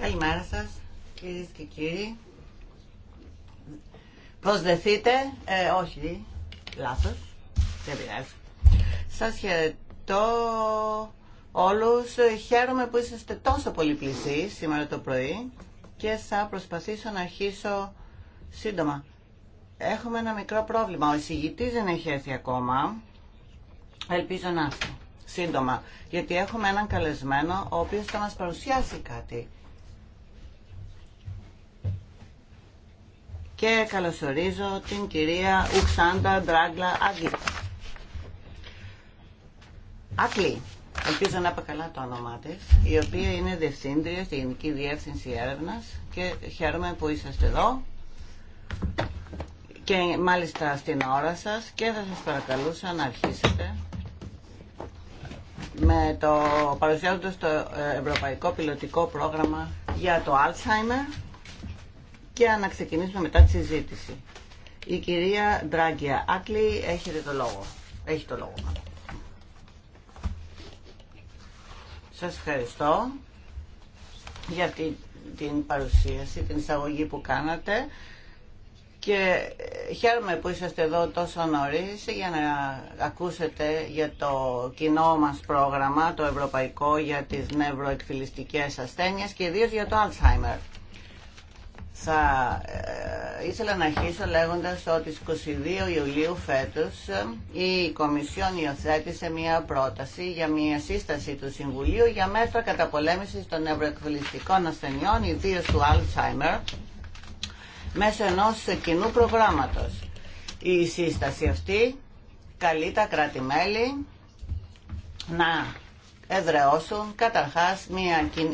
Καλημέρα σα, κύριε και κύριοι. Προσδεθείτε, ε, όχι, λάθο δεν πειράζει. Σας χαιρετώ όλους. Χαίρομαι που είσαστε τόσο πολύ πλησί σήμερα το πρωί και θα προσπαθήσω να αρχίσω σύντομα. Έχουμε ένα μικρό πρόβλημα. Ο εισηγητή δεν έχει έρθει ακόμα. Ελπίζω να έρθει σύντομα, γιατί έχουμε έναν καλεσμένο ο οποίος θα μας παρουσιάσει κάτι. Και καλωσορίζω την κυρία Ουξάντα Ντράγκλα Άγκλη. Άκλη, ελπίζω να είπα καλά το όνομά τη, η οποία είναι διευθύντρια στη Γενική Διεύθυνση Έρευνα και χαίρομαι που είσαστε εδώ και μάλιστα στην ώρα σας και θα σας παρακαλούσα να αρχίσετε με το παρουσιάζοντας το ε, Ευρωπαϊκό Πιλωτικό Πρόγραμμα για το Alzheimer και να ξεκινήσουμε μετά τη συζήτηση. Η κυρία Ντράγκια Άκλη έχετε το λόγο. Έχει το λόγο. Σας ευχαριστώ για την, την παρουσίαση, την εισαγωγή που κάνατε και χαίρομαι που είσαστε εδώ τόσο νωρίς για να ακούσετε για το κοινό μας πρόγραμμα, το ευρωπαϊκό για τις νευροεκφυλιστικές ασθένειες και ιδίως για το Alzheimer. Θα ε, ήθελα να αρχίσω λέγοντας ότι στις 22 Ιουλίου φέτος ε, η Κομισιόν υιοθέτησε μια πρόταση για μια σύσταση του Συμβουλίου για μέτρα καταπολέμησης των νευροεκφυλιστικών ασθενειών, ιδίως του Αλτσάιμερ μέσω ενός κοινού προγράμματος. Η σύσταση αυτή καλεί τα κράτη-μέλη να εδραιώσουν καταρχάς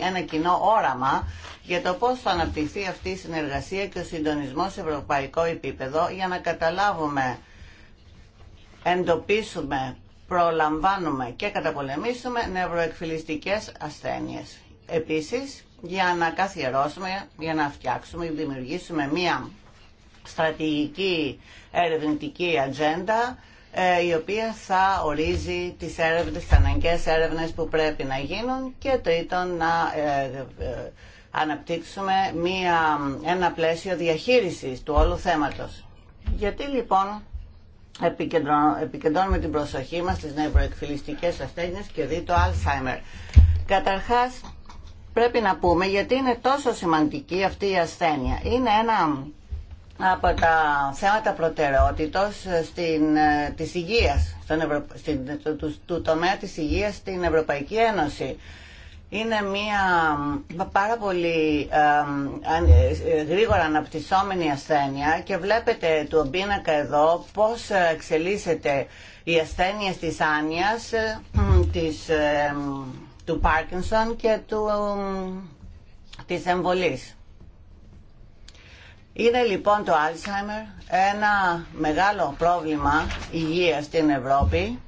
ένα κοινό όραμα για το πώς θα αναπτυχθεί αυτή η συνεργασία και ο συντονισμός σε ευρωπαϊκό επίπεδο για να καταλάβουμε, εντοπίσουμε, προλαμβάνουμε και καταπολεμήσουμε νευροεκφυλιστικές ασθένειες. Επίσης, για να καθιερώσουμε, για να φτιάξουμε ή δημιουργήσουμε μία στρατηγική ερευνητική ατζέντα ε, η οποία θα ορίζει τις έρευνες, τις αναγκαίες έρευνες που πρέπει να γίνουν και τρίτον να ε, ε, αναπτύξουμε μία, ένα πλαίσιο διαχείρισης του όλου θέματος. Γιατί λοιπόν επικεντρώνουμε την προσοχή μας στις νευροεκφυλιστικές ασθένειες και δει το Alzheimer. Καταρχάς, πρέπει να πούμε γιατί είναι τόσο σημαντική αυτή η ασθένεια. Είναι ένα από τα θέματα προτεραιότητας στην, ε, της υγείας, στον του, τομέα της υγείας στην Ευρωπαϊκή Ένωση. Είναι μια πάρα πολύ ε, γρήγορα αναπτυσσόμενη ασθένεια και βλέπετε του πίνακα εδώ πώς εξελίσσεται η ασθένεια της άνοιας, ε, της του Πάρκινσον και του, ε, της εμβολής. Είναι λοιπόν το Alzheimer ένα μεγάλο πρόβλημα υγείας στην Ευρώπη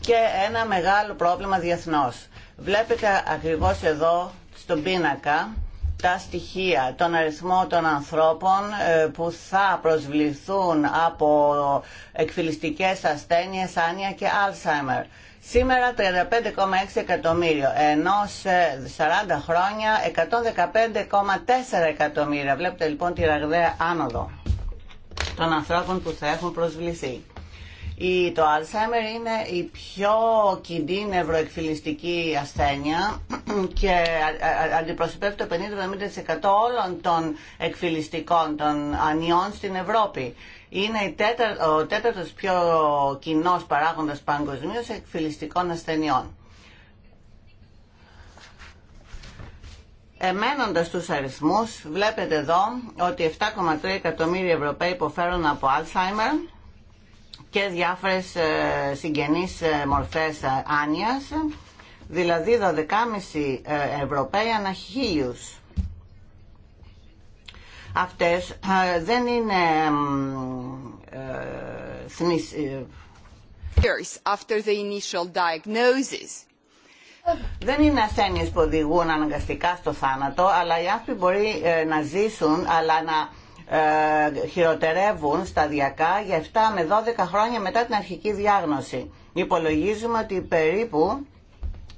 και ένα μεγάλο πρόβλημα διεθνώς. Βλέπετε ακριβώς εδώ στον πίνακα τα στοιχεία, τον αριθμό των ανθρώπων ε, που θα προσβληθούν από εκφυλιστικές ασθένειες, άνοια και Alzheimer. Σήμερα 35,6 εκατομμύριο, ενώ σε 40 χρόνια 115,4 εκατομμύρια. Βλέπετε λοιπόν τη ραγδαία άνοδο των ανθρώπων που θα έχουν προσβληθεί. Η, το Alzheimer είναι η πιο κοινή νευροεκφυλιστική ασθένεια και αντιπροσωπεύει το 50-70% όλων των εκφυλιστικών των ανιών στην Ευρώπη είναι ο τέταρτος πιο κοινός παράγοντας παγκοσμίω εκφυλιστικών ασθενειών. Εμένοντας τους αριθμούς, βλέπετε εδώ ότι 7,3 εκατομμύρια Ευρωπαίοι υποφέρουν από Alzheimer και διάφορες ε, συγγενείς ε, μορφές ε, άνοιας, δηλαδή 12,5 Ευρωπαίοι ανά χίλιους αυτές δεν είναι ε, ε, After the initial diagnosis. Δεν είναι ασθένειες που οδηγούν αναγκαστικά στο θάνατο, αλλά οι άνθρωποι μπορεί ε, να ζήσουν, αλλά να χειροτερεύουν σταδιακά για 7 με 12 χρόνια μετά την αρχική διάγνωση. Υπολογίζουμε ότι περίπου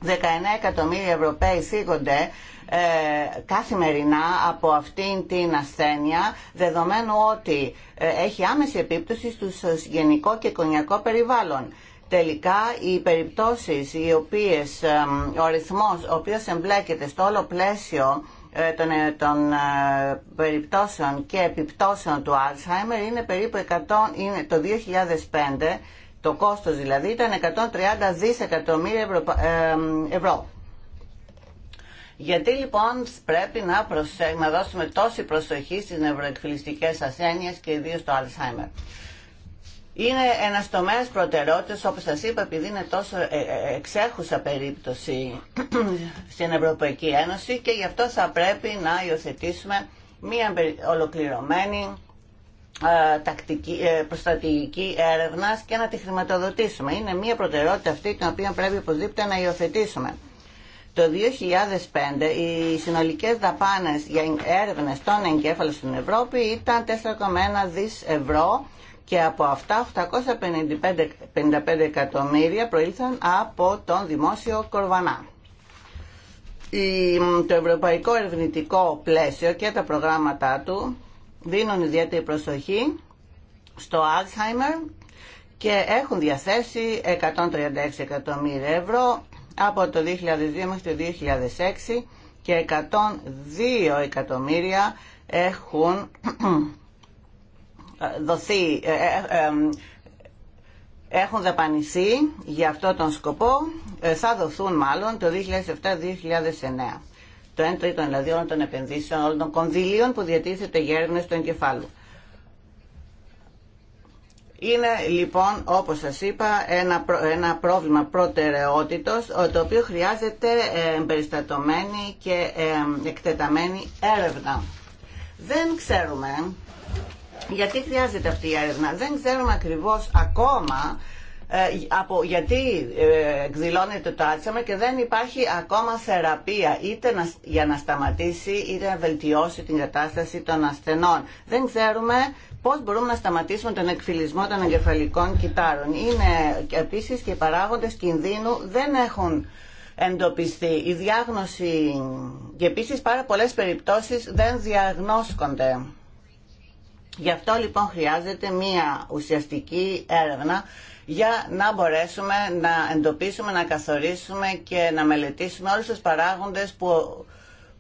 19 εκατομμύρια Ευρωπαίοι θίγονται ε, καθημερινά από αυτήν την ασθένεια, δεδομένου ότι ε, έχει άμεση επίπτωση στους γενικό και κονιακό περιβάλλον. Τελικά οι περιπτώσεις οι οποίες, ε, ο ρυθμός ο οποίος εμπλέκεται στο όλο πλαίσιο των, περιπτώσεων και επιπτώσεων του Alzheimer είναι περίπου 100, είναι το 2005, το κόστος δηλαδή ήταν 130 δισεκατομμύρια ευρώ. Γιατί λοιπόν πρέπει να, προσέ... να δώσουμε τόση προσοχή στις νευροεκφυλιστικές ασθένειες και ιδίως το Alzheimer. Είναι ένα τομέα προτεραιότητα, όπω σα είπα, επειδή είναι τόσο ε, ε, εξέχουσα περίπτωση στην Ευρωπαϊκή Ένωση και γι' αυτό θα πρέπει να υιοθετήσουμε μια ολοκληρωμένη ε, τακτική, προστατηγική έρευνα και να τη χρηματοδοτήσουμε. Είναι μια προτεραιότητα αυτή την οποία πρέπει οπωσδήποτε να υιοθετήσουμε. Το 2005 οι συνολικές δαπάνες για έρευνες των εγκέφαλων στην Ευρώπη ήταν 4,1 δις ευρώ και από αυτά 855 εκατομμύρια προήλθαν από τον δημόσιο κορβανά. Το ευρωπαϊκό ερευνητικό πλαίσιο και τα προγράμματά του δίνουν ιδιαίτερη προσοχή στο Alzheimer και έχουν διαθέσει 136 εκατομμύρια ευρώ από το 2002 μέχρι το 2006 και 102 εκατομμύρια έχουν δοθεί, ε, ε, ε, έχουν δαπανηθεί για αυτό τον σκοπό, θα δοθούν μάλλον το 2007-2009. Το 1 τρίτο δηλαδή όλων των επενδύσεων, όλων των κονδυλίων που διατίθεται για έρευνε του εγκεφάλου. Είναι λοιπόν, όπως σας είπα, ένα, ένα πρόβλημα προτεραιότητος, το οποίο χρειάζεται εμπεριστατωμένη και ε, εκτεταμένη έρευνα. Δεν ξέρουμε γιατί χρειάζεται αυτή η έρευνα. Δεν ξέρουμε ακριβώς ακόμα ε, από, γιατί ε, εκδηλώνεται το άτσαμα και δεν υπάρχει ακόμα θεραπεία είτε να, για να σταματήσει είτε να βελτιώσει την κατάσταση των ασθενών. Δεν ξέρουμε πώς μπορούμε να σταματήσουμε τον εκφυλισμό των εγκεφαλικών κυτάρων. Είναι επίσης και παράγοντες κινδύνου δεν έχουν εντοπιστεί. Η διάγνωση και επίσης πάρα πολλές περιπτώσεις δεν διαγνώσκονται. Γι' αυτό λοιπόν χρειάζεται μία ουσιαστική έρευνα για να μπορέσουμε να εντοπίσουμε, να καθορίσουμε και να μελετήσουμε όλους τους παράγοντες που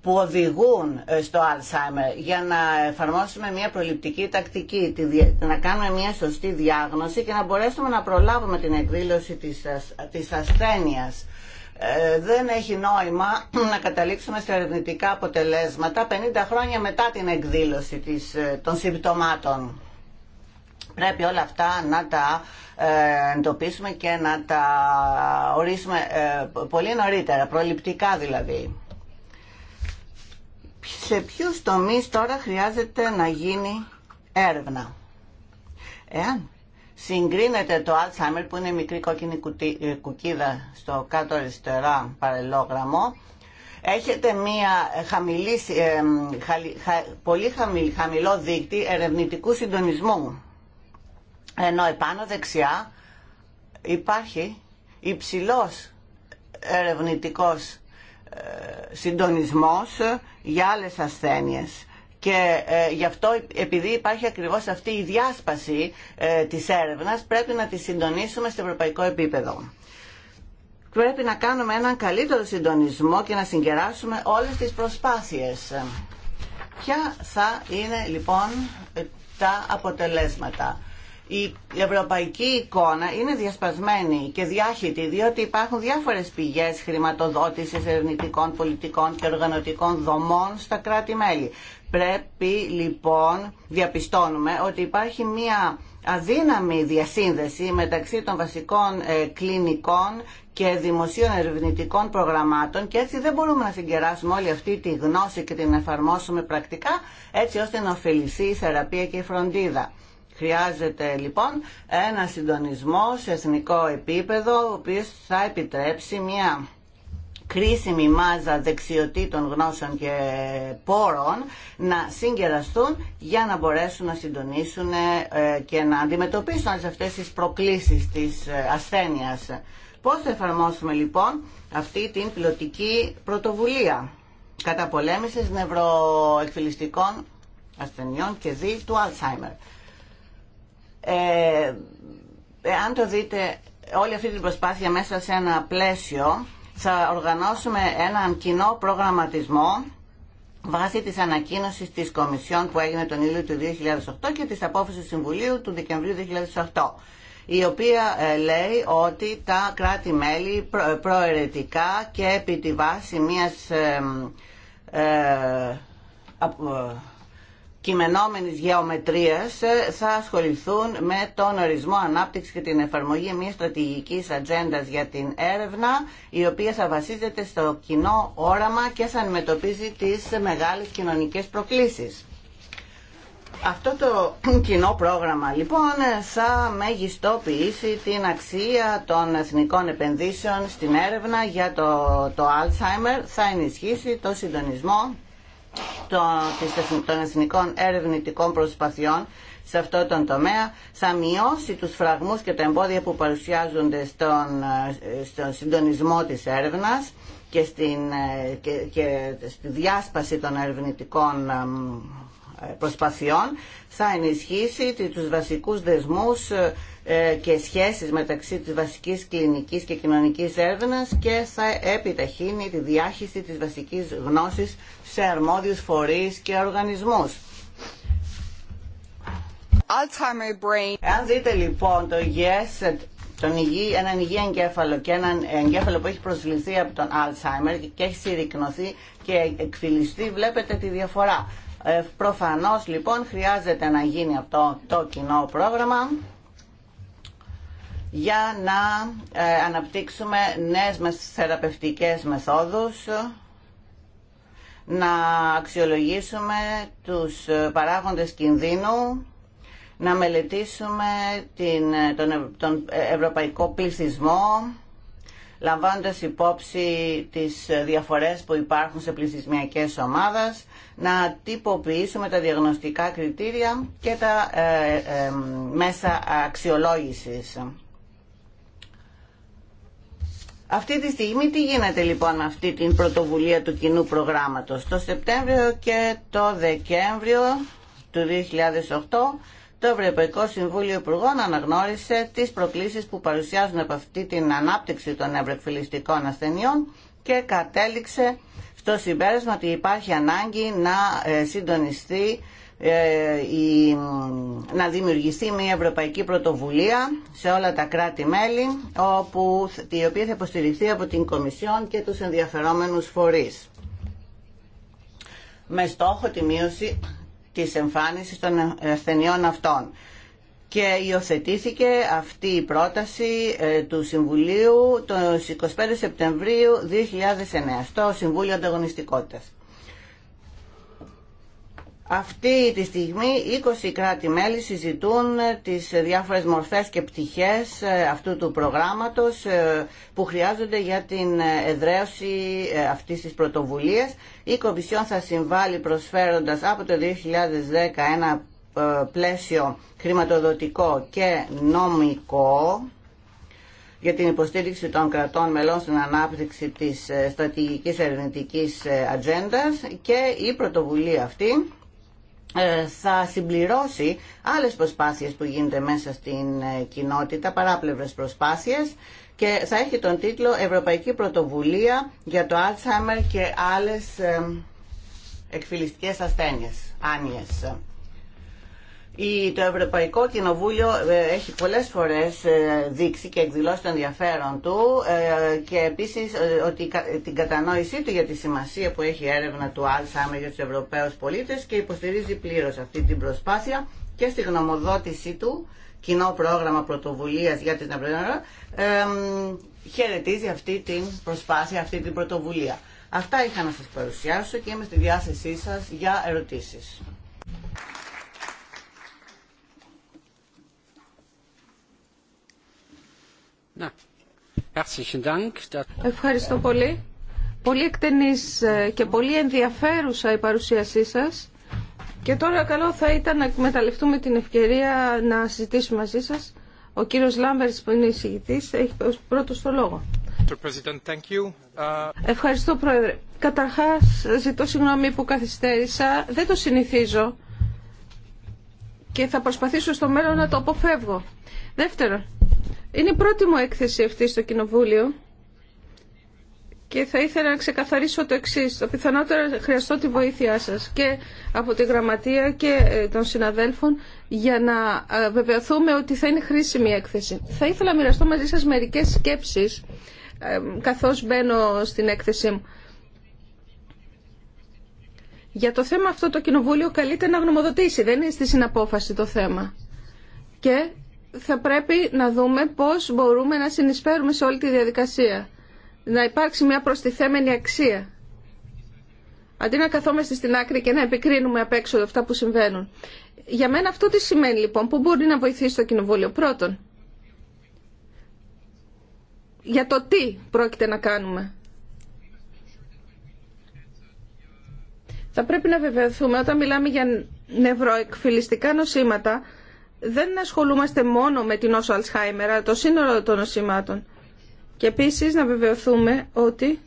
που οδηγούν ε, στο Alzheimer για να εφαρμόσουμε μια προληπτική τακτική, να κάνουμε μια σωστή διάγνωση και να μπορέσουμε να προλάβουμε την εκδήλωση της, της ασθένειας. Ε, δεν έχει νόημα να καταλήξουμε σε ερευνητικά αποτελέσματα 50 χρόνια μετά την εκδήλωση της, ε, των συμπτωμάτων. Πρέπει όλα αυτά να τα ε, εντοπίσουμε και να τα ορίσουμε ε, πολύ νωρίτερα, προληπτικά δηλαδή. Σε ποιους τομείς τώρα χρειάζεται να γίνει έρευνα. Εάν συγκρίνεται το Alzheimer που είναι η μικρή κόκκινη ε, κουκίδα στο κάτω αριστερά παρελόγραμμο, έχετε μία πολύ χαμηλό δίκτυ ερευνητικού συντονισμού ενώ επάνω δεξιά υπάρχει υψηλός ερευνητικός ε, συντονισμός για άλλες ασθένειες και ε, γι' αυτό επειδή υπάρχει ακριβώς αυτή η διάσπαση ε, της έρευνας πρέπει να τη συντονίσουμε στο ευρωπαϊκό επίπεδο. Πρέπει να κάνουμε έναν καλύτερο συντονισμό και να συγκεράσουμε όλες τις προσπάθειες. Ποια θα είναι λοιπόν τα αποτελέσματα η ευρωπαϊκή εικόνα είναι διασπασμένη και διάχυτη διότι υπάρχουν διάφορες πηγές χρηματοδότησης ερευνητικών πολιτικών και οργανωτικών δομών στα κράτη-μέλη. Πρέπει λοιπόν, διαπιστώνουμε ότι υπάρχει μία αδύναμη διασύνδεση μεταξύ των βασικών ε, κλινικών και δημοσίων ερευνητικών προγραμμάτων και έτσι δεν μπορούμε να συγκεράσουμε όλη αυτή τη γνώση και την εφαρμόσουμε πρακτικά έτσι ώστε να ωφεληθεί η θεραπεία και η φροντίδα. Χρειάζεται λοιπόν ένα συντονισμό σε εθνικό επίπεδο, ο οποίος θα επιτρέψει μια κρίσιμη μάζα δεξιοτήτων, γνώσεων και πόρων να συγκεραστούν για να μπορέσουν να συντονίσουν ε, και να αντιμετωπίσουν αυτές τις προκλήσεις της ε, ασθένειας. Πώς θα εφαρμόσουμε λοιπόν αυτή την πιλωτική πρωτοβουλία κατά πολέμησης νευροεκφυλιστικών ασθενειών και δι του Alzheimer αν ε, το δείτε όλη αυτή την προσπάθεια μέσα σε ένα πλαίσιο, θα οργανώσουμε έναν κοινό προγραμματισμό βάσει της ανακοίνωσης της Κομισιόν που έγινε τον Ιούλιο του 2008 και της απόφασης Συμβουλίου του Δεκεμβρίου 2008 η οποία ε, λέει ότι τα κράτη-μέλη προαιρετικά και επί τη βάση μιας ε, κειμενόμενης γεωμετρίας ε, θα ασχοληθούν με τον ορισμό ανάπτυξη και την εφαρμογή μιας στρατηγικής ατζέντα για την έρευνα η οποία θα βασίζεται στο κοινό όραμα και θα αντιμετωπίζει τις μεγάλες κοινωνικές προκλήσεις. Αυτό το κοινό πρόγραμμα λοιπόν θα μεγιστοποιήσει την αξία των εθνικών επενδύσεων στην έρευνα για το, το Alzheimer, θα ενισχύσει το συντονισμό των εθνικών ερευνητικών προσπαθειών σε αυτό τον τομέα, θα μειώσει τους φραγμούς και τα εμπόδια που παρουσιάζονται στον, ε, στον συντονισμό της έρευνας και, στην, ε, και στη διάσπαση των ερευνητικών ε, προσπαθειών θα ενισχύσει τους βασικούς δεσμούς ε, και σχέσεις μεταξύ της βασικής κλινικής και κοινωνικής έρευνας και θα επιταχύνει τη διάχυση της βασικής γνώσης σε αρμόδιους φορείς και οργανισμούς. Brain. Αν δείτε λοιπόν το yes, τον υγιή, έναν υγιή εγκέφαλο και έναν εγκέφαλο που έχει προσβληθεί από τον Alzheimer και έχει συρρυκνωθεί και εκφυλιστεί, βλέπετε τη διαφορά. Ε, προφανώς λοιπόν χρειάζεται να γίνει αυτό το κοινό πρόγραμμα για να ε, αναπτύξουμε νέες μας θεραπευτικές μεθόδους, να αξιολογήσουμε τους ε, παράγοντες κινδύνου, να μελετήσουμε την, τον, τον ευρωπαϊκό πληθυσμό, λαμβάνοντας υπόψη τις διαφορές που υπάρχουν σε πληθυσμιακές ομάδες, να τυποποιήσουμε τα διαγνωστικά κριτήρια και τα ε, ε, ε, μέσα αξιολόγησης. Αυτή τη στιγμή τι γίνεται λοιπόν αυτή την πρωτοβουλία του κοινού προγράμματος. Το Σεπτέμβριο και το Δεκέμβριο του 2008 το Ευρωπαϊκό Συμβούλιο Υπουργών αναγνώρισε τις προκλήσεις που παρουσιάζουν από αυτή την ανάπτυξη των ευρωεκφυλιστικών ασθενειών και κατέληξε στο συμπέρασμα ότι υπάρχει ανάγκη να ε, συντονιστεί ε, να δημιουργηθεί μια ευρωπαϊκή πρωτοβουλία σε όλα τα κράτη-μέλη όπου, η οποία θα υποστηριχθεί από την Κομισιόν και τους ενδιαφερόμενους φορείς με στόχο τη μείωση της εμφάνισης των ασθενειών αυτών. Και υιοθετήθηκε αυτή η πρόταση ε, του Συμβουλίου το 25 Σεπτεμβρίου 2009 στο Συμβούλιο Ανταγωνιστικότητας. Αυτή τη στιγμή 20 κράτη-μέλη συζητούν τις διάφορες μορφές και πτυχές ε, αυτού του προγράμματος ε, που χρειάζονται για την ε, εδραίωση αυτής της πρωτοβουλίας. Η Κομισιόν θα συμβάλλει προσφέροντας από το 2010 ένα πλαίσιο χρηματοδοτικό και νομικό για την υποστήριξη των κρατών μελών στην ανάπτυξη της στρατηγικής ερευνητικής ατζέντα και η πρωτοβουλία αυτή ε, θα συμπληρώσει άλλες προσπάθειες που γίνεται μέσα στην ε, κοινότητα, παράπλευρες προσπάθειες και θα έχει τον τίτλο «Ευρωπαϊκή Πρωτοβουλία για το Alzheimer και άλλες ε, εκφυλιστικές ασθένειες, άνοιες». Το Ευρωπαϊκό Κοινοβούλιο ε, έχει πολλές φορές ε, δείξει και εκδηλώσει το ενδιαφέρον του ε, και επίσης ότι την κατανόησή του για τη σημασία που έχει η έρευνα του Alzheimer για τους Ευρωπαίους πολίτες και υποστηρίζει πλήρως αυτή την προσπάθεια και στη γνωμοδότησή του κοινό πρόγραμμα πρωτοβουλίας για την Ευρωπαϊκή χαιρετίζει αυτή την προσπάθεια, αυτή την πρωτοβουλία. Αυτά είχα να σας παρουσιάσω και είμαι στη διάθεσή σας για ερωτήσεις. Ευχαριστώ πολύ. Πολύ εκτενής ε, και πολύ ενδιαφέρουσα η παρουσίασή σας. Και τώρα καλό θα ήταν να εκμεταλλευτούμε την ευκαιρία να συζητήσουμε μαζί σας. Ο κύριος Λάμπερς που είναι εισηγητής έχει πρώτος το λόγο. Uh, Ευχαριστώ Πρόεδρε. Καταρχάς ζητώ συγγνώμη που καθυστέρησα. Δεν το συνηθίζω και θα προσπαθήσω στο μέλλον να το αποφεύγω. Δεύτερον, είναι η πρώτη μου έκθεση αυτή στο Κοινοβούλιο και θα ήθελα να ξεκαθαρίσω το εξή. Το πιθανότερο χρειαστώ τη βοήθειά σα και από τη Γραμματεία και ε, των συναδέλφων για να ε, βεβαιωθούμε ότι θα είναι χρήσιμη η έκθεση. Θα ήθελα να μοιραστώ μαζί σα μερικέ σκέψει ε, καθώ μπαίνω στην έκθεσή μου. Για το θέμα αυτό το Κοινοβούλιο καλείται να γνωμοδοτήσει. Δεν είναι στη συναπόφαση το θέμα. Και θα πρέπει να δούμε πώς μπορούμε να συνεισφέρουμε σε όλη τη διαδικασία. Να υπάρξει μια προστιθέμενη αξία. Αντί να καθόμαστε στην άκρη και να επικρίνουμε απ' έξω αυτά που συμβαίνουν. Για μένα αυτό τι σημαίνει λοιπόν, που μπορεί να βοηθήσει το Κοινοβούλιο. Πρώτον, για το τι πρόκειται να κάνουμε. Θα πρέπει να βεβαιωθούμε όταν μιλάμε για νευροεκφυλιστικά νοσήματα δεν ασχολούμαστε μόνο με την όσο Αλσχάιμερ, το σύνολο των νοσημάτων. Και επίσης να βεβαιωθούμε ότι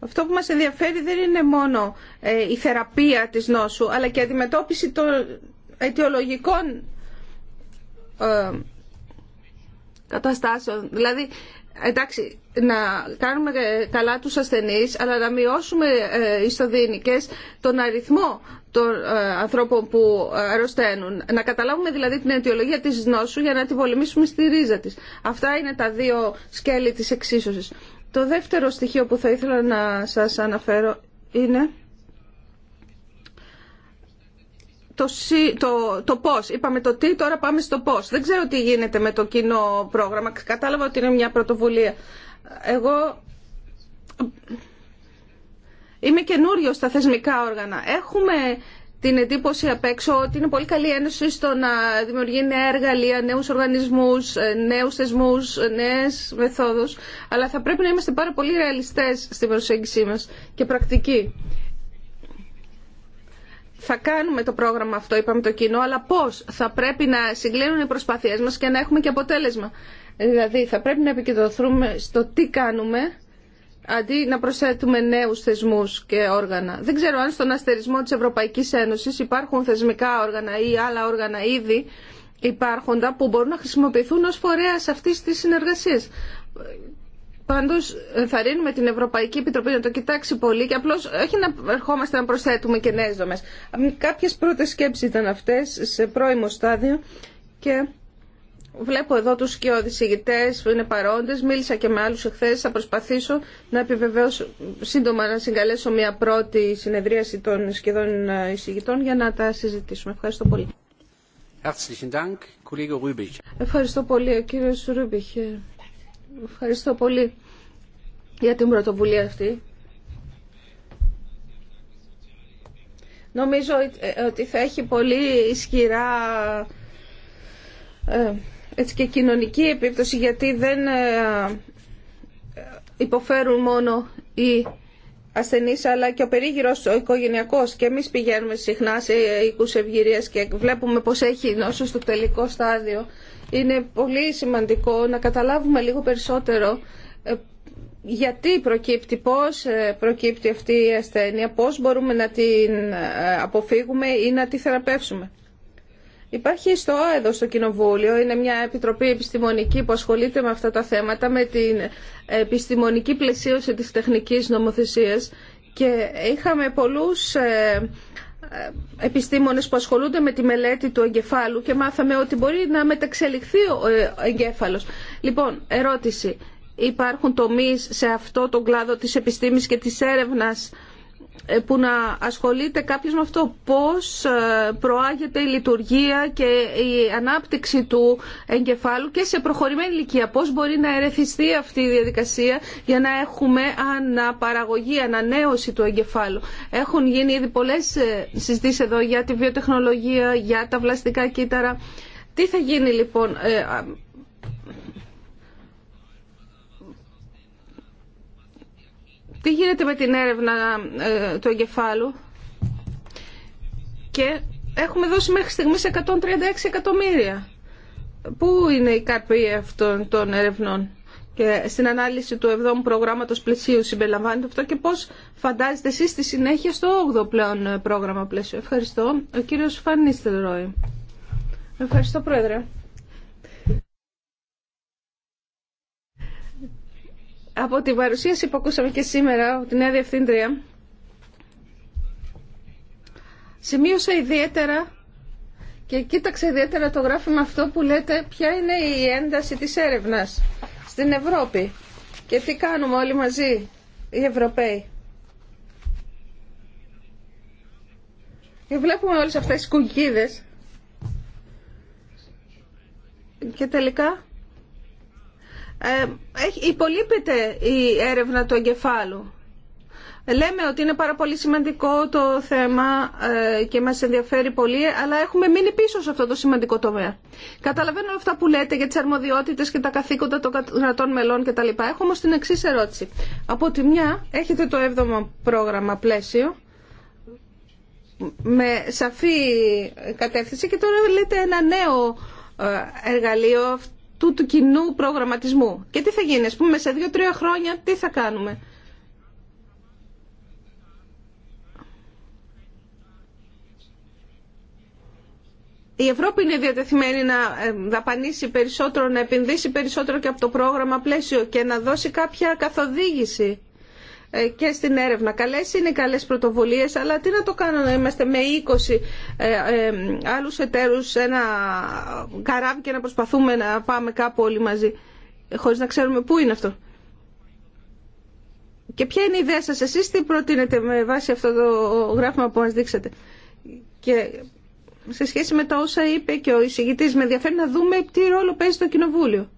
αυτό που μας ενδιαφέρει δεν είναι μόνο ε, η θεραπεία της νόσου, αλλά και η αντιμετώπιση των αιτιολογικών ε, καταστάσεων. Δηλαδή εντάξει, να κάνουμε ε, καλά τους ασθενείς, αλλά να μειώσουμε ε, ιστοδύνικες τον αριθμό των ε, ανθρώπων που αρρωσταίνουν. Να καταλάβουμε δηλαδή την αιτιολογία της νόσου για να την πολεμήσουμε στη ρίζα της. Αυτά είναι τα δύο σκέλη της εξίσωσης. Το δεύτερο στοιχείο που θα ήθελα να σας αναφέρω είναι το, το, το πώς. Είπαμε το τι, τώρα πάμε στο πώς. Δεν ξέρω τι γίνεται με το κοινό πρόγραμμα. Κατάλαβα ότι είναι μια πρωτοβουλία. Εγώ είμαι καινούριο στα θεσμικά όργανα. Έχουμε την εντύπωση απ' έξω ότι είναι πολύ καλή ένωση στο να δημιουργεί νέα εργαλεία, νέους οργανισμούς, ε, νέους θεσμούς, νέες μεθόδους. Αλλά θα πρέπει να είμαστε πάρα πολύ ρεαλιστές στην προσέγγιση μας και πρακτικοί θα κάνουμε το πρόγραμμα αυτό, είπαμε το κοινό, αλλά πώς θα πρέπει να συγκλίνουν οι προσπάθειές μας και να έχουμε και αποτέλεσμα. Δηλαδή θα πρέπει να επικεντρωθούμε στο τι κάνουμε αντί να προσθέτουμε νέους θεσμούς και όργανα. Δεν ξέρω αν στον αστερισμό της Ευρωπαϊκής Ένωση υπάρχουν θεσμικά όργανα ή άλλα όργανα ήδη υπάρχοντα που μπορούν να χρησιμοποιηθούν ω φορέα αυτή τη συνεργασία πάντω ε, θα ρίνουμε την Ευρωπαϊκή Επιτροπή να το κοιτάξει πολύ και απλώ όχι να ερχόμαστε να προσθέτουμε και νέε δομέ. Κάποιε πρώτε σκέψει ήταν αυτέ σε πρώιμο στάδιο και βλέπω εδώ του και ηγητέ που είναι παρόντε, Μίλησα και με άλλου εχθέ. Θα προσπαθήσω να επιβεβαιώσω σύντομα να συγκαλέσω μια πρώτη συνεδρίαση των σχεδόν ε, εισηγητών για να τα συζητήσουμε. Ευχαριστώ πολύ. Ευχαριστώ πολύ, κύριε Σουρούμπιχ. Ευχαριστώ πολύ για την πρωτοβουλία αυτή. Νομίζω ε, ότι θα έχει πολύ ισχυρά ε, έτσι και κοινωνική επίπτωση γιατί δεν ε, υποφέρουν μόνο οι ασθενείς αλλά και ο περίγυρος ο οικογενειακός και εμείς πηγαίνουμε συχνά σε οίκους ευγυρίας και βλέπουμε πως έχει νόσο στο τελικό στάδιο. Είναι πολύ σημαντικό να καταλάβουμε λίγο περισσότερο γιατί προκύπτει, πώς ε, προκύπτει αυτή η ασθένεια, πώς μπορούμε να την ε, αποφύγουμε ή να τη θεραπεύσουμε. Υπάρχει στο εδώ στο Κοινοβούλιο, είναι μια επιτροπή επιστημονική που ασχολείται με αυτά τα θέματα, με την επιστημονική πλαισίωση της τεχνικής νομοθεσίας και είχαμε πολλούς ε, επιστήμονες που ασχολούνται με τη μελέτη του εγκεφάλου και μάθαμε ότι μπορεί να μεταξελιχθεί ο εγκέφαλος. Λοιπόν, ερώτηση υπάρχουν τομείς σε αυτό το κλάδο της επιστήμης και της έρευνας ε, που να ασχολείται κάποιος με αυτό πώς ε, προάγεται η λειτουργία και η ανάπτυξη του εγκεφάλου και σε προχωρημένη ηλικία πώς μπορεί να ερεθιστεί αυτή η διαδικασία για να έχουμε αναπαραγωγή, ανανέωση του εγκεφάλου. Έχουν γίνει ήδη πολλές ε, συζητήσεις εδώ για τη βιοτεχνολογία, για τα βλαστικά κύτταρα. Τι θα γίνει λοιπόν Τι γίνεται με την έρευνα ε, του εγκεφάλου και έχουμε δώσει μέχρι στιγμής 136 εκατομμύρια. Πού είναι η καρπή αυτών των ερευνών και στην ανάλυση του 7ου προγράμματος πλαισίου συμπεριλαμβάνεται αυτό και πώς φαντάζεστε εσείς στη συνέχεια στο 8ο πλέον ε, πρόγραμμα πλαίσιο. Ευχαριστώ. Ο κύριος Φανίστερ Ρόι. φανιστερ Πρόεδρε. από την παρουσίαση που ακούσαμε και σήμερα από την νέα διευθύντρια, σημείωσα ιδιαίτερα και κοίταξε ιδιαίτερα το γράφημα αυτό που λέτε ποια είναι η ένταση της έρευνας στην Ευρώπη και τι κάνουμε όλοι μαζί οι Ευρωπαίοι. Και βλέπουμε όλες αυτές τις κουκίδες και τελικά ε, υπολείπεται η έρευνα του εγκεφάλου. Λέμε ότι είναι πάρα πολύ σημαντικό το θέμα ε, και μας ενδιαφέρει πολύ, αλλά έχουμε μείνει πίσω σε αυτό το σημαντικό τομέα. Καταλαβαίνω αυτά που λέτε για τις αρμοδιότητες και τα καθήκοντα των κρατών μελών κτλ. Έχω όμως την εξή ερώτηση. Από τη μια έχετε το 7ο πρόγραμμα πλαίσιο με σαφή κατεύθυνση και τώρα λέτε ένα νέο ε, εργαλείο αυτού του κοινού προγραμματισμού. Και τι θα γίνει, α πούμε, σε δύο-τρία χρόνια τι θα κάνουμε. Η Ευρώπη είναι διατεθειμένη να ε, δαπανίσει περισσότερο, να επενδύσει περισσότερο και από το πρόγραμμα πλαίσιο και να δώσει κάποια καθοδήγηση. Ε, και στην έρευνα. Καλές είναι οι καλές πρωτοβουλίες, αλλά τι να το κάνω να είμαστε με 20 ε, ε, άλλους εταίρους σε ένα καράβι και να προσπαθούμε να πάμε κάπου όλοι μαζί, χωρίς να ξέρουμε πού είναι αυτό. Και ποια είναι η ιδέα σα εσείς τι προτείνετε με βάση αυτό το γράφημα που μας δείξατε. Και σε σχέση με τα όσα είπε και ο εισηγητή, με ενδιαφέρει να δούμε τι ρόλο παίζει το Κοινοβούλιο.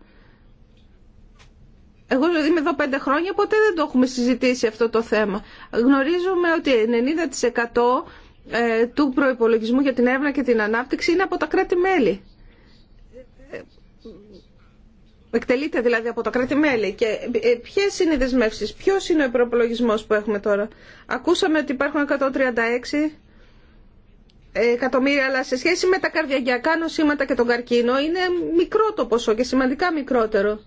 Εγώ δηλαδή είμαι εδώ πέντε χρόνια, ποτέ δεν το έχουμε συζητήσει αυτό το θέμα. Γνωρίζουμε ότι 90% ε, του προϋπολογισμού για την έρευνα και την ανάπτυξη είναι από τα κράτη-μέλη. Ε, εκτελείται δηλαδή από τα κράτη-μέλη. Και ε, ποιε είναι οι δεσμεύσει, ποιο είναι ο προπολογισμό που έχουμε τώρα. Ακούσαμε ότι υπάρχουν 136 εκατομμύρια, αλλά σε σχέση με τα καρδιαγιακά νοσήματα και τον καρκίνο είναι μικρό το ποσό και σημαντικά μικρότερο.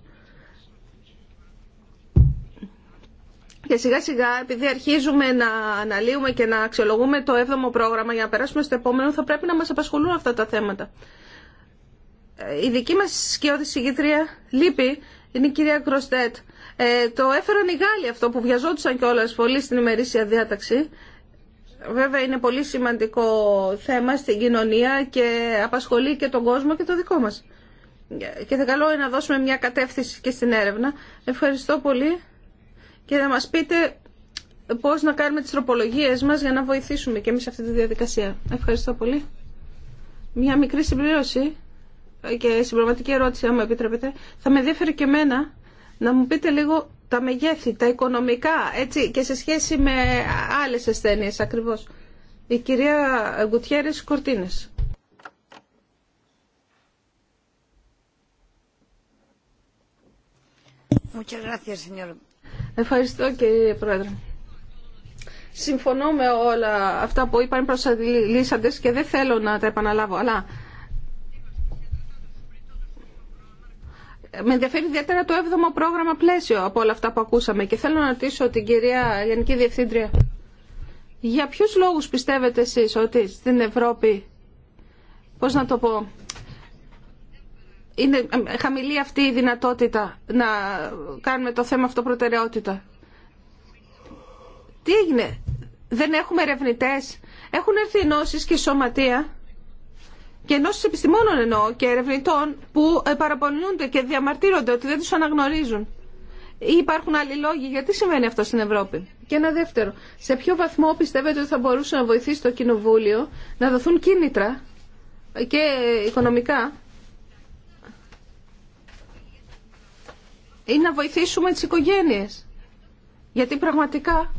Και σιγά σιγά, επειδή αρχίζουμε να αναλύουμε και να αξιολογούμε το 7ο πρόγραμμα για να περάσουμε στο επόμενο, θα πρέπει να μας απασχολούν αυτά τα θέματα. Ε, η δική μας σκιώδη συγκήτρια λείπει, είναι η κυρία Κροστέτ. Ε, το έφεραν οι Γάλλοι αυτό που βιαζόντουσαν κιόλα πολύ στην ημερήσια διάταξη. Βέβαια είναι πολύ σημαντικό θέμα στην κοινωνία και απασχολεί και τον κόσμο και το δικό μας. Ε, και θα καλό να δώσουμε μια κατεύθυνση και στην έρευνα. Ευχαριστώ πολύ και να μας πείτε πώς να κάνουμε τις τροπολογίες μας για να βοηθήσουμε και εμείς αυτή τη διαδικασία. Ευχαριστώ πολύ. Μια μικρή συμπληρώση και συμπληρωματική ερώτηση, αν μου επιτρέπετε. Θα με ενδιαφέρει και εμένα να μου πείτε λίγο τα μεγέθη, τα οικονομικά, έτσι, και σε σχέση με άλλες ασθένειε ακριβώς. Η κυρία Γκουτιέρης Κορτίνες. Muchas gracias, señor Ευχαριστώ κύριε Πρόεδρε. Συμφωνώ με όλα αυτά που είπαν προσαντλήσαντες και δεν θέλω να τα επαναλάβω, αλλά με ενδιαφέρει ιδιαίτερα το 7ο πρόγραμμα πλαίσιο από όλα αυτά που ακούσαμε και θέλω να ρωτήσω την κυρία Γενική Διευθύντρια. Για ποιους λόγους πιστεύετε εσείς ότι στην Ευρώπη, πώς να το πω, είναι χαμηλή αυτή η δυνατότητα να κάνουμε το θέμα αυτό προτεραιότητα. Τι έγινε, δεν έχουμε ερευνητέ. Έχουν έρθει ενώσει και σωματεία και ενώσει επιστημόνων εννοώ και ερευνητών που ε, παραπονιούνται και διαμαρτύρονται ότι δεν του αναγνωρίζουν. Ή υπάρχουν άλλοι λόγοι γιατί συμβαίνει αυτό στην Ευρώπη. Και ένα δεύτερο. Σε ποιο βαθμό πιστεύετε ότι θα μπορούσε να βοηθήσει το Κοινοβούλιο να δοθούν κίνητρα και ε, οικονομικά είναι να βοηθήσουμε τις οικογένειες. Γιατί πραγματικά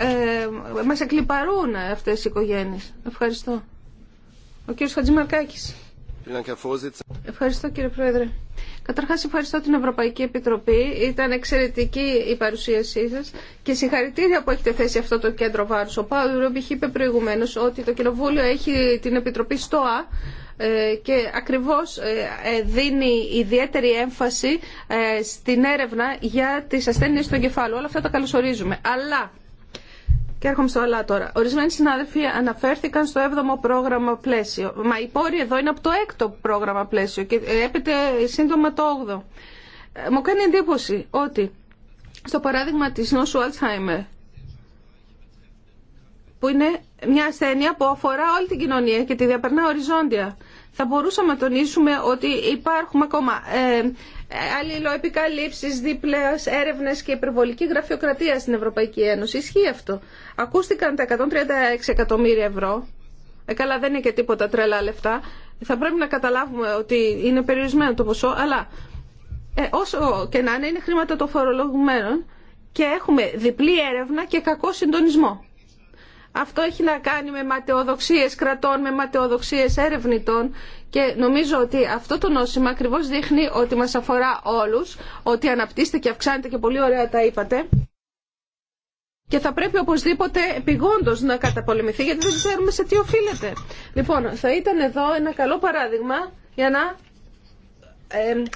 ε, μας εκλυπαρούν αυτές οι οικογένειες. Ευχαριστώ. Ο κύριος Χατζημαρκάκης. Ευχαριστώ κύριε Πρόεδρε. Καταρχάς ευχαριστώ την Ευρωπαϊκή Επιτροπή. Ήταν εξαιρετική η παρουσίασή σας και συγχαρητήρια που έχετε θέσει αυτό το κέντρο βάρους. Ο Πάουλ Ρούμπιχ είπε προηγουμένως ότι το Κοινοβούλιο έχει την Επιτροπή ΣΤΟΑ ε, και ακριβώς ε, ε, δίνει ιδιαίτερη έμφαση στην έρευνα για τις ασθένειες του εγκεφάλου. Όλα αυτά τα καλωσορίζουμε. Αλλά, και έρχομαι στο αλλά τώρα, ορισμένοι συνάδελφοι αναφέρθηκαν στο 7ο πρόγραμμα πλαίσιο. Μα η πόρη εδώ είναι από το 6ο πρόγραμμα πλαίσιο και έπεται σύντομα το 8ο. Μου κάνει εντύπωση ότι στο παράδειγμα της νόσου Alzheimer που είναι μια ασθένεια που αφορά όλη την κοινωνία και τη διαπερνά οριζόντια. Θα μπορούσαμε να τονίσουμε ότι υπάρχουν ακόμα ε, αλληλοεπικαλύψεις, δίπλες έρευνες και υπερβολική γραφειοκρατία στην Ευρωπαϊκή Ένωση. Ισχύει αυτό. Ακούστηκαν τα 136 εκατομμύρια ευρώ. Ε, καλά δεν είναι και τίποτα τρελά λεφτά. Θα πρέπει να καταλάβουμε ότι είναι περιορισμένο το ποσό, αλλά ε, όσο και να είναι, είναι χρήματα των φορολογουμένων και έχουμε διπλή έρευνα και κακό συντονισμό. Αυτό έχει να κάνει με ματαιοδοξίες κρατών, με ματαιοδοξίες έρευνητών και νομίζω ότι αυτό το νόσημα ακριβώ δείχνει ότι μας αφορά όλους, ότι αναπτύσσεται και αυξάνεται και πολύ ωραία τα είπατε. Και θα πρέπει οπωσδήποτε επιγόντω να καταπολεμηθεί, γιατί δεν ξέρουμε σε τι οφείλεται. Λοιπόν, θα ήταν εδώ ένα καλό παράδειγμα για να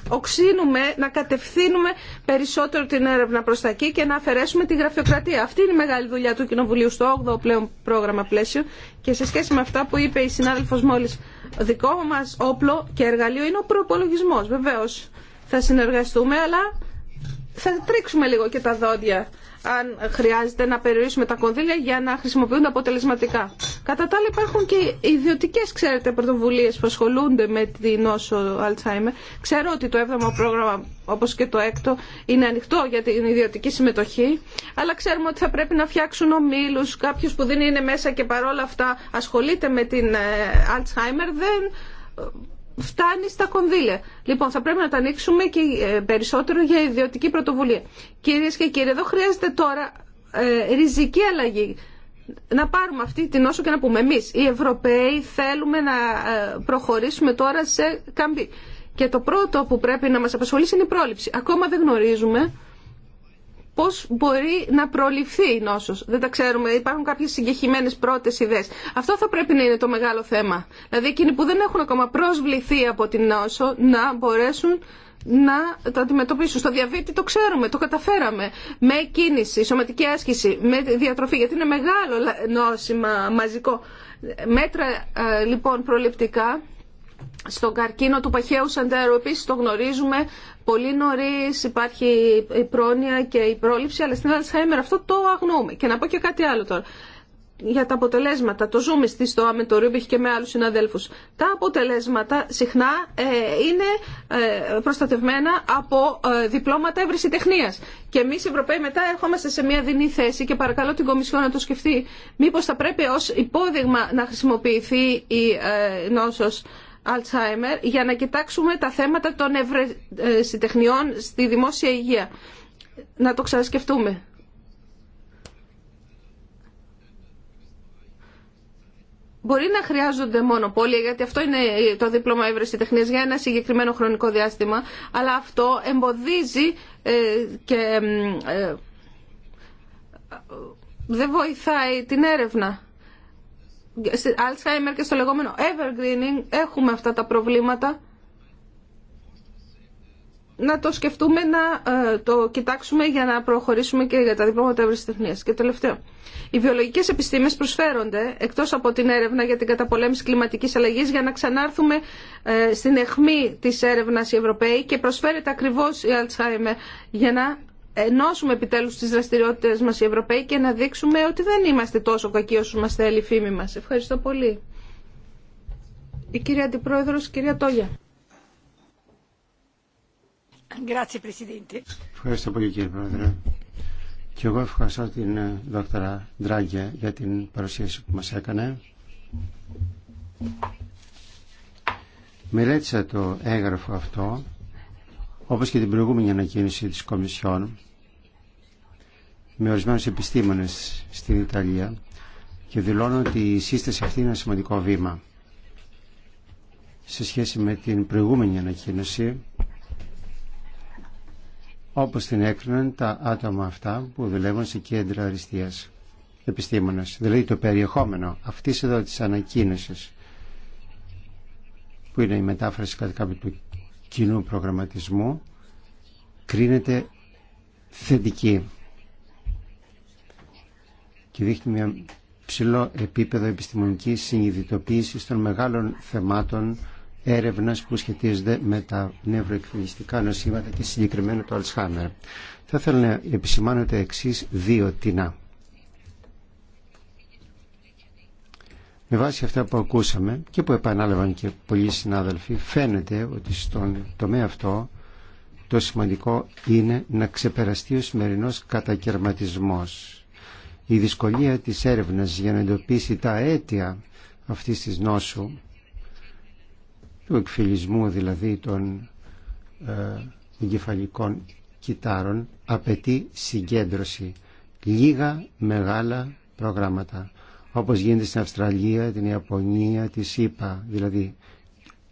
οξύνουμε, να κατευθύνουμε περισσότερο την έρευνα προς τα εκεί και να αφαιρέσουμε τη γραφειοκρατία. Αυτή είναι η μεγάλη δουλειά του Κοινοβουλίου στο 8ο πλέον πρόγραμμα πλαίσιο και σε σχέση με αυτά που είπε η συνάδελφος μόλις, δικό μας όπλο και εργαλείο είναι ο προπολογισμό. Βεβαίως θα συνεργαστούμε αλλά θα τρίξουμε λίγο και τα δόντια αν χρειάζεται να περιορίσουμε τα κονδύλια για να χρησιμοποιούνται αποτελεσματικά. Κατά τα άλλα υπάρχουν και ιδιωτικέ, ξέρετε, πρωτοβουλίες που ασχολούνται με την νόσο Alzheimer. Ξέρω ότι το 7ο πρόγραμμα, όπως και το 6ο, είναι ανοιχτό για την ιδιωτική συμμετοχή, αλλά ξέρουμε ότι θα πρέπει να φτιάξουν ομίλου. κάποιο που δεν είναι μέσα και παρόλα αυτά ασχολείται με την ε, Alzheimer δεν φτάνει στα κονδύλια. Λοιπόν, θα πρέπει να τα ανοίξουμε και ε, περισσότερο για ιδιωτική πρωτοβουλία. Κυρίες και κύριοι, εδώ χρειάζεται τώρα ε, ριζική αλλαγή. Να πάρουμε αυτή την όσο και να πούμε εμείς. Οι Ευρωπαίοι θέλουμε να ε, προχωρήσουμε τώρα σε καμπή. Και το πρώτο που πρέπει να μας απασχολήσει είναι η πρόληψη. Ακόμα δεν γνωρίζουμε πώς μπορεί να προληφθεί η νόσος. Δεν τα ξέρουμε, υπάρχουν κάποιες συγκεχημένε πρώτε ιδέες. Αυτό θα πρέπει να είναι το μεγάλο θέμα. Δηλαδή εκείνοι που δεν έχουν ακόμα προσβληθεί από την νόσο να μπορέσουν να το αντιμετωπίσουν. Στο διαβήτη το ξέρουμε, το καταφέραμε με κίνηση, σωματική άσκηση, με διατροφή, γιατί είναι μεγάλο νόσημα μαζικό. Μέτρα ε, λοιπόν προληπτικά στον καρκίνο του παχαίου σαντέρου επίσης το γνωρίζουμε πολύ νωρίς, υπάρχει η πρόνοια και η πρόληψη, αλλά στην Αλσχάιμερ αυτό το αγνοούμε. Και να πω και κάτι άλλο τώρα για τα αποτελέσματα. Το ζούμε στη ΣΤΟΑ με το Ρούμπιχ και με άλλους συναδέλφους. Τα αποτελέσματα συχνά ε, είναι ε, προστατευμένα από ε, διπλώματα ευρυσιτεχνίας. Και εμείς οι Ευρωπαίοι μετά έρχομαστε σε μια δινή θέση και παρακαλώ την Κομισιό να το σκεφτεί. Μήπως θα πρέπει ως υπόδειγμα να χρησιμοποιηθεί η νόσος Alzheimer για να κοιτάξουμε τα θέματα των ευρεσιτεχνιών στη δημόσια υγεία. Να το ξανασκεφτούμε. Μπορεί να χρειάζονται μόνο γιατί αυτό είναι το δίπλωμα ευρεσιτεχνίας για ένα συγκεκριμένο χρονικό διάστημα, αλλά αυτό εμποδίζει ε, και ε, ε, δεν βοηθάει την έρευνα. Alzheimer και στο λεγόμενο evergreening έχουμε αυτά τα προβλήματα. Να το σκεφτούμε, να ε, το κοιτάξουμε για να προχωρήσουμε και για τα διπλώματα ευρεσιτεχνία. Και τελευταίο. Οι βιολογικές επιστήμες προσφέρονται εκτός από την έρευνα για την καταπολέμηση κλιματικής αλλαγής για να ξανάρθουμε ε, στην αιχμή της έρευνας οι Ευρωπαίοι και προσφέρεται ακριβώς η Alzheimer για να ενώσουμε επιτέλους τις δραστηριότητες μας οι Ευρωπαίοι και να δείξουμε ότι δεν είμαστε τόσο κακοί όσο μας θέλει η φήμη μας. Ευχαριστώ πολύ. Η κυρία Αντιπρόεδρος, η κυρία Τόγια. Ευχαριστώ πολύ κύριε Πρόεδρε. Και εγώ ευχαριστώ την ε, δόκτωρα Ντράγκια για την παρουσίαση που μας έκανε. Μελέτησα το έγγραφο αυτό όπως και την προηγούμενη ανακοίνωση της Κομισιόν, με ορισμένους επιστήμονες στην Ιταλία και δηλώνω ότι η σύσταση αυτή είναι ένα σημαντικό βήμα. Σε σχέση με την προηγούμενη ανακοίνωση, όπως την έκριναν τα άτομα αυτά που δουλεύουν σε κέντρα αριστείας επιστήμονες, δηλαδή το περιεχόμενο αυτής εδώ της ανακοίνωσης που είναι η μετάφραση κατά κάποιο κοινού προγραμματισμού κρίνεται θετική και δείχνει μια ψηλό επίπεδο επιστημονικής συνειδητοποίησης των μεγάλων θεμάτων έρευνας που σχετίζονται με τα νευροεκφυγιστικά νοσήματα και συγκεκριμένα το Αλσχάμερ. Θα ήθελα να επισημάνω τα εξής δύο τεινά. Με βάση αυτά που ακούσαμε και που επανάλαβαν και πολλοί συνάδελφοι, φαίνεται ότι στον τομέα αυτό το σημαντικό είναι να ξεπεραστεί ο σημερινός κατακαιρματισμός. Η δυσκολία της έρευνας για να εντοπίσει τα αίτια αυτής της νόσου, του εκφυλισμού δηλαδή των ε, εγκεφαλικών κυτάρων, απαιτεί συγκέντρωση. Λίγα μεγάλα προγράμματα όπως γίνεται στην Αυστραλία, την Ιαπωνία, τη ΣΥΠΑ, δηλαδή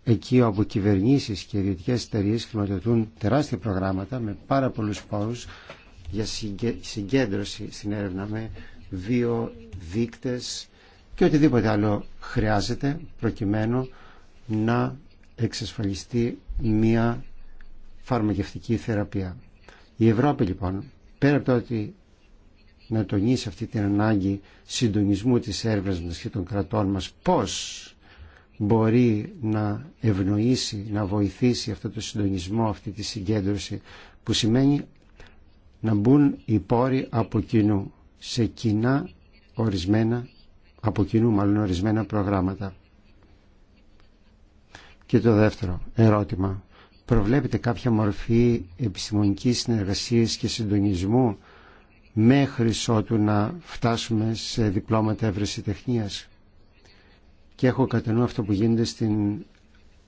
εκεί όπου κυβερνήσει και ιδιωτικέ εταιρείε χρηματοδοτούν τεράστια προγράμματα με πάρα πολλού πόρου για συγκέντρωση στην έρευνα με δείκτε και οτιδήποτε άλλο χρειάζεται προκειμένου να εξασφαλιστεί μια φαρμακευτική θεραπεία. Η Ευρώπη λοιπόν, πέρα από το ότι να τονίσει αυτή την ανάγκη συντονισμού της έρευνας μας και των κρατών μας. Πώς μπορεί να ευνοήσει, να βοηθήσει αυτό το συντονισμό, αυτή τη συγκέντρωση που σημαίνει να μπουν οι πόροι από κοινού σε κοινά ορισμένα, από κοινού ορισμένα προγράμματα. Και το δεύτερο ερώτημα. Προβλέπετε κάποια μορφή επιστημονικής συνεργασίας και συντονισμού μέχρι ότου να φτάσουμε σε διπλώματα τεχνίας. Και έχω κατά νου αυτό που γίνεται στην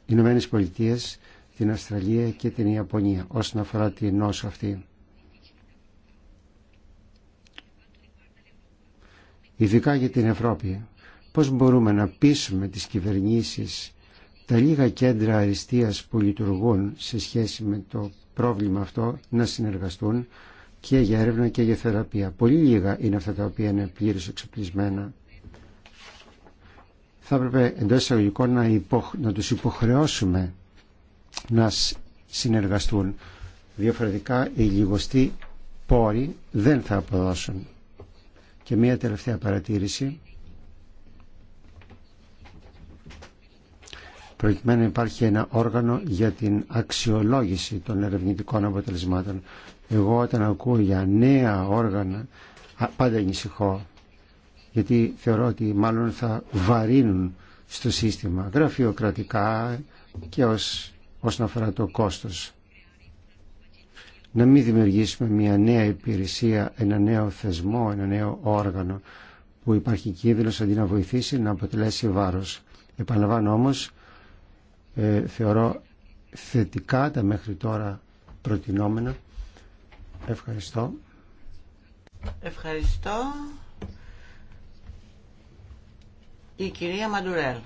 Ηνωμένες Πολιτείες, την Αυστραλία και την Ιαπωνία όσον αφορά την νόσο αυτή. Ειδικά για την Ευρώπη. Πώς μπορούμε να πείσουμε τις κυβερνήσεις τα λίγα κέντρα αριστείας που λειτουργούν σε σχέση με το πρόβλημα αυτό να συνεργαστούν και για έρευνα και για θεραπεία. Πολύ λίγα είναι αυτά τα οποία είναι πλήρως εξοπλισμένα. Θα έπρεπε εντό εισαγωγικών να, υποχ... να τους υποχρεώσουμε να συνεργαστούν. Διαφορετικά οι λιγοστοί πόροι δεν θα αποδώσουν. Και μία τελευταία παρατήρηση. προκειμένου να υπάρχει ένα όργανο για την αξιολόγηση των ερευνητικών αποτελεσμάτων. Εγώ όταν ακούω για νέα όργανα πάντα ανησυχώ γιατί θεωρώ ότι μάλλον θα βαρύνουν στο σύστημα γραφειοκρατικά και ως, όσον αφορά το κόστος. Να μην δημιουργήσουμε μια νέα υπηρεσία, ένα νέο θεσμό, ένα νέο όργανο που υπάρχει κίνδυνος αντί να βοηθήσει να αποτελέσει βάρος. Επαναλαμβάνω όμως, ε, θεωρώ θετικά τα μέχρι τώρα προτινόμενα Ευχαριστώ. Ευχαριστώ. Η κυρία Μαντουρέλ.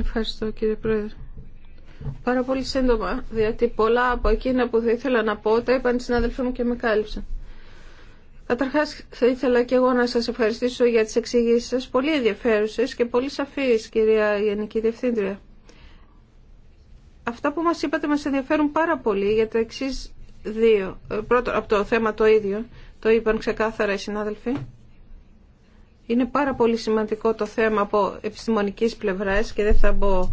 Ευχαριστώ κύριε Πρόεδρε. Πάρα πολύ σύντομα, διότι πολλά από εκείνα που θα ήθελα να πω τα είπαν οι συνάδελφοί μου και με κάλυψαν. Καταρχά, θα ήθελα και εγώ να σα ευχαριστήσω για τι εξηγήσει σα, πολύ ενδιαφέρουσε και πολύ σαφεί, κυρία Γενική Διευθύντρια. Αυτά που μας είπατε μας ενδιαφέρουν πάρα πολύ για τα εξή δύο. Ε, πρώτο από το θέμα το ίδιο, το είπαν ξεκάθαρα οι συνάδελφοι. Είναι πάρα πολύ σημαντικό το θέμα από επιστημονικής πλευράς και δεν θα μπω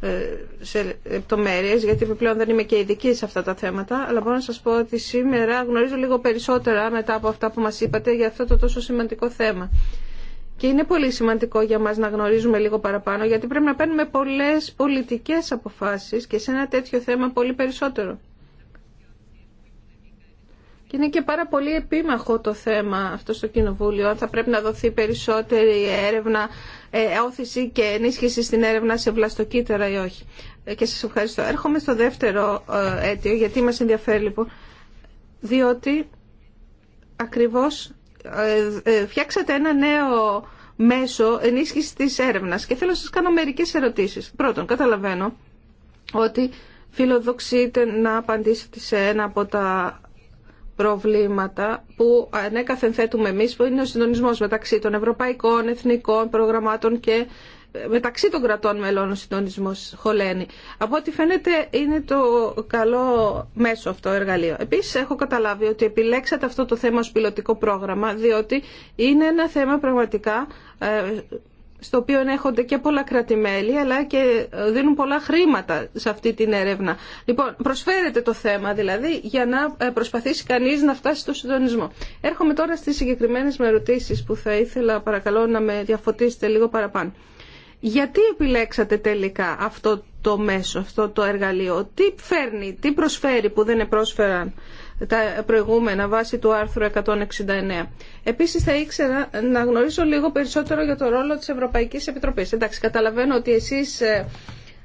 ε, σε λεπτομέρειες γιατί πλέον δεν είμαι και ειδική σε αυτά τα θέματα αλλά μπορώ να σας πω ότι σήμερα γνωρίζω λίγο περισσότερα μετά από αυτά που μας είπατε για αυτό το τόσο σημαντικό θέμα. Και είναι πολύ σημαντικό για μας να γνωρίζουμε λίγο παραπάνω, γιατί πρέπει να παίρνουμε πολλές πολιτικές αποφάσεις και σε ένα τέτοιο θέμα πολύ περισσότερο. Και είναι και πάρα πολύ επίμαχο το θέμα αυτό στο Κοινοβούλιο. αν Θα πρέπει να δοθεί περισσότερη έρευνα, ε, όθηση και ενίσχυση στην έρευνα σε βλαστοκύτταρα ή όχι. Ε, και σας ευχαριστώ. Έρχομαι στο δεύτερο ε, αίτιο, γιατί μας ενδιαφέρει λοιπόν. Διότι ακριβώς ε, ε, φτιάξατε ένα νέο μέσο ενίσχυσης της έρευνας και θέλω να σας κάνω μερικές ερωτήσεις. Πρώτον, καταλαβαίνω ότι φιλοδοξείτε να απαντήσετε σε ένα από τα προβλήματα που ανέκαθεν ναι, θέτουμε εμείς που είναι ο συντονισμός μεταξύ των ευρωπαϊκών, εθνικών προγραμμάτων και μεταξύ των κρατών μελών ο συντονισμός χωλαίνει. Από ό,τι φαίνεται είναι το καλό μέσο αυτό εργαλείο. Επίσης έχω καταλάβει ότι επιλέξατε αυτό το θέμα ως πιλωτικό πρόγραμμα διότι είναι ένα θέμα πραγματικά ε, στο οποίο έχονται και πολλά κρατημέλη αλλά και δίνουν πολλά χρήματα σε αυτή την έρευνα. Λοιπόν, προσφέρετε το θέμα δηλαδή για να ε, προσπαθήσει κανείς να φτάσει στο συντονισμό. Έρχομαι τώρα στις συγκεκριμένες με ερωτήσεις που θα ήθελα παρακαλώ να με διαφωτίσετε λίγο παραπάνω. Γιατί επιλέξατε τελικά αυτό το μέσο, αυτό το εργαλείο, τι φέρνει, τι προσφέρει που δεν επρόσφεραν τα προηγούμενα βάσει του άρθρου 169. Επίσης θα ήξερα να γνωρίσω λίγο περισσότερο για το ρόλο της Ευρωπαϊκής Επιτροπής. Εντάξει, καταλαβαίνω ότι εσείς ε,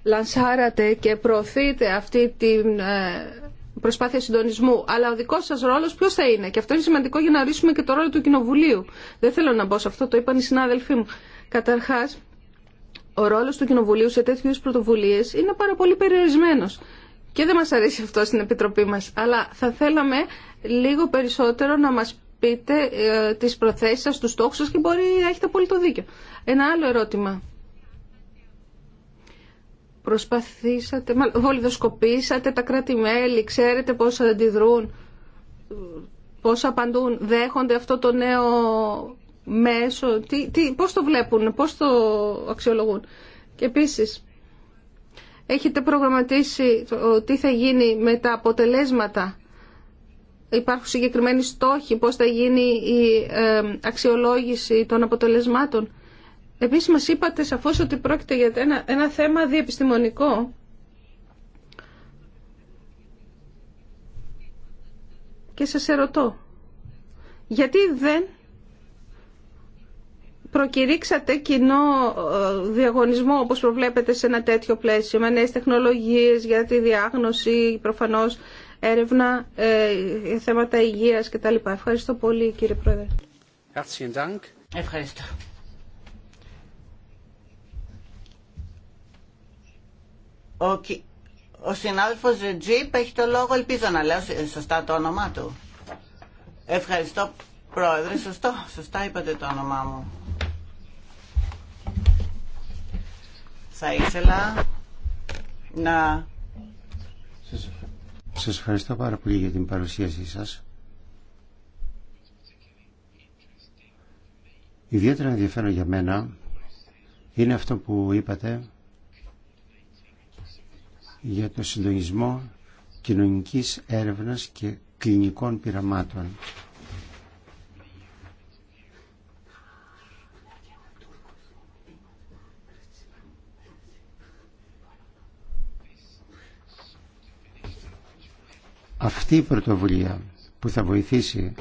λανσάρατε και προωθείτε αυτή την ε, προσπάθεια συντονισμού, αλλά ο δικός σας ρόλος ποιος θα είναι. Και αυτό είναι σημαντικό για να ορίσουμε και το ρόλο του Κοινοβουλίου. Δεν θέλω να μπω σε αυτό, το είπαν οι συνάδελφοί μου. Καταρχάς, ο ρόλος του Κοινοβουλίου σε τέτοιου είδους πρωτοβουλίες είναι πάρα πολύ περιορισμένος. Και δεν μας αρέσει αυτό στην Επιτροπή μας. Αλλά θα θέλαμε λίγο περισσότερο να μας πείτε ε, τις προθέσεις σας, τους στόχους σας και μπορεί να έχετε πολύ το δίκιο. Ένα άλλο ερώτημα. Προσπαθήσατε, βολιδοσκοπήσατε τα κράτη-μέλη, ξέρετε πώς αντιδρούν, ε, πώς απαντούν, δέχονται αυτό το νέο μέσο, τι, τι, πώς το βλέπουν, πώς το αξιολογούν. Και επίσης, έχετε προγραμματίσει το, τι θα γίνει με τα αποτελέσματα. Υπάρχουν συγκεκριμένοι στόχοι, πώς θα γίνει η ε, αξιολόγηση των αποτελεσμάτων. Επίσης μας είπατε σαφώς ότι πρόκειται για ένα, ένα θέμα διεπιστημονικό. Και σας ερωτώ, γιατί δεν προκηρύξατε κοινό ε, διαγωνισμό όπως προβλέπετε σε ένα τέτοιο πλαίσιο με νέες τεχνολογίες για τη διάγνωση, προφανώς έρευνα, ε, θέματα υγείας κτλ. Ευχαριστώ πολύ κύριε Πρόεδρε. Ευχαριστώ. Ο, ο συνάδελφος Τζιπ έχει το λόγο, ελπίζω να λέω σωστά το όνομά του. Ευχαριστώ Πρόεδρε, σωστό, σωστά είπατε το όνομά μου. Θα ήθελα να... Σας ευχαριστώ πάρα πολύ για την παρουσίασή σας. Ιδιαίτερα ενδιαφέρον για μένα είναι αυτό που είπατε για το συντονισμό κοινωνικής έρευνας και κλινικών πειραμάτων. αυτή η πρωτοβουλία που θα βοηθήσει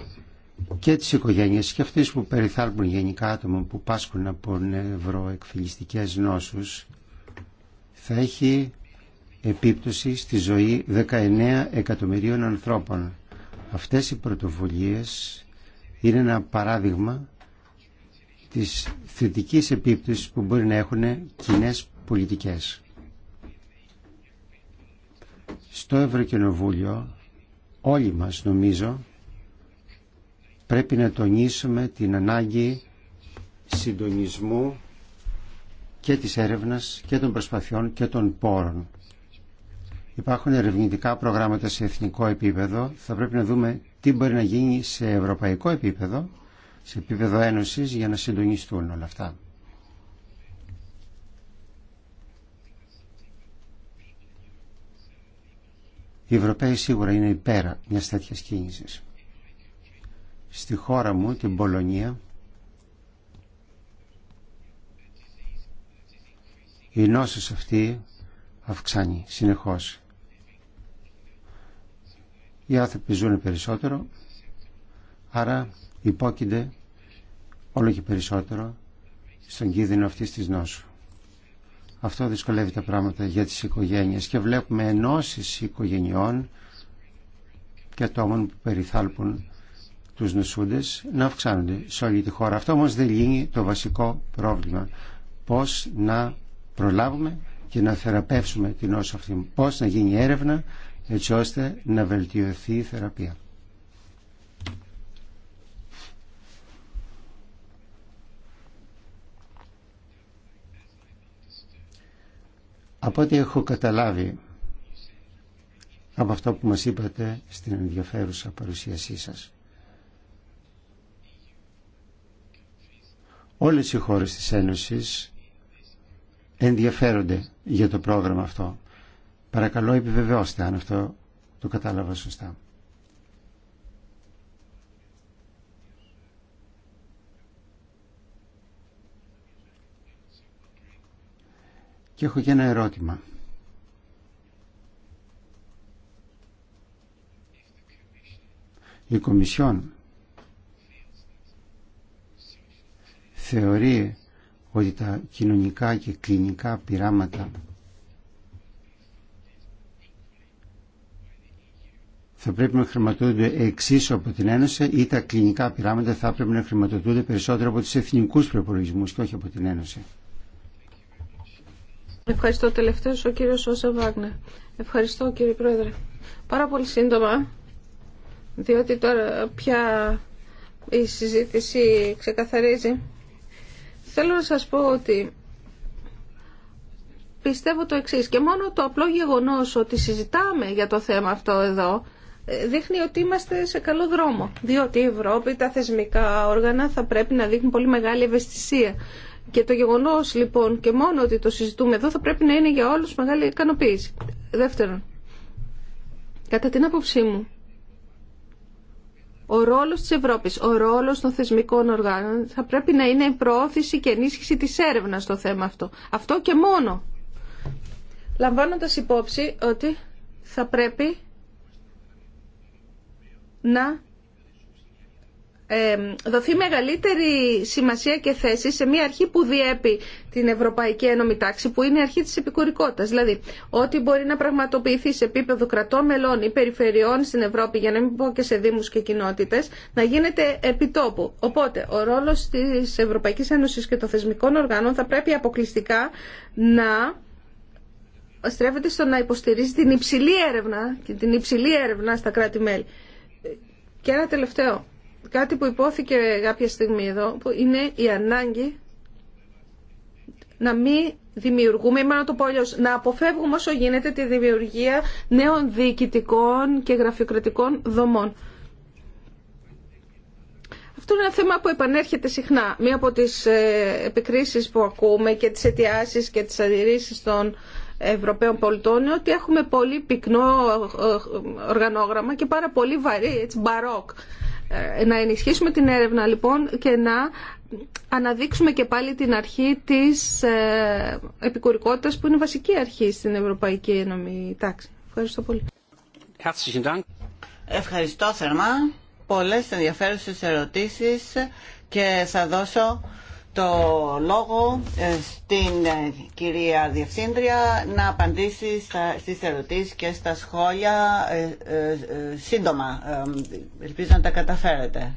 και τις οικογένειες και αυτές που περιθάλπουν γενικά άτομα που πάσχουν από νευροεκφυλιστικές νόσους θα έχει επίπτωση στη ζωή 19 εκατομμυρίων ανθρώπων. Αυτές οι πρωτοβουλίες είναι ένα παράδειγμα της θετικής επίπτωσης που μπορεί να έχουν κοινέ πολιτικές. Στο Ευρωκοινοβούλιο όλοι μας νομίζω πρέπει να τονίσουμε την ανάγκη συντονισμού και της έρευνας και των προσπαθειών και των πόρων. Υπάρχουν ερευνητικά προγράμματα σε εθνικό επίπεδο. Θα πρέπει να δούμε τι μπορεί να γίνει σε ευρωπαϊκό επίπεδο, σε επίπεδο ένωσης για να συντονιστούν όλα αυτά. Οι Ευρωπαίοι σίγουρα είναι υπέρα μια τέτοιας κίνησης. Στη χώρα μου, την Πολωνία, η νόσος αυτή αυξάνει συνεχώς. Οι άνθρωποι ζουν περισσότερο, άρα υπόκεινται όλο και περισσότερο στον κίνδυνο αυτής της νόσου. Αυτό δυσκολεύει τα πράγματα για τις οικογένειες και βλέπουμε ενώσεις οικογενειών και ατόμων που περιθάλπουν τους νοσούντες να αυξάνονται σε όλη τη χώρα. Αυτό όμως δεν λύνει το βασικό πρόβλημα. Πώς να προλάβουμε και να θεραπεύσουμε την νόσο αυτή. Πώς να γίνει έρευνα έτσι ώστε να βελτιωθεί η θεραπεία. Από ό,τι έχω καταλάβει από αυτό που μας είπατε στην ενδιαφέρουσα παρουσίασή σας. Όλες οι χώρες της Ένωσης ενδιαφέρονται για το πρόγραμμα αυτό. Παρακαλώ επιβεβαιώστε αν αυτό το κατάλαβα σωστά. Και έχω και ένα ερώτημα. Η Κομισιόν θεωρεί ότι τα κοινωνικά και κλινικά πειράματα θα πρέπει να χρηματοδοτούνται εξίσου από την Ένωση ή τα κλινικά πειράματα θα πρέπει να χρηματοδοτούνται περισσότερο από τους εθνικούς προϋπολογισμούς, και όχι από την Ένωση. Ευχαριστώ τελευταίο ο κύριο Σόσα Βάγνερ. Ευχαριστώ κύριε Πρόεδρε. Πάρα πολύ σύντομα, διότι τώρα πια η συζήτηση ξεκαθαρίζει. Θέλω να σας πω ότι πιστεύω το εξής και μόνο το απλό γεγονός ότι συζητάμε για το θέμα αυτό εδώ ε, δείχνει ότι είμαστε σε καλό δρόμο, διότι η Ευρώπη, τα θεσμικά όργανα θα πρέπει να δείχνουν πολύ μεγάλη ευαισθησία και το γεγονό, λοιπόν και μόνο ότι το συζητούμε εδώ θα πρέπει να είναι για όλους μεγάλη ικανοποίηση. Δεύτερον, κατά την άποψή μου, ο ρόλος της Ευρώπης, ο ρόλος των θεσμικών οργάνων θα πρέπει να είναι η προώθηση και ενίσχυση της έρευνας στο θέμα αυτό. Αυτό και μόνο. Λαμβάνοντας υπόψη ότι θα πρέπει να δοθεί μεγαλύτερη σημασία και θέση σε μια αρχή που διέπει την Ευρωπαϊκή Ένωμη Τάξη, που είναι η αρχή της επικουρικότητας. Δηλαδή, ό,τι μπορεί να πραγματοποιηθεί σε επίπεδο κρατών μελών ή περιφερειών στην Ευρώπη, για να μην πω και σε δήμους και κοινότητες, να γίνεται επιτόπου. Οπότε, ο ρόλος της Ευρωπαϊκής Ένωσης και των θεσμικών οργάνων θα πρέπει αποκλειστικά να στρέφεται στο να υποστηρίζει την υψηλή έρευνα την υψηλή έρευνα στα κράτη-μέλη. Και ένα τελευταίο κάτι που υπόθηκε κάποια στιγμή εδώ, που είναι η ανάγκη να μην δημιουργούμε, ή να το πω να αποφεύγουμε όσο γίνεται τη δημιουργία νέων διοικητικών και γραφειοκρατικών δομών. Αυτό είναι ένα θέμα που επανέρχεται συχνά. Μία από τις ε, επικρίσεις που ακούμε και τις αιτιάσεις και τις αντιρρήσεις των Ευρωπαίων πολιτών είναι ότι έχουμε πολύ πυκνό ε, ε, οργανόγραμμα και πάρα πολύ βαρύ, έτσι, μπαρόκ ε, να ενισχύσουμε την έρευνα λοιπόν και να αναδείξουμε και πάλι την αρχή της ε, επικουρικότητας που είναι βασική αρχή στην Ευρωπαϊκή Ένωμη Τάξη. Ευχαριστώ πολύ. Ευχαριστώ θερμά. Πολλές ενδιαφέρουσες ερωτήσεις και θα δώσω το λόγο ε, στην ε, κυρία Διευθύντρια να απαντήσει στις ερωτήσεις και στα σχόλια ε, σύντομα. ελπίζω να τα καταφέρετε.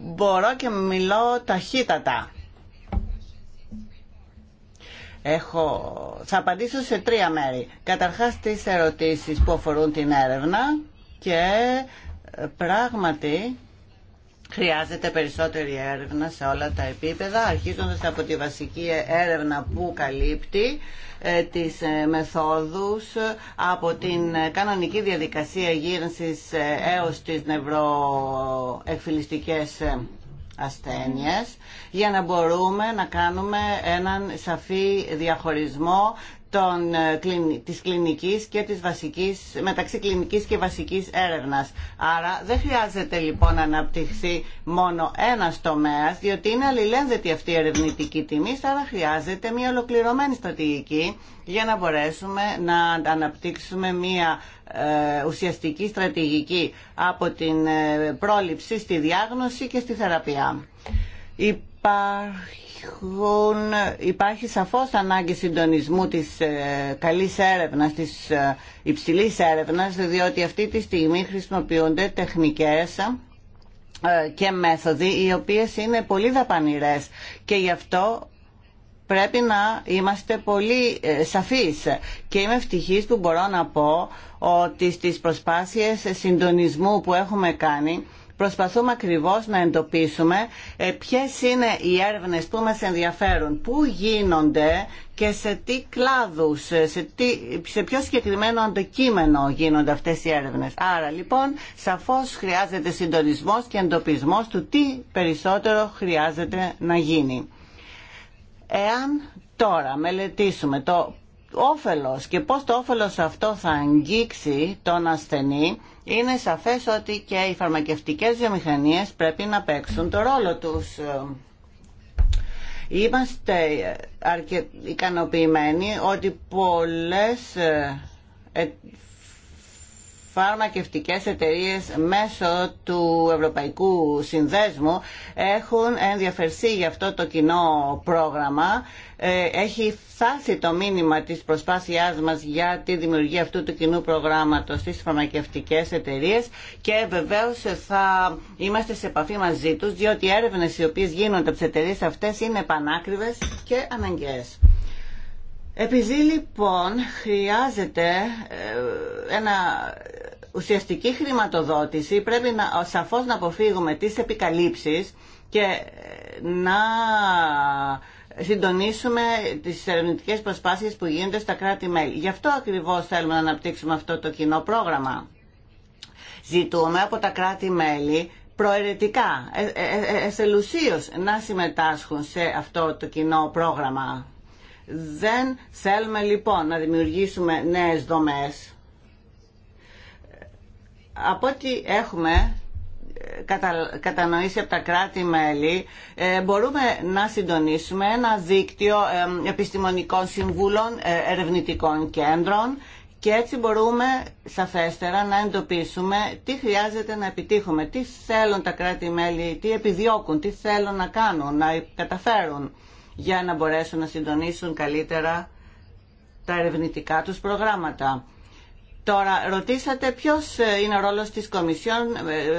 Μπορώ και μιλώ ταχύτατα. Έχω... Θα απαντήσω σε τρία μέρη. Καταρχάς τις ερωτήσεις που αφορούν την έρευνα και πράγματι Χρειάζεται περισσότερη έρευνα σε όλα τα επίπεδα, αρχίζοντας από τη βασική έρευνα που καλύπτει ε, τις ε, μεθόδους από την ε, κανονική διαδικασία ε, έως τις νευροεκφυλιστικές ασθένειες για να μπορούμε να κάνουμε έναν σαφή διαχωρισμό των, ε, της κλινικής και της βασικής, μεταξύ κλινικής και βασικής έρευνας. Άρα δεν χρειάζεται λοιπόν να αναπτυχθεί μόνο ένας τομέας, διότι είναι αλληλένδετη αυτή η ερευνητική τιμή, άρα χρειάζεται μια ολοκληρωμένη στρατηγική για να μπορέσουμε να αναπτύξουμε μια ε, ουσιαστική στρατηγική από την ε, πρόληψη στη διάγνωση και στη θεραπεία υπάρχουν, υπάρχει σαφώς ανάγκη συντονισμού της ε, καλής έρευνας, της ε, υψηλής έρευνας, διότι αυτή τη στιγμή χρησιμοποιούνται τεχνικές ε, και μέθοδοι οι οποίες είναι πολύ δαπανηρές και γι' αυτό πρέπει να είμαστε πολύ σαφείς και είμαι ευτυχής που μπορώ να πω ότι στις προσπάθειες συντονισμού που έχουμε κάνει Προσπαθούμε ακριβώς να εντοπίσουμε ε, ποιες είναι οι έρευνες που μας ενδιαφέρουν, πού γίνονται και σε τι κλάδους, ε, σε, σε ποιο συγκεκριμένο αντικείμενο γίνονται αυτές οι έρευνες. Άρα λοιπόν σαφώς χρειάζεται συντονισμός και εντοπισμός του τι περισσότερο χρειάζεται να γίνει. Εάν τώρα μελετήσουμε το όφελος και πώς το όφελος αυτό θα αγγίξει τον ασθενή είναι σαφές ότι και οι φαρμακευτικές βιομηχανίες πρέπει να παίξουν το ρόλο τους. Είμαστε ικανοποιημένοι ότι πολλές ε, ε, φαρμακευτικές εταιρείες μέσω του Ευρωπαϊκού Συνδέσμου έχουν ενδιαφερθεί για αυτό το κοινό πρόγραμμα. Ε, έχει φτάσει το μήνυμα της προσπάθειάς μας για τη δημιουργία αυτού του κοινού προγράμματος στις φαρμακευτικές εταιρείες και βεβαίως θα είμαστε σε επαφή μαζί τους διότι οι έρευνες οι οποίες γίνονται από τις εταιρείες αυτές είναι πανάκριβες και αναγκαίες. Επειδή λοιπόν χρειάζεται ε, ένα ουσιαστική χρηματοδότηση πρέπει να, σαφώς να αποφύγουμε τις επικαλύψεις και ε, να συντονίσουμε τις ερευνητικέ προσπάθειες που γίνονται στα κράτη-μέλη. Γι' αυτό ακριβώς θέλουμε να αναπτύξουμε αυτό το κοινό πρόγραμμα. Ζητούμε από τα κράτη-μέλη προαιρετικά, εθελουσίως, ε, να συμμετάσχουν σε αυτό το κοινό πρόγραμμα. Δεν θέλουμε λοιπόν να δημιουργήσουμε νέες δομές. Από ό,τι έχουμε ε, κατανοήσει από τα κράτη-μέλη, ε, μπορούμε να συντονίσουμε ένα δίκτυο επιστημονικών συμβούλων, ε, ερευνητικών κέντρων και έτσι μπορούμε σαφέστερα να εντοπίσουμε τι χρειάζεται να επιτύχουμε, τι θέλουν τα κράτη-μέλη, τι επιδιώκουν, τι θέλουν να κάνουν, να καταφέρουν για να μπορέσουν να συντονίσουν καλύτερα τα ερευνητικά τους προγράμματα. Τώρα, ρωτήσατε ποιος ε, είναι ο ρόλος της Κομισιόν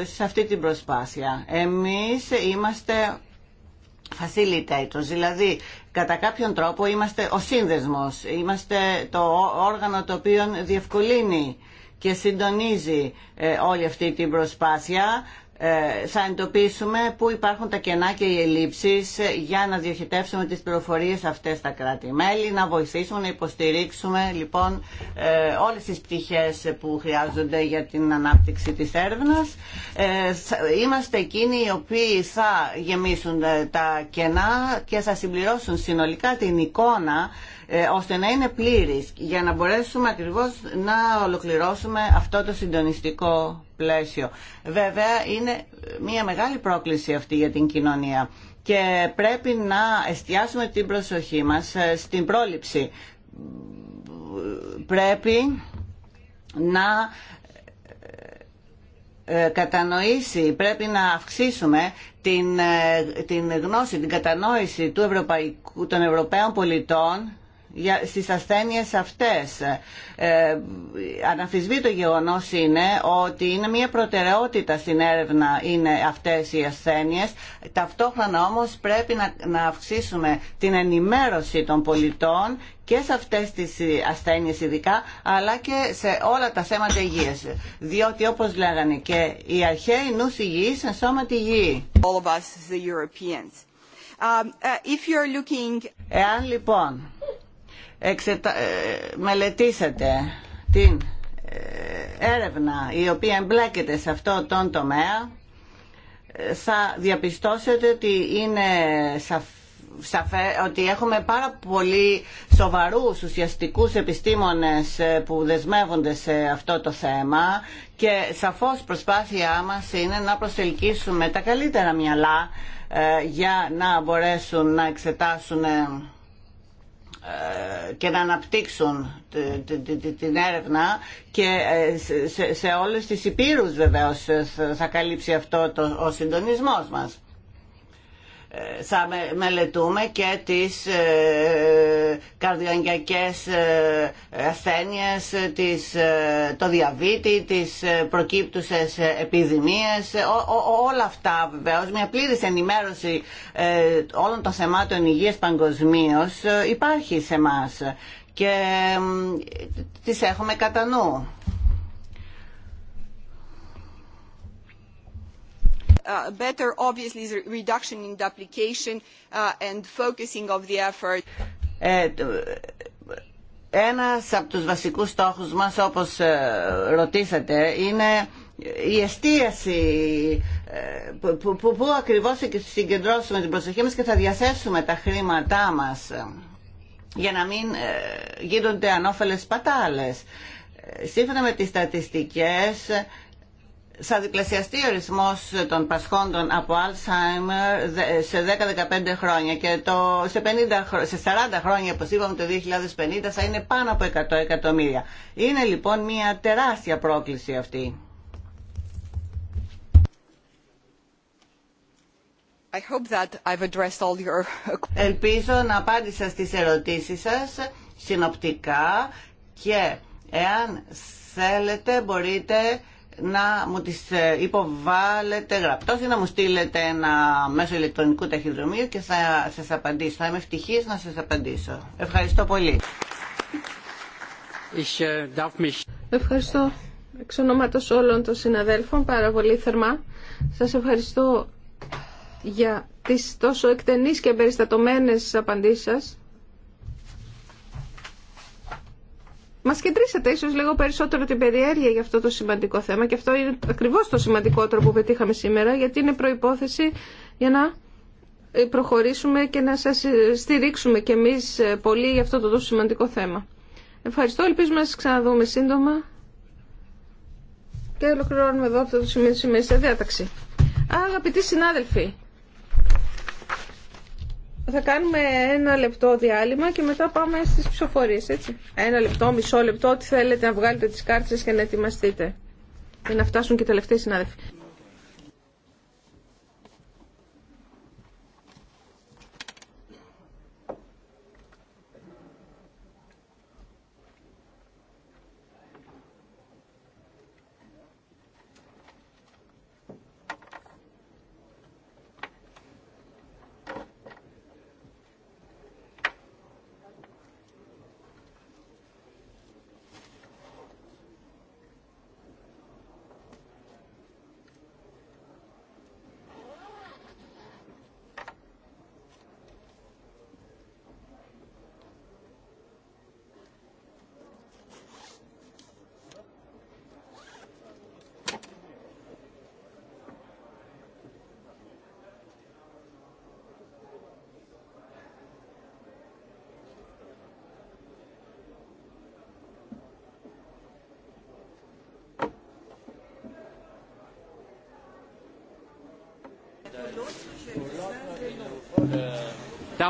ε, σε αυτή την προσπάθεια. Εμείς είμαστε facilitators, δηλαδή κατά κάποιον τρόπο είμαστε ο σύνδεσμος, είμαστε το όργανο το οποίο διευκολύνει και συντονίζει ε, όλη αυτή την προσπάθεια ε, θα εντοπίσουμε πού υπάρχουν τα κενά και οι ελλείψεις ε, για να διοχετεύσουμε τις πληροφορίες αυτές στα κράτη-μέλη, να βοηθήσουμε, να υποστηρίξουμε λοιπόν ε, όλες τις πτυχές που χρειάζονται για την ανάπτυξη της έρευνας. Είμαστε εκείνοι οι οποίοι θα γεμίσουν τα κενά και θα συμπληρώσουν συνολικά την εικόνα ε, ώστε να είναι πλήρης για να μπορέσουμε ακριβώς να ολοκληρώσουμε αυτό το συντονιστικό πλαίσιο. Βέβαια είναι μια μεγάλη πρόκληση αυτή για την κοινωνία και πρέπει να εστιάσουμε την προσοχή μας ε, στην πρόληψη. Πρέπει να ε, κατανοήσει, πρέπει να αυξήσουμε την, την γνώση, την κατανόηση του Ευρωπαϊκού, των Ευρωπαίων πολιτών στις ασθένειες αυτές. Ε, το γεγονός είναι ότι είναι μια προτεραιότητα στην έρευνα είναι αυτές οι ασθένειες. Ταυτόχρονα όμως πρέπει να, αυξήσουμε την ενημέρωση των πολιτών και σε αυτές τις ασθένειες ειδικά, αλλά και σε όλα τα θέματα υγείας. Διότι όπως λέγανε και οι αρχαίοι νους υγιείς εν σώμα τη All um, uh, Εάν λοιπόν εξετα... Ε, μελετήσετε την ε, έρευνα η οποία εμπλέκεται σε αυτό τον τομέα ε, θα διαπιστώσετε ότι είναι ότι έχουμε πάρα πολύ σοβαρούς ουσιαστικούς επιστήμονες που δεσμεύονται σε αυτό το θέμα και σαφώς προσπάθειά μας είναι να προσελκύσουμε τα καλύτερα μυαλά για να μπορέσουν να εξετάσουν ε, και να αναπτύξουν την έρευνα και ε, σε όλες τις υπήρους βεβαίως θα καλύψει αυτό ο συντονισμός μας. Ε, θα μελετούμε και τις ε, καρδιογγειακές ε, ασθένειες, τις, το διαβήτη, τις προκύπτουσες επιδημίες, όλα αυτά βεβαίως. Μια πλήρης ενημέρωση όλων των θεμάτων υγείας παγκοσμίω υπάρχει σε μας και τις έχουμε κατά νου. better Ένας από τους βασικούς στόχους μας όπως ε, ρωτήσατε είναι η εστίαση ε, που, που, ακριβώς συγκεντρώσουμε την προσοχή μας και θα διαθέσουμε τα χρήματά μας ε, για να μην γίνονται ανώφελες πατάλες. Σύμφωνα με τις στατιστικές θα διπλασιαστεί ο ρυθμό των πασχόντων από Alzheimer σε 10-15 χρόνια και το σε, 50, σε 40 χρόνια, όπω είπαμε, το 2050 θα είναι πάνω από 100 εκατομμύρια. Είναι λοιπόν μια τεράστια πρόκληση αυτή. I hope that I've addressed all your... Ελπίζω να απάντησα στις ερωτήσεις σας συνοπτικά και εάν θέλετε μπορείτε να μου τις ε, υποβάλλετε γραπτό ή να μου στείλετε ένα μέσο ηλεκτρονικού ταχυδρομείου και θα σας απαντήσω. Θα είμαι ευτυχής να σας απαντήσω. Ευχαριστώ πολύ. Ε, ευχαριστώ εξ ονόματος όλων των συναδέλφων πάρα πολύ θερμά. Σας ευχαριστώ για τις τόσο εκτενείς και εμπεριστατωμένες απαντήσεις σας. Μα κεντρήσατε ίσω λίγο περισσότερο την περιέργεια για αυτό το σημαντικό θέμα και αυτό είναι ακριβώ το σημαντικότερο που πετύχαμε σήμερα γιατί είναι προπόθεση για να προχωρήσουμε και να σας στηρίξουμε κι εμείς πολύ για αυτό το τόσο σημαντικό θέμα. Ευχαριστώ, ελπίζουμε να σας ξαναδούμε σύντομα και ολοκληρώνουμε εδώ αυτό το σημείο σημείο διάταξη. Αγαπητοί συνάδελφοι, θα κάνουμε ένα λεπτό διάλειμμα και μετά πάμε στις ψηφοφορίες, έτσι. Ένα λεπτό, μισό λεπτό, ό,τι θέλετε να βγάλετε τις κάρτες και να ετοιμαστείτε. Για να φτάσουν και οι τελευταίοι συνάδελφοι.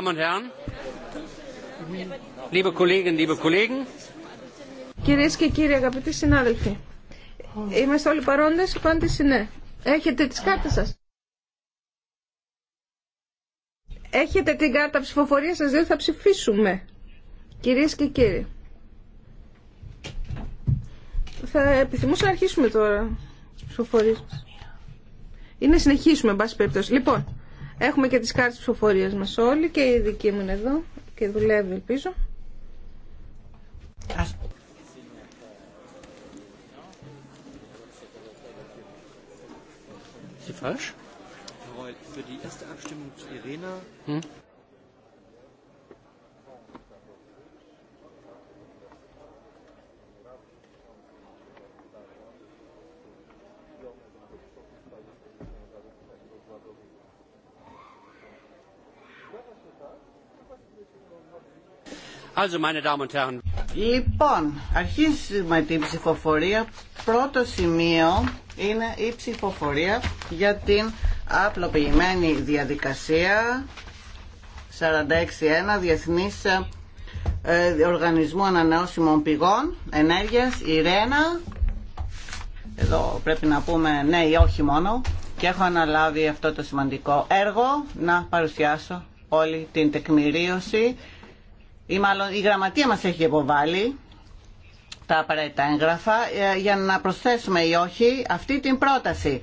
Damen und Herren, liebe Kolleginnen, liebe Kollegen. Κυρίες και κύριοι, αγαπητοί συνάδελφοι, είμαστε όλοι παρόντες, απάντηση ναι. Έχετε τις κάρτες σας. Έχετε την κάρτα ψηφοφορία σας, δεν θα ψηφίσουμε. Κυρίες και κύριοι, θα επιθυμούσα να αρχίσουμε τώρα ψηφοφορίες. Ή να συνεχίσουμε, εν πάση περιπτώσει. Λοιπόν, Έχουμε και τις κάρτες ψηφοφορίας μας όλοι και η δική μου είναι εδώ και δουλεύει ελπίζω. Sie Also, meine Damen Λοιπόν, αρχίζουμε την ψηφοφορία. Πρώτο σημείο είναι η ψηφοφορία για την απλοποιημένη διαδικασία 46.1 Διεθνής ε, Οργανισμού Ανανεώσιμων Πηγών Ενέργειας, Ρένα. Εδώ πρέπει να πούμε ναι ή όχι μόνο. Και έχω αναλάβει αυτό το σημαντικό έργο να παρουσιάσω όλη την τεκμηρίωση ή μάλλον η γραμματεία μας έχει υποβάλει τα απαραίτητα έγγραφα ε, για να προσθέσουμε ή όχι αυτή την πρόταση.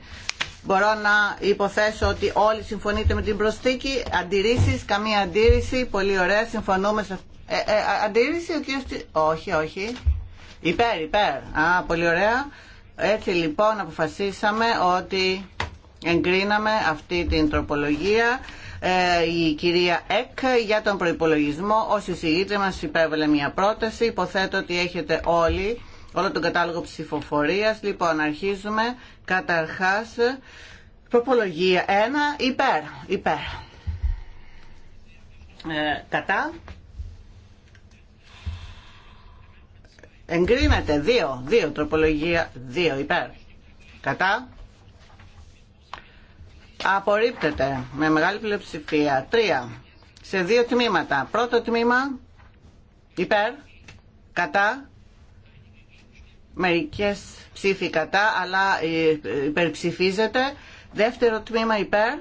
Μπορώ να υποθέσω ότι όλοι συμφωνείτε με την προσθήκη. Αντιρρήσεις, καμία αντίρρηση. Πολύ ωραία, συμφωνούμε σε ε, ε, αντίρρηση ο κύριος... Όχι, όχι. Υπέρ, υπέρ. Α, πολύ ωραία. Έτσι λοιπόν αποφασίσαμε ότι Εγκρίναμε αυτή την τροπολογία. Ε, η κυρία ΕΚ για τον προϋπολογισμό ως εισηγήτρια μας υπέβαλε μια πρόταση. Υποθέτω ότι έχετε όλοι όλο τον κατάλογο ψηφοφορίας. Λοιπόν, αρχίζουμε. Καταρχάς, τροπολογία 1, υπέρ, υπέρ. Ε, κατά. Εγκρίνεται 2, 2, τροπολογία 2, υπέρ. Κατά. Απορρίπτεται με μεγάλη πλειοψηφία. Τρία. Σε δύο τμήματα. Πρώτο τμήμα υπέρ, κατά, μερικές ψήφοι κατά, αλλά ε, υπερψηφίζεται. Δεύτερο τμήμα υπέρ.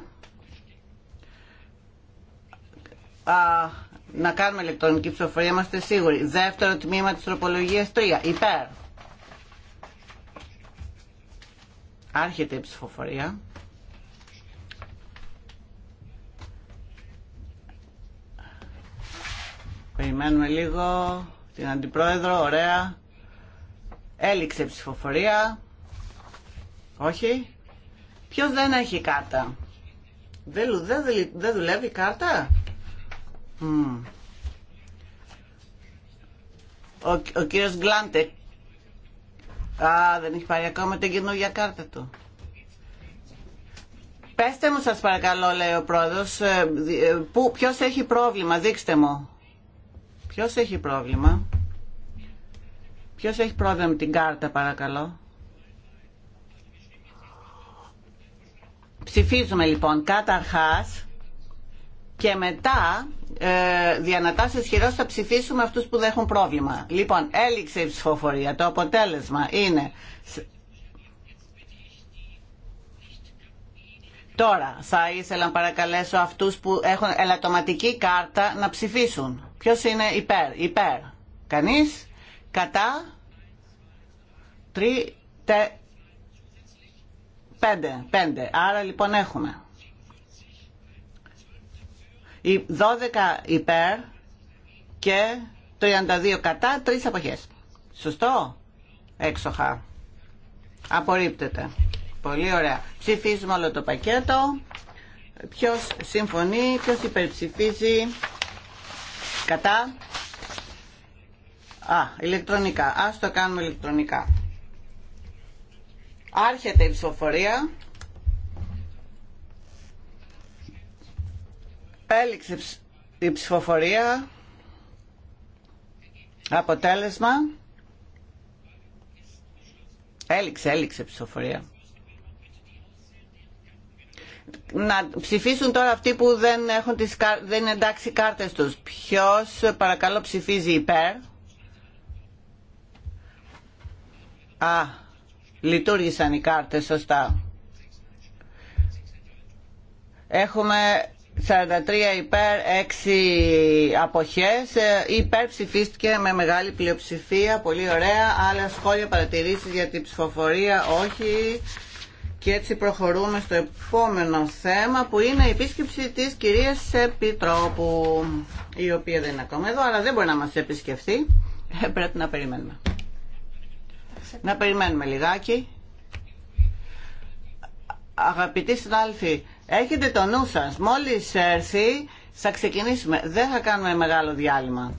Α, να κάνουμε ηλεκτρονική ψηφοφορία, είμαστε σίγουροι. Δεύτερο τμήμα της τροπολογίας 3. Υπέρ. Άρχεται η ψηφοφορία. Περιμένουμε λίγο την Αντιπρόεδρο, ωραία. Έληξε ψηφοφορία. Όχι. Ποιο δεν έχει κάρτα. Δεν, δουλεύει κάρτα. Ο, ο κύριος Γκλάντε. Α, δεν έχει πάρει ακόμα την καινούργια κάρτα του. Πέστε μου σας παρακαλώ, λέει ο πρόεδρος, ε, ε, ποιος έχει πρόβλημα, δείξτε μου. Ποιος έχει πρόβλημα. Ποιος έχει πρόβλημα με την κάρτα παρακαλώ. Ψηφίζουμε λοιπόν καταρχάς και μετά ε, χειρό χειρός θα ψηφίσουμε αυτούς που δεν έχουν πρόβλημα. Λοιπόν, έληξε η ψηφοφορία. Το αποτέλεσμα είναι Τώρα θα ήθελα να παρακαλέσω αυτού που έχουν ελαττωματική κάρτα να ψηφίσουν. Ποιο είναι υπέρ, υπέρ. Κανεί κατά, τρι, τε, πέντε, πέντε. Άρα λοιπόν έχουμε. οι 12 υπέρ και 32 κατά, τρει αποχές. Σωστό, έξοχα. Απορρίπτεται. Πολύ ωραία. Ψηφίζουμε όλο το πακέτο. Ποιο συμφωνεί, ποιο υπερψηφίζει. Κατά. Α, ηλεκτρονικά. Ας το κάνουμε ηλεκτρονικά. Άρχεται η ψηφοφορία. Έληξε η ψηφοφορία. Αποτέλεσμα. Έληξε, έληξε η ψηφοφορία να ψηφίσουν τώρα αυτοί που δεν, έχουν τις, δεν είναι εντάξει οι κάρτες τους. Ποιος παρακαλώ ψηφίζει υπέρ. Α, λειτουργήσαν οι κάρτες σωστά. Έχουμε 43 υπέρ, 6 αποχές. Ε, υπέρ ψηφίστηκε με μεγάλη πλειοψηφία, πολύ ωραία. Άλλα σχόλια παρατηρήσεις για την ψηφοφορία, όχι. Και έτσι προχωρούμε στο επόμενο θέμα που είναι η επίσκεψη της κυρίας Επιτρόπου η οποία δεν είναι ακόμα εδώ αλλά δεν μπορεί να μας επισκεφθεί ε, πρέπει να περιμένουμε να περιμένουμε λιγάκι αγαπητοί συνάδελφοι έχετε το νου σας μόλις έρθει θα ξεκινήσουμε δεν θα κάνουμε μεγάλο διάλειμμα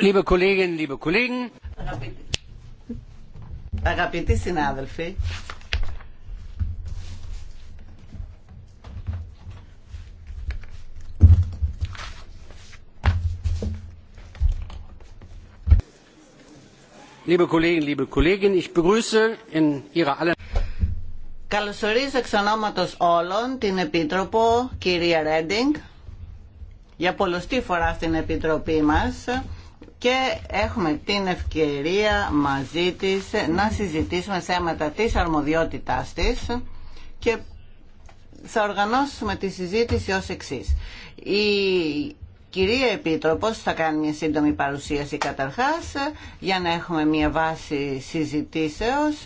Liebe Kolleginnen, liebe Kollegen. Αγαπητοί συνάδελφοι, Liebe Kolleginnen, liebe Kollegen, ich begrüße in ihrer aller Καλωσορίζω εξ ονόματος όλων την Επίτροπο κυρία Ρέντινγκ για πολλωστή φορά στην Επιτροπή μας και έχουμε την ευκαιρία μαζί της να συζητήσουμε θέματα της αρμοδιότητάς της και θα οργανώσουμε τη συζήτηση ως εξής. Η κυρία Επίτροπος θα κάνει μια σύντομη παρουσίαση καταρχάς για να έχουμε μια βάση συζητήσεως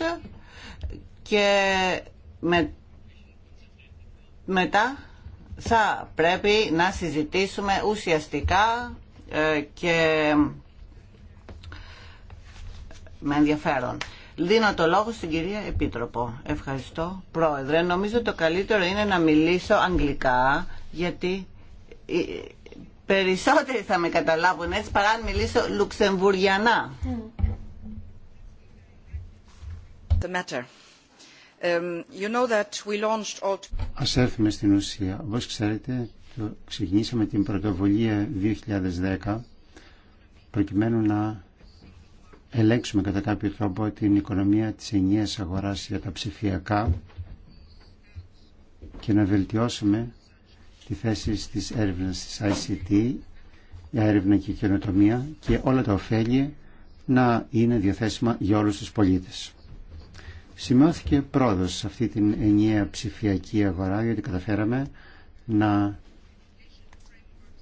και με... μετά θα πρέπει να συζητήσουμε ουσιαστικά ε, και με ενδιαφέρον. Δίνω το λόγο στην κυρία Επίτροπο. Ευχαριστώ, Πρόεδρε. Νομίζω το καλύτερο είναι να μιλήσω αγγλικά, γιατί περισσότεροι θα με καταλάβουν έτσι παρά να μιλήσω λουξεμβουριανά. The um, Ας έρθουμε στην ουσία. Όπως ξέρετε, ξεκινήσαμε την πρωτοβουλία 2010 προκειμένου να ελέγξουμε κατά κάποιο τρόπο την οικονομία της ενιαίας αγοράς για τα ψηφιακά και να βελτιώσουμε τη θέση της έρευνας της ICT για έρευνα και καινοτομία και όλα τα ωφέλη να είναι διαθέσιμα για όλους τους πολίτες. Σημειώθηκε πρόοδος σε αυτή την ενιαία ψηφιακή αγορά γιατί καταφέραμε να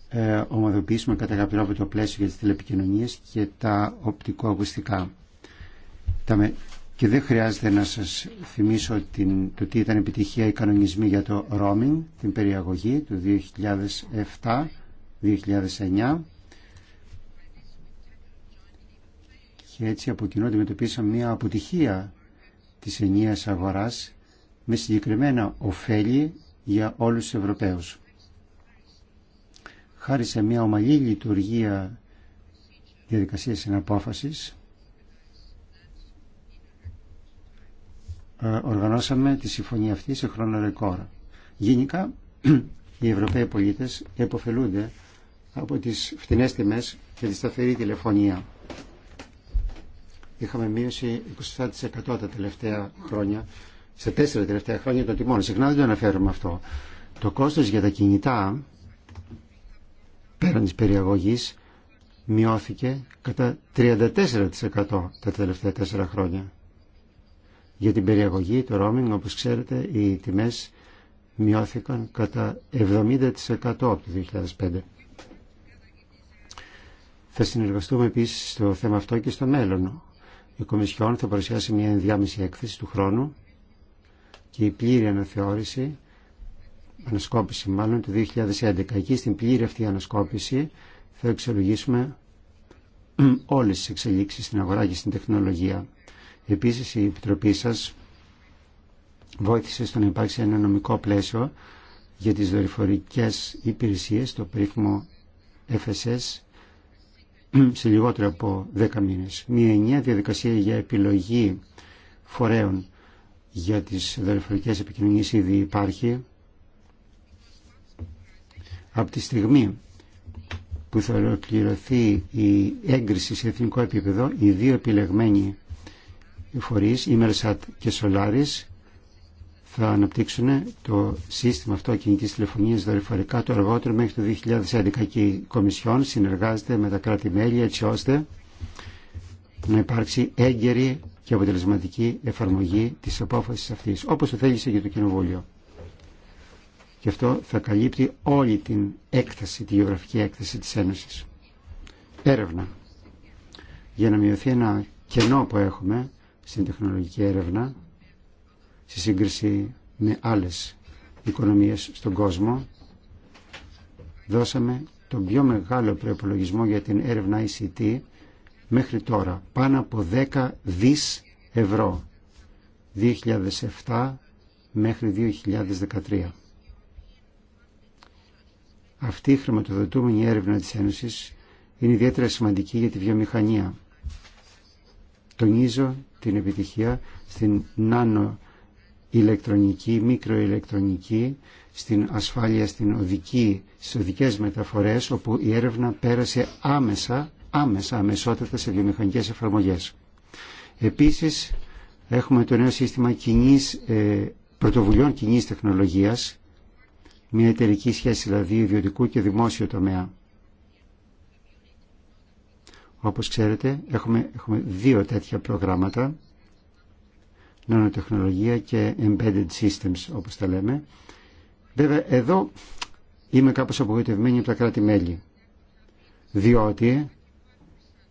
ε, ομαδοποιήσουμε κατά κάποιο τρόπο το πλαίσιο για τις τηλεπικοινωνίες και τα οπτικοακουστικά. Και δεν χρειάζεται να σας θυμίσω την, το τι ήταν επιτυχία οι κανονισμοί για το roaming, την περιαγωγή του 2007-2009. Και έτσι από κοινό αντιμετωπίσαμε μια αποτυχία της ενίας αγοράς με συγκεκριμένα ωφέλη για όλους τους Ευρωπαίους χάρη σε μια ομαλή λειτουργία διαδικασία συναπόφασης ε, οργανώσαμε τη συμφωνία αυτή σε χρόνο ρεκόρ. Γενικά οι Ευρωπαίοι πολίτες εποφελούνται από τις φτηνές τιμές και τη σταθερή τηλεφωνία. Είχαμε μείωση 27% τα τελευταία χρόνια, σε τέσσερα τελευταία χρόνια των τιμών. Συχνά δεν το αναφέρουμε αυτό. Το κόστος για τα κινητά πέραν της περιαγωγής μειώθηκε κατά 34% τα τελευταία τέσσερα χρόνια. Για την περιαγωγή, το roaming, όπως ξέρετε, οι τιμές μειώθηκαν κατά 70% από το 2005. Θα συνεργαστούμε επίσης στο θέμα αυτό και στο μέλλον. Η Κομισιόν θα παρουσιάσει μια ενδιάμεση έκθεση του χρόνου και η πλήρη αναθεώρηση ανασκόπηση μάλλον το 2011. Εκεί στην πλήρη αυτή ανασκόπηση θα εξελογήσουμε όλες τις εξελίξεις στην αγορά και στην τεχνολογία. Επίσης η Επιτροπή σας βόηθησε στο να υπάρξει ένα νομικό πλαίσιο για τις δορυφορικές υπηρεσίες, το περίφημο FSS, σε λιγότερο από 10 μήνες. Μια ενιαία διαδικασία για επιλογή φορέων για τις δορυφορικές επικοινωνίες ήδη υπάρχει από τη στιγμή που θα ολοκληρωθεί η έγκριση σε εθνικό επίπεδο, οι δύο επιλεγμένοι φορείς, η Μερσάτ και Solaris, θα αναπτύξουν το σύστημα αυτό κινητής τηλεφωνίας δορυφορικά το αργότερο μέχρι το 2011 και η Κομισιόν συνεργάζεται με τα κράτη-μέλη έτσι ώστε να υπάρξει έγκαιρη και αποτελεσματική εφαρμογή της απόφασης αυτής, όπως το θέλησε και το Κοινοβούλιο και αυτό θα καλύπτει όλη την έκταση, τη γεωγραφική έκταση της Ένωσης. Έρευνα. Για να μειωθεί ένα κενό που έχουμε στην τεχνολογική έρευνα, στη σύγκριση με άλλες οικονομίες στον κόσμο, δώσαμε τον πιο μεγάλο προπολογισμό για την έρευνα ICT μέχρι τώρα, πάνω από 10 δις ευρώ, 2007 μέχρι 2013. Αυτή η χρηματοδοτούμενη έρευνα της Ένωσης είναι ιδιαίτερα σημαντική για τη βιομηχανία. Τονίζω την επιτυχία στην νάνο ηλεκτρονική, μικροηλεκτρονική, στην ασφάλεια, στην οδική, στις οδικές μεταφορές, όπου η έρευνα πέρασε άμεσα, άμεσα, αμεσότερα σε βιομηχανικές εφαρμογές. Επίσης, έχουμε το νέο σύστημα κοινής, ε, πρωτοβουλειών κοινής τεχνολογίας, μια εταιρική σχέση δηλαδή ιδιωτικού και δημόσιο τομέα. Όπως ξέρετε έχουμε, έχουμε δύο τέτοια προγράμματα νανοτεχνολογία και embedded systems όπως τα λέμε. Βέβαια εδώ είμαι κάπως απογοητευμένη από τα κράτη-μέλη διότι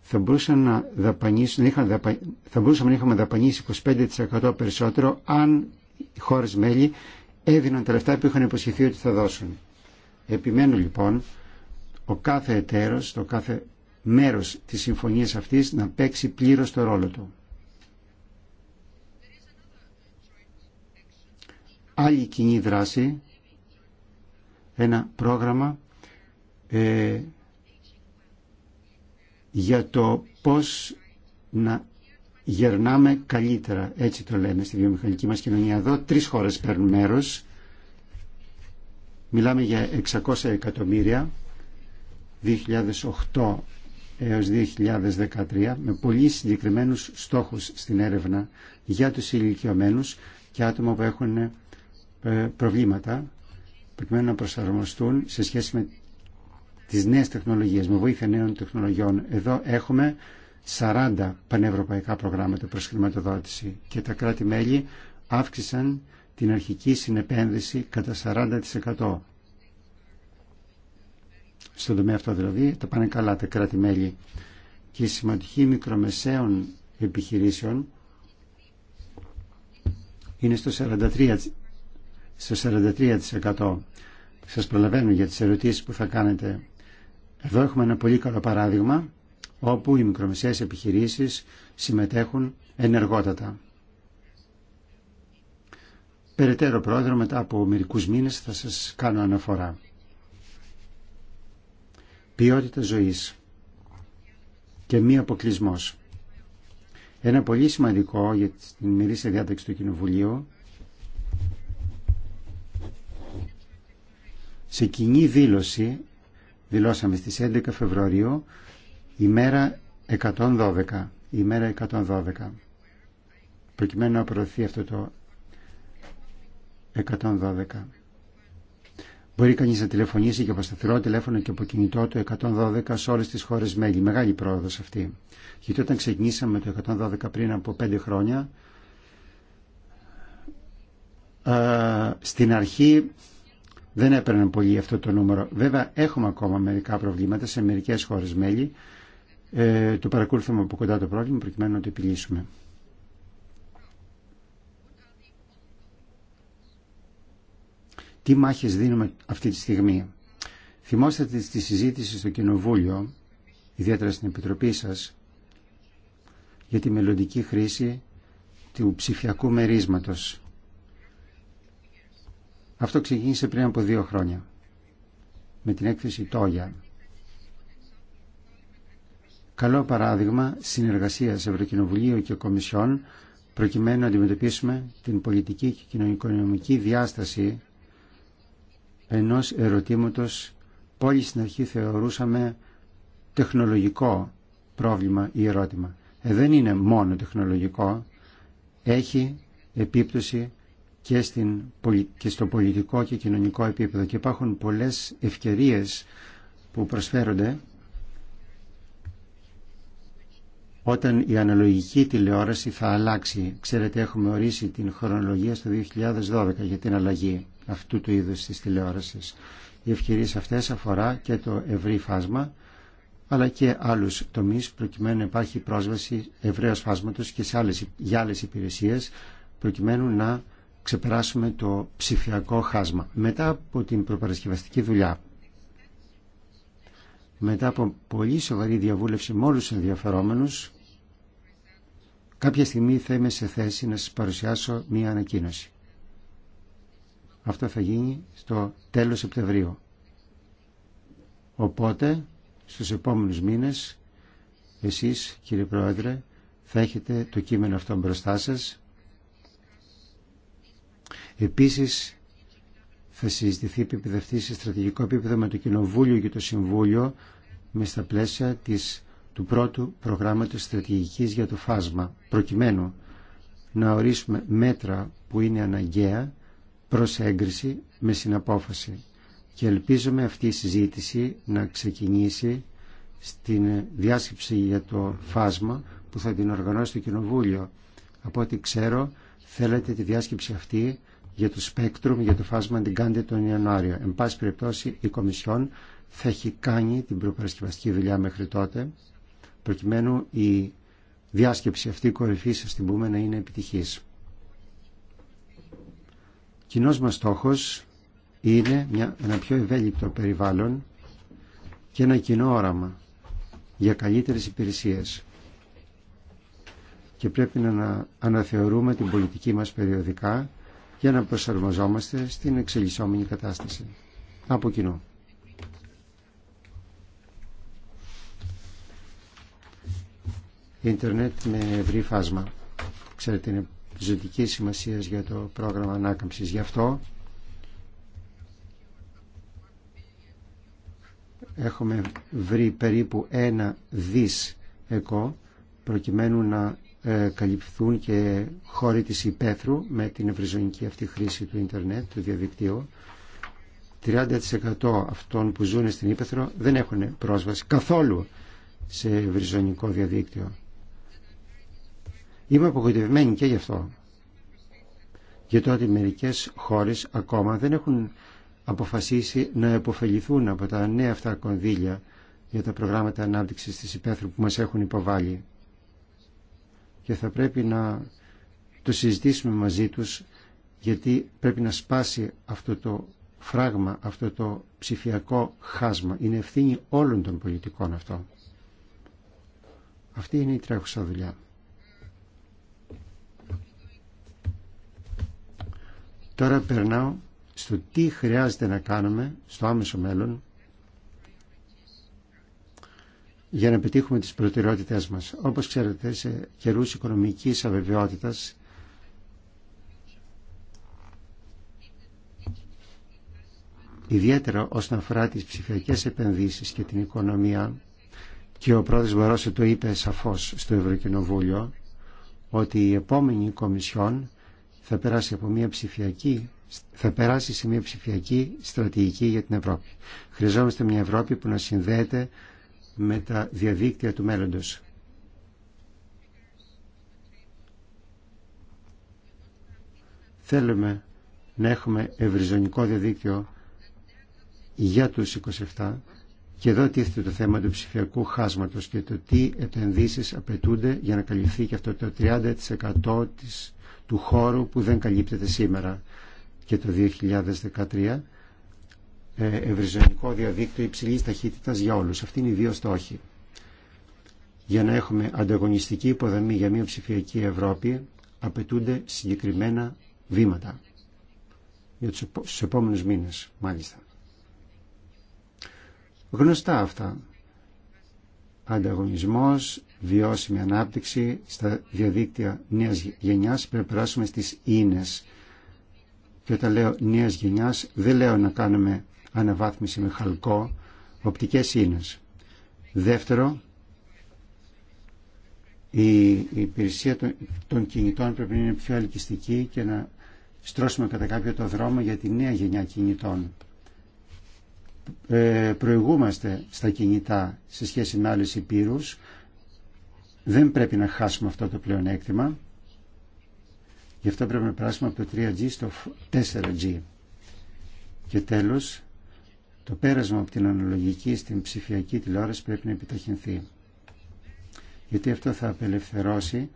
θα μπορούσαμε να, θα να είχαμε δαπανίσει 25% περισσότερο αν οι χώρες μέλη έδιναν τα λεφτά που είχαν υποσχεθεί ότι θα δώσουν. Επιμένω λοιπόν ο κάθε εταίρος, το κάθε μέρος της συμφωνίας αυτής να παίξει πλήρως το ρόλο του. Άλλη κοινή δράση, ένα πρόγραμμα ε, για το πώς να γερνάμε καλύτερα, έτσι το λέμε στη βιομηχανική μας κοινωνία. Εδώ τρεις χώρες παίρνουν μέρος. Μιλάμε για 600 εκατομμύρια 2008 έως 2013 με πολύ συγκεκριμένους στόχους στην έρευνα για τους ηλικιωμένους και άτομα που έχουν ε, προβλήματα προκειμένου να προσαρμοστούν σε σχέση με τις νέες τεχνολογίες, με βοήθεια νέων τεχνολογιών. Εδώ έχουμε 40 πανευρωπαϊκά προγράμματα προς χρηματοδότηση και τα κράτη-μέλη αύξησαν την αρχική συνεπένδυση κατά 40%. Στον τομέα αυτό δηλαδή τα πάνε καλά τα κράτη-μέλη και η σημαντική μικρομεσαίων επιχειρήσεων είναι στο 43%. Στο 43%. Σας προλαβαίνω για τις ερωτήσεις που θα κάνετε. Εδώ έχουμε ένα πολύ καλό παράδειγμα όπου οι μικρομεσαίες επιχειρήσεις συμμετέχουν ενεργότατα. Περαιτέρω πρόεδρο μετά από μερικούς μήνες θα σας κάνω αναφορά. Ποιότητα ζωής και μη αποκλεισμό. Ένα πολύ σημαντικό για την μερίσια διάταξη του Κοινοβουλίου σε κοινή δήλωση δηλώσαμε στις 11 Φεβρουαρίου ημέρα 112 ημέρα 112 προκειμένου να προωθεί αυτό το 112 Μπορεί κανείς να τηλεφωνήσει και από σταθερό τηλέφωνο και από κινητό το 112 σε όλες τις χώρες μέλη. Μεγάλη πρόοδος αυτή. Γιατί όταν ξεκινήσαμε το 112 πριν από 5 χρόνια, στην αρχή δεν έπαιρναν πολύ αυτό το νούμερο. Βέβαια έχουμε ακόμα μερικά προβλήματα σε μερικές χώρες μέλη ε, το παρακολουθούμε από κοντά το πρόβλημα προκειμένου να το επιλύσουμε. Τι μάχες δίνουμε αυτή τη στιγμή. Θυμόστε τη συζήτηση στο Κοινοβούλιο, ιδιαίτερα στην Επιτροπή σας, για τη μελλοντική χρήση του ψηφιακού μερίσματος. Αυτό ξεκίνησε πριν από δύο χρόνια, με την έκθεση Τόγια καλό παράδειγμα συνεργασίας Ευρωκοινοβουλίου και Κομισιόν προκειμένου να αντιμετωπίσουμε την πολιτική και κοινωνικονομική διάσταση ενός ερωτήματος που όλοι στην αρχή θεωρούσαμε τεχνολογικό πρόβλημα ή ερώτημα. Ε, δεν είναι μόνο τεχνολογικό, έχει επίπτωση και, στην, και στο πολιτικό και κοινωνικό επίπεδο και υπάρχουν πολλές ευκαιρίες που προσφέρονται όταν η αναλογική τηλεόραση θα αλλάξει. Ξέρετε έχουμε ορίσει την χρονολογία στο 2012 για την αλλαγή αυτού του είδους της τηλεόρασης. Οι ευκαιρίες αυτές αφορά και το ευρύ φάσμα αλλά και άλλους τομείς προκειμένου να υπάρχει πρόσβαση ευρέως φάσματος και σε άλλες, για άλλες υπηρεσίες προκειμένου να ξεπεράσουμε το ψηφιακό χάσμα. Μετά από την προπαρασκευαστική δουλειά, μετά από πολύ σοβαρή διαβούλευση με όλους τους ενδιαφερόμενους, Κάποια στιγμή θα είμαι σε θέση να σας παρουσιάσω μία ανακοίνωση. Αυτό θα γίνει στο τέλος Σεπτεμβρίου. Οπότε, στους επόμενους μήνες, εσείς κύριε Πρόεδρε, θα έχετε το κείμενο αυτό μπροστά σας. Επίσης, θα συζητηθεί επίπεδευτή σε στρατηγικό επίπεδο με το Κοινοβούλιο και το Συμβούλιο με στα πλαίσια της του πρώτου προγράμματος στρατηγικής για το φάσμα, προκειμένου να ορίσουμε μέτρα που είναι αναγκαία προς έγκριση με συναπόφαση. Και ελπίζουμε αυτή η συζήτηση να ξεκινήσει στην διάσκεψη για το φάσμα που θα την οργανώσει το Κοινοβούλιο. Από ό,τι ξέρω, θέλετε τη διάσκεψη αυτή για το σπέκτρουμ, για το φάσμα, την κάνετε τον Ιανουάριο. Εν πάση περιπτώσει, η Κομισιόν θα έχει κάνει την προπαρασκευαστική δουλειά μέχρι τότε προκειμένου η διάσκεψη αυτή κορυφή σας την πούμε να είναι επιτυχής. Κοινός μας στόχος είναι μια, ένα πιο ευέλικτο περιβάλλον και ένα κοινό όραμα για καλύτερες υπηρεσίες και πρέπει να αναθεωρούμε την πολιτική μας περιοδικά για να προσαρμοζόμαστε στην εξελισσόμενη κατάσταση. Από κοινού. ίντερνετ με ευρύ φάσμα. Ξέρετε, είναι ζωτική σημασία για το πρόγραμμα ανάκαμψη Γι' αυτό έχουμε βρει περίπου ένα δις εκό προκειμένου να ε, καλυφθούν και χώροι της υπαίθρου με την ευρυζωνική αυτή χρήση του ίντερνετ, του διαδικτύου. 30% αυτών που ζουν στην Ήπεθρο δεν έχουν πρόσβαση καθόλου σε ευρυζωνικό διαδίκτυο. Είμαι απογοητευμένη και γι' αυτό. Για το ότι μερικές χώρες ακόμα δεν έχουν αποφασίσει να επωφεληθούν από τα νέα αυτά κονδύλια για τα προγράμματα ανάπτυξη τη υπαίθρου που μας έχουν υποβάλει. Και θα πρέπει να το συζητήσουμε μαζί τους γιατί πρέπει να σπάσει αυτό το φράγμα, αυτό το ψηφιακό χάσμα. Είναι ευθύνη όλων των πολιτικών αυτό. Αυτή είναι η τρέχουσα δουλειά. Τώρα περνάω στο τι χρειάζεται να κάνουμε στο άμεσο μέλλον για να πετύχουμε τις προτεραιότητές μας. Όπως ξέρετε, σε καιρούς οικονομικής αβεβαιότητας ιδιαίτερα όσον αφορά τις ψηφιακές επενδύσεις και την οικονομία και ο πρόεδρος Βαρόσο το είπε σαφώς στο Ευρωκοινοβούλιο ότι η επόμενη Κομισιόν θα περάσει, από μια ψηφιακή, θα περάσει σε μια ψηφιακή στρατηγική για την Ευρώπη. Χρειαζόμαστε μια Ευρώπη που να συνδέεται με τα διαδίκτυα του μέλλοντος. Θέλουμε να έχουμε ευρυζωνικό διαδίκτυο για τους 27 και εδώ τίθεται το θέμα του ψηφιακού χάσματος και το τι επενδύσεις απαιτούνται για να καλυφθεί και αυτό το 30% της του χώρου που δεν καλύπτεται σήμερα και το 2013 ε, ευρυζωνικό διαδίκτυο υψηλής ταχύτητας για όλους. Αυτή είναι οι δύο στόχοι. Για να έχουμε ανταγωνιστική υποδομή για μια ψηφιακή Ευρώπη απαιτούνται συγκεκριμένα βήματα για τους επόμενους μήνες μάλιστα. Γνωστά αυτά. Ανταγωνισμός, βιώσιμη ανάπτυξη στα διαδίκτυα νέας γενιάς πρέπει να περάσουμε στις ίνες. Και όταν λέω νέας γενιάς δεν λέω να κάνουμε αναβάθμιση με χαλκό, οπτικές ίνες. Δεύτερο, η υπηρεσία των κινητών πρέπει να είναι πιο ελκυστική και να στρώσουμε κατά κάποιο το δρόμο για τη νέα γενιά κινητών. Ε, προηγούμαστε στα κινητά σε σχέση με άλλες υπήρους δεν πρέπει να χάσουμε αυτό το πλεονέκτημα. Γι' αυτό πρέπει να περάσουμε από το 3G στο 4G. Και τέλος, το πέρασμα από την αναλογική στην ψηφιακή τηλεόραση πρέπει να επιταχυνθεί. Γιατί αυτό θα απελευθερώσει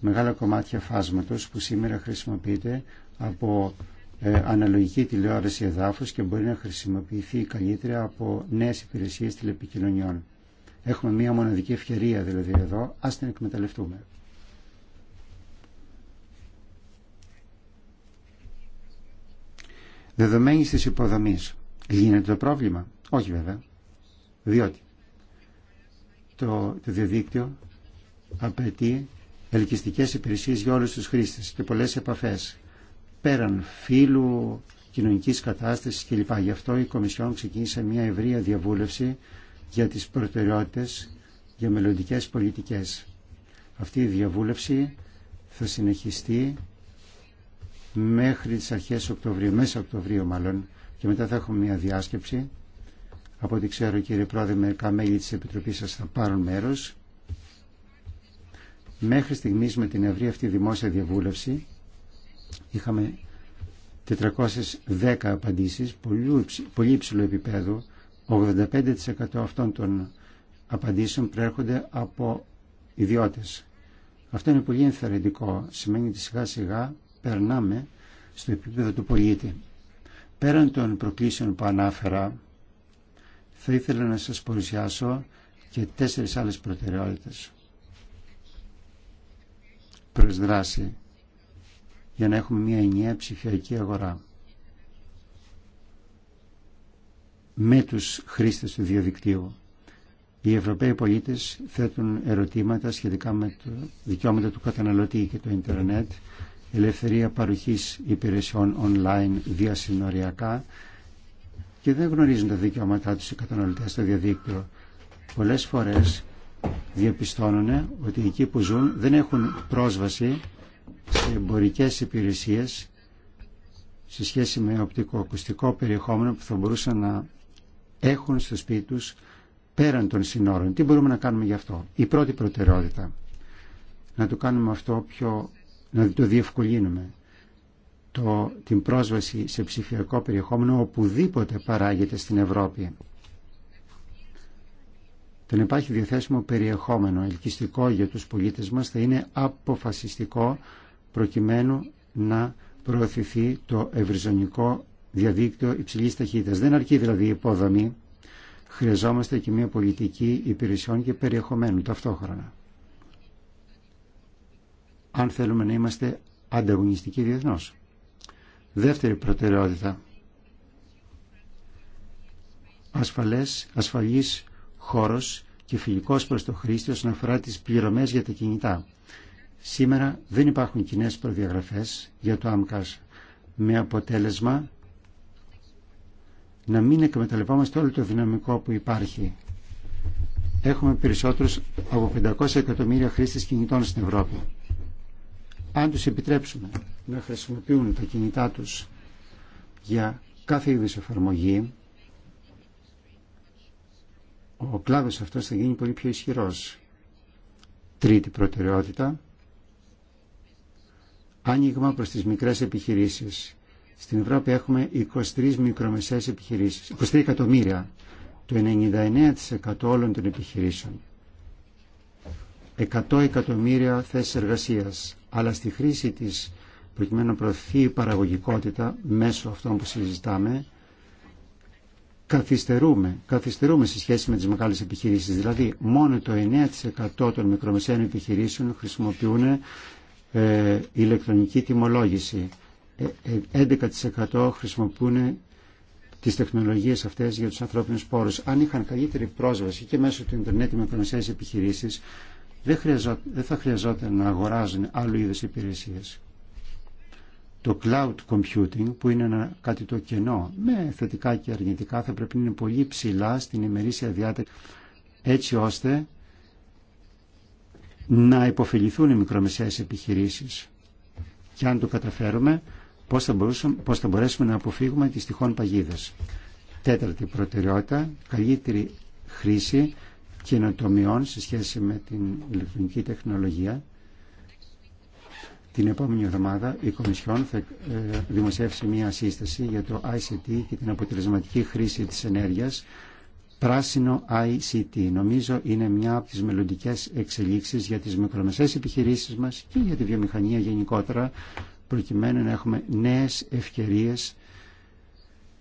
μεγάλα κομμάτια φάσματος που σήμερα χρησιμοποιείται από ε, αναλογική τηλεόραση εδάφους και μπορεί να χρησιμοποιηθεί καλύτερα από νέες υπηρεσίες τηλεπικοινωνιών. Έχουμε μία μοναδική ευκαιρία δηλαδή εδώ, ας την εκμεταλλευτούμε. Δεδομένης της υποδομής, Γίνεται το πρόβλημα. Όχι βέβαια, διότι το, το διαδίκτυο απαιτεί ελκυστικές υπηρεσίες για όλους τους χρήστες και πολλές επαφές πέραν φύλου, κοινωνικής κατάστασης κλπ. Γι' αυτό η Κομισιόν ξεκίνησε μια ευρεία διαβούλευση για τις προτεραιότητες για μελλοντικές πολιτικές. Αυτή η διαβούλευση θα συνεχιστεί μέχρι τις αρχές Οκτωβρίου, μέσα Οκτωβρίου μάλλον, και μετά θα έχουμε μια διάσκεψη. Από ό,τι ξέρω κύριε Πρόεδρε, μερικά μέλη της Επιτροπής σας θα πάρουν μέρος. Μέχρι στιγμής με την ευρύ αυτή δημόσια διαβούλευση είχαμε 410 απαντήσεις, πολύ υψηλού επίπεδου, 85% αυτών των απαντήσεων προέρχονται από ιδιώτες. Αυτό είναι πολύ ενθαρρυντικό. Σημαίνει ότι σιγά σιγά περνάμε στο επίπεδο του πολίτη. Πέραν των προκλήσεων που ανάφερα, θα ήθελα να σας παρουσιάσω και τέσσερις άλλες προτεραιότητες. Προσδράση για να έχουμε μια ενιαία ψηφιακή αγορά. με τους χρήστες του διαδικτύου. Οι Ευρωπαίοι πολίτες θέτουν ερωτήματα σχετικά με το δικαιώματα του καταναλωτή και το ίντερνετ, ελευθερία παροχής υπηρεσιών online διασυνοριακά και δεν γνωρίζουν τα δικαιώματά τους οι καταναλωτές στο διαδίκτυο. Πολλές φορές διαπιστώνουν ότι εκεί που ζουν δεν έχουν πρόσβαση σε εμπορικέ υπηρεσίες σε σχέση με οπτικοακουστικό περιεχόμενο που θα μπορούσαν να έχουν στο σπίτι τους πέραν των συνόρων. Τι μπορούμε να κάνουμε γι' αυτό. Η πρώτη προτεραιότητα. Να το κάνουμε αυτό πιο, να το διευκολύνουμε. Το, την πρόσβαση σε ψηφιακό περιεχόμενο οπουδήποτε παράγεται στην Ευρώπη. Το να υπάρχει διαθέσιμο περιεχόμενο ελκυστικό για τους πολίτες μας θα είναι αποφασιστικό προκειμένου να προωθηθεί το ευρυζωνικό διαδίκτυο υψηλή ταχύτητα. Δεν αρκεί δηλαδή η υπόδομη. Χρειαζόμαστε και μια πολιτική υπηρεσιών και περιεχομένου ταυτόχρονα. Αν θέλουμε να είμαστε ανταγωνιστικοί διεθνώς. Δεύτερη προτεραιότητα. Ασφαλές, ασφαλής χώρος και φιλικός προς το χρήστη όσον αφορά τις πληρωμές για τα κινητά. Σήμερα δεν υπάρχουν κοινέ προδιαγραφές για το ΆΜΚΑΣ με αποτέλεσμα να μην εκμεταλλευόμαστε όλο το δυναμικό που υπάρχει. Έχουμε περισσότερους από 500 εκατομμύρια χρήστες κινητών στην Ευρώπη. Αν τους επιτρέψουμε να χρησιμοποιούν τα κινητά τους για κάθε είδους εφαρμογή, ο κλάδος αυτός θα γίνει πολύ πιο ισχυρός. Τρίτη προτεραιότητα, άνοιγμα προς τις μικρές επιχειρήσεις στην Ευρώπη έχουμε 23 μικρομεσαίες επιχειρήσεις, 23 εκατομμύρια, το 99% όλων των επιχειρήσεων. 100 εκατομμύρια θέσεις εργασίας, αλλά στη χρήση της προκειμένου να προωθεί η παραγωγικότητα μέσω αυτών που συζητάμε, καθυστερούμε, καθυστερούμε σε σχέση με τις μεγάλες επιχειρήσεις. Δηλαδή, μόνο το 9% των μικρομεσαίων επιχειρήσεων χρησιμοποιούν ε, ηλεκτρονική τιμολόγηση. 11% ε, ε, ε, χρησιμοποιούν τις τεχνολογίες αυτές για τους ανθρώπινους πόρους. Αν είχαν καλύτερη πρόσβαση και μέσω του Ιντερνετ με μικρομεσαίες επιχειρήσεις, δεν, δεν θα χρειαζόταν να αγοράζουν άλλου είδους υπηρεσίες. Το cloud computing, που είναι ένα, κάτι το κενό, με θετικά και αρνητικά, θα πρέπει να είναι πολύ ψηλά στην ημερήσια διάταξη, έτσι ώστε να υποφεληθούν οι μικρομεσαίες επιχειρήσεις. Και αν το καταφέρουμε, πώς θα, μπορέσουμε να αποφύγουμε τις τυχόν παγίδες. Τέταρτη προτεραιότητα, καλύτερη χρήση καινοτομιών σε σχέση με την ηλεκτρονική τεχνολογία. Την επόμενη εβδομάδα η Κομισιόν θα ε, δημοσιεύσει μία σύσταση για το ICT και την αποτελεσματική χρήση της ενέργειας πράσινο ICT. Νομίζω είναι μια από τις μελλοντικέ εξελίξεις για τις μικρομεσαίες επιχειρήσεις μας και για τη βιομηχανία γενικότερα προκειμένου να έχουμε νέες ευκαιρίες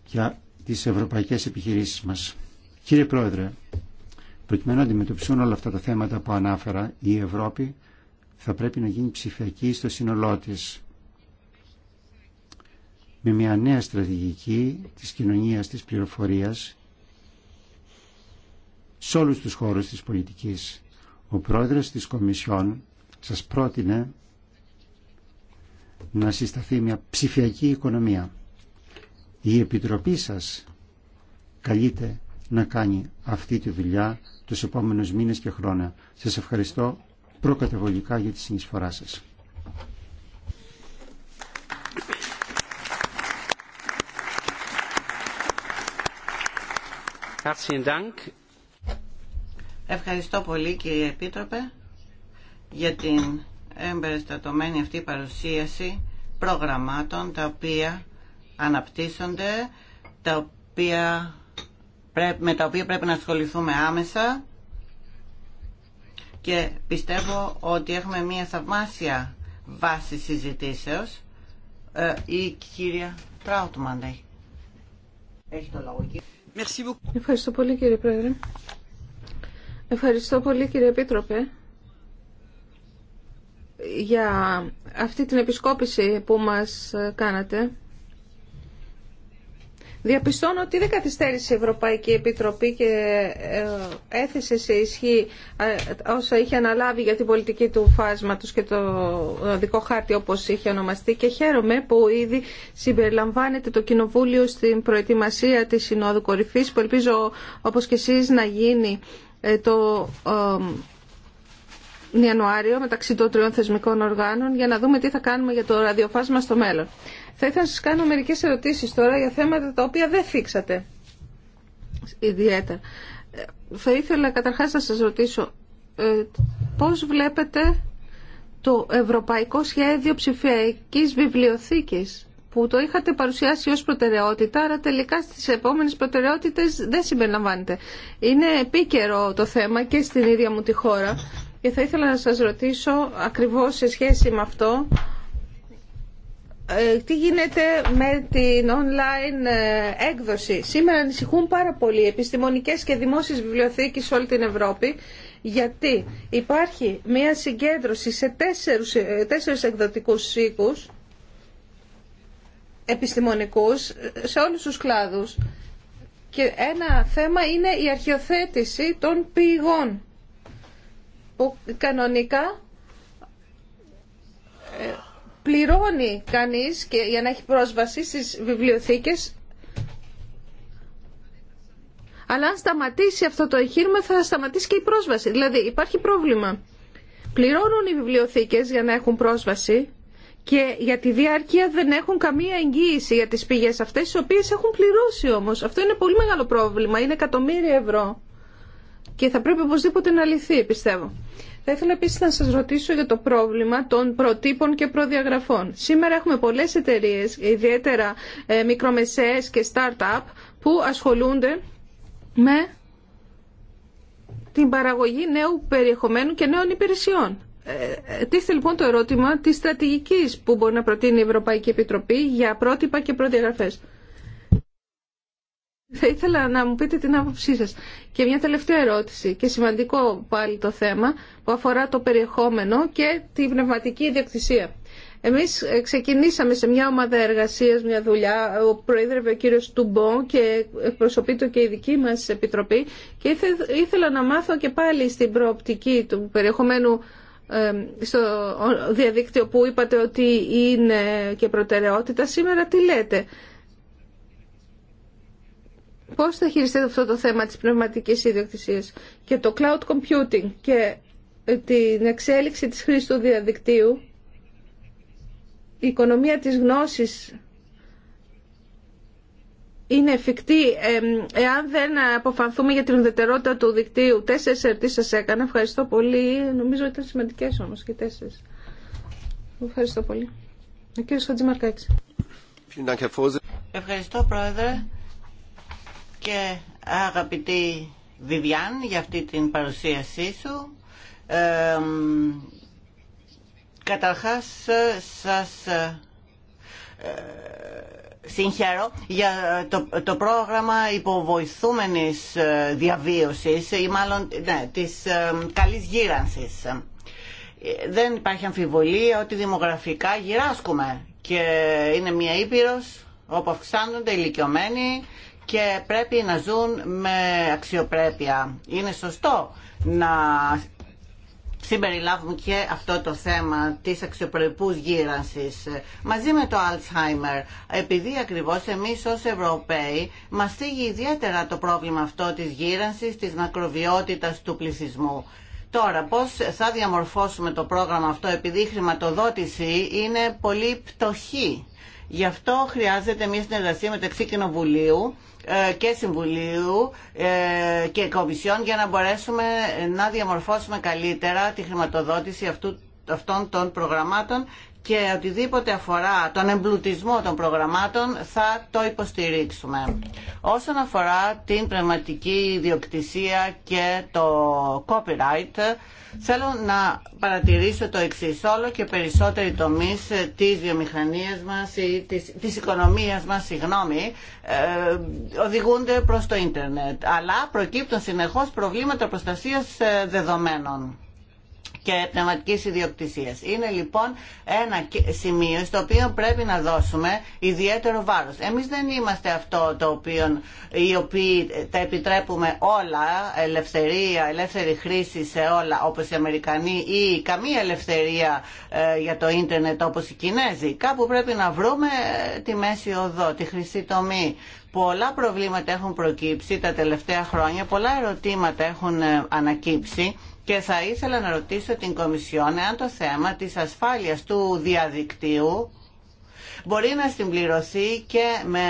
για τις ευρωπαϊκές επιχειρήσεις μας. Κύριε Πρόεδρε, προκειμένου να αντιμετωπιστούν όλα αυτά τα θέματα που ανάφερα, η Ευρώπη θα πρέπει να γίνει ψηφιακή στο σύνολό τη με μια νέα στρατηγική της κοινωνίας της πληροφορίας σε όλους τους χώρους της πολιτικής. Ο πρόεδρος της Κομισιόν σας πρότεινε να συσταθεί μια ψηφιακή οικονομία. Η Επιτροπή σας καλείται να κάνει αυτή τη δουλειά τους επόμενους μήνες και χρόνια. Σας ευχαριστώ προκαταβολικά για τη συνεισφορά σας. Ευχαριστώ πολύ κύριε Επίτροπε για την εμπεριστατωμένη αυτή η παρουσίαση προγραμμάτων τα οποία αναπτύσσονται, τα οποία, με τα οποία πρέπει να ασχοληθούμε άμεσα και πιστεύω ότι έχουμε μία θαυμάσια βάση συζητήσεως. Ε, η κυρία Τράουτμαν έχει το λόγο. Ευχαριστώ πολύ κύριε Πρόεδρε. Ευχαριστώ πολύ κύριε Επίτροπε για αυτή την επισκόπηση που μας ε, κάνατε. Διαπιστώνω ότι δεν καθυστέρησε η Ευρωπαϊκή Επιτροπή και ε, έθεσε σε ισχύ ε, όσα είχε αναλάβει για την πολιτική του φάσματος και το δικό χάρτη όπως είχε ονομαστεί και χαίρομαι που ήδη συμπεριλαμβάνεται το Κοινοβούλιο στην προετοιμασία της Συνόδου Κορυφής που ελπίζω όπως και εσείς να γίνει το Ιανουάριο μεταξύ των τριών θεσμικών οργάνων για να δούμε τι θα κάνουμε για το ραδιοφάσμα στο μέλλον. Θα ήθελα να σας κάνω μερικές ερωτήσεις τώρα για θέματα τα οποία δεν θίξατε ιδιαίτερα. Ε, θα ήθελα καταρχάς να σας ρωτήσω ε, πώς βλέπετε το Ευρωπαϊκό Σχέδιο Ψηφιακής Βιβλιοθήκης που το είχατε παρουσιάσει ως προτεραιότητα, αλλά τελικά στις επόμενες προτεραιότητες δεν συμπεριλαμβάνεται. Είναι επίκαιρο το θέμα και στην ίδια μου τη χώρα και θα ήθελα να σας ρωτήσω ακριβώς σε σχέση με αυτό, ε, τι γίνεται με την online ε, έκδοση. Σήμερα ανησυχούν πάρα πολύ επιστημονικές και δημόσιες βιβλιοθήκες σε όλη την Ευρώπη γιατί υπάρχει μία συγκέντρωση σε τέσσερους, ε, τέσσερους εκδοτικούς οίκους επιστημονικούς σε όλους τους κλάδους και ένα θέμα είναι η αρχιοθέτηση των πηγών που κανονικά ε, πληρώνει κανείς και για να έχει πρόσβαση στις βιβλιοθήκες αλλά αν σταματήσει αυτό το εγχείρημα θα σταματήσει και η πρόσβαση. Δηλαδή υπάρχει πρόβλημα. Πληρώνουν οι βιβλιοθήκες για να έχουν πρόσβαση και για τη διάρκεια δεν έχουν καμία εγγύηση για τις πηγές αυτές, τις οποίες έχουν πληρώσει όμως. Αυτό είναι πολύ μεγάλο πρόβλημα, είναι εκατομμύρια ευρώ και θα πρέπει οπωσδήποτε να λυθεί, πιστεύω. Θα ήθελα επίση να σα ρωτήσω για το πρόβλημα των προτύπων και προδιαγραφών. Σήμερα έχουμε πολλέ εταιρείε, ιδιαίτερα ε, μικρομεσαίε και startup που ασχολούνται με την παραγωγή νέου περιεχομένου και νέων υπηρεσιών. Τι ε, ε, τίθεται λοιπόν το ερώτημα τη στρατηγική που μπορεί να προτείνει η Ευρωπαϊκή Επιτροπή για πρότυπα και προδιαγραφέ. Θα ήθελα να μου πείτε την άποψή σας. Και μια τελευταία ερώτηση και σημαντικό πάλι το θέμα που αφορά το περιεχόμενο και τη πνευματική ιδιοκτησία. Εμείς ε, ξεκινήσαμε σε μια ομάδα εργασίας, μια δουλειά, ο προείδρευε ο κύριος Τουμπό και εκπροσωπεί το και η δική μας επιτροπή και ήθελα να μάθω και πάλι στην προοπτική του περιεχομένου στο διαδίκτυο που είπατε ότι είναι και προτεραιότητα. Σήμερα τι λέτε Πώς θα χειριστείτε αυτό το θέμα της πνευματικής ιδιοκτησίας και το cloud computing και ε, την εξέλιξη της χρήσης του διαδικτύου, η οικονομία της γνώσης είναι εφικτή εάν δεν αποφανθούμε για την ουδετερότητα του δικτύου. Τέσσερις ερωτήσει σας έκανα. Ευχαριστώ πολύ. Νομίζω ήταν σημαντικές όμως και τέσσερις. Ευχαριστώ πολύ. Ο κύριος Χατζημαρκάκης. Ευχαριστώ Πρόεδρε και αγαπητή Βιβιάν για αυτή την παρουσίασή σου. Ε, καταρχάς σας ε, ε, συγχαίρω για το, πρόγραμμα υποβοηθούμενης ε, διαβίωσης ή μάλλον ναι, της ε, καλής γύρανσης. Ε, δεν υπάρχει αμφιβολία ότι δημογραφικά γυράσκουμε και είναι μια ήπειρος όπου αυξάνονται ηλικιωμένοι, και πρέπει να ζουν με αξιοπρέπεια. Είναι σωστό να συμπεριλάβουμε και αυτό το θέμα της αξιοπρεπούς γύρανσης μαζί με το Alzheimer επειδή ακριβώς εμείς ως Ευρωπαίοι μας θίγει ιδιαίτερα το πρόβλημα αυτό της γύρανσης, της μακροβιότητας του πληθυσμού. Τώρα, πώς θα διαμορφώσουμε το πρόγραμμα αυτό επειδή η χρηματοδότηση είναι πολύ πτωχή. Γι' αυτό χρειάζεται μια συνεργασία μεταξύ Κοινοβουλίου ε, και Συμβουλίου ε, και Κομισιόν για να μπορέσουμε να διαμορφώσουμε καλύτερα τη χρηματοδότηση αυτού, αυτών των προγραμμάτων και οτιδήποτε αφορά τον εμπλουτισμό των προγραμμάτων θα το υποστηρίξουμε. Όσον αφορά την πνευματική ιδιοκτησία και το copyright, Θέλω να παρατηρήσω το εξή. Όλο και περισσότεροι τομεί τη βιομηχανία μα ή τη οικονομία μα, συγγνώμη, ε, οδηγούνται προ το ίντερνετ. Αλλά προκύπτουν συνεχώ προβλήματα προστασία ε, δεδομένων και πνευματική ιδιοκτησία. Είναι λοιπόν ένα σημείο στο οποίο πρέπει να δώσουμε ιδιαίτερο βάρο. Εμεί δεν είμαστε αυτό το οποίο οι οποίοι τα επιτρέπουμε όλα, ελευθερία, ελεύθερη χρήση σε όλα όπω οι Αμερικανοί ή καμία ελευθερία ε, για το ίντερνετ όπω οι Κινέζοι. Κάπου πρέπει να βρούμε ε, τη μέση οδό, τη χρυσή τομή. Πολλά προβλήματα έχουν προκύψει τα τελευταία χρόνια, πολλά ερωτήματα έχουν ε, ανακύψει και θα ήθελα να ρωτήσω την Κομισιόν εάν το θέμα της ασφάλειας του διαδικτύου μπορεί να συμπληρωθεί και με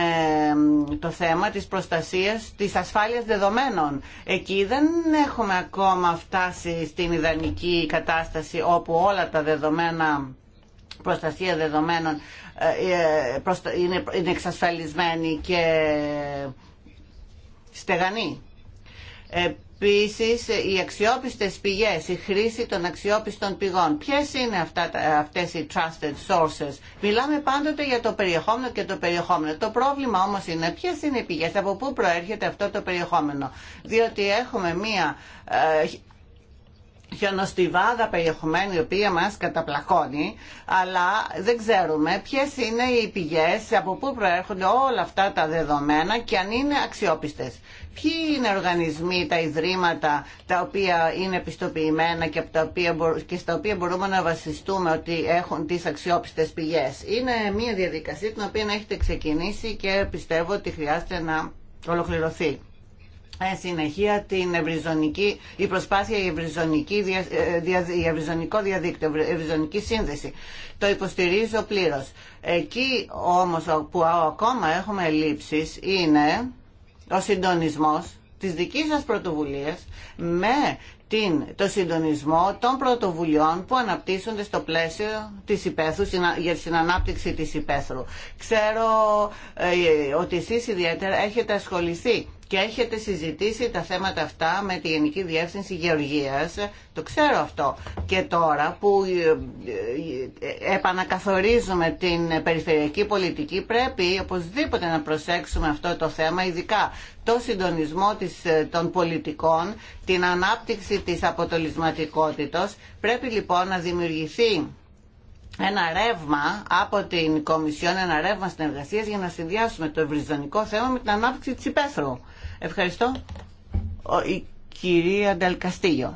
το θέμα της προστασίας της ασφάλειας δεδομένων. Εκεί δεν έχουμε ακόμα φτάσει στην ιδανική κατάσταση όπου όλα τα δεδομένα προστασία δεδομένων ε, ε, είναι εξασφαλισμένη και στεγανή. Ε, Επίση, οι αξιόπιστες πηγές, η χρήση των αξιόπιστων πηγών. Ποιε είναι αυτέ αυτές οι trusted sources. Μιλάμε πάντοτε για το περιεχόμενο και το περιεχόμενο. Το πρόβλημα όμως είναι ποιε είναι οι πηγές, από πού προέρχεται αυτό το περιεχόμενο. Διότι έχουμε μία ε, χιονοστιβάδα περιεχομένου η οποία μας καταπλακώνει αλλά δεν ξέρουμε ποιες είναι οι πηγές από πού προέρχονται όλα αυτά τα δεδομένα και αν είναι αξιόπιστες. Ποιοι είναι οργανισμοί, τα ιδρύματα τα οποία είναι πιστοποιημένα και, από τα οποία, και στα οποία μπορούμε να βασιστούμε ότι έχουν τις αξιόπιστες πηγές. Είναι μια διαδικασία την οποία έχετε ξεκινήσει και πιστεύω ότι χρειάζεται να ολοκληρωθεί συνεχεία την ευρυζωνική, η προσπάθεια για ευρυζωνική, ε, η ευρυζωνικό διαδίκτυο, ευρυζωνική σύνδεση. Το υποστηρίζω πλήρως. Εκεί όμως που ακόμα έχουμε λήψει είναι ο συντονισμό της δικής σα πρωτοβουλίας με την, το συντονισμό των πρωτοβουλειών που αναπτύσσονται στο πλαίσιο της υπαίθρου, για την ανάπτυξη της υπαίθρου. Ξέρω ε, ότι εσείς ιδιαίτερα έχετε ασχοληθεί και έχετε συζητήσει τα θέματα αυτά με τη Γενική Διεύθυνση Γεωργίας, το ξέρω αυτό. Και τώρα που ε, ε, επανακαθορίζουμε την περιφερειακή πολιτική πρέπει οπωσδήποτε να προσέξουμε αυτό το θέμα, ειδικά το συντονισμό της, ε, των πολιτικών, την ανάπτυξη της αποτολισματικότητας. Πρέπει λοιπόν να δημιουργηθεί ένα ρεύμα από την Κομισιόν, ένα ρεύμα συνεργασίας για να συνδυάσουμε το ευρυζωνικό θέμα με την ανάπτυξη της υπαίθρου. Ευχαριστώ. η κυρία Νταλκαστίγιο.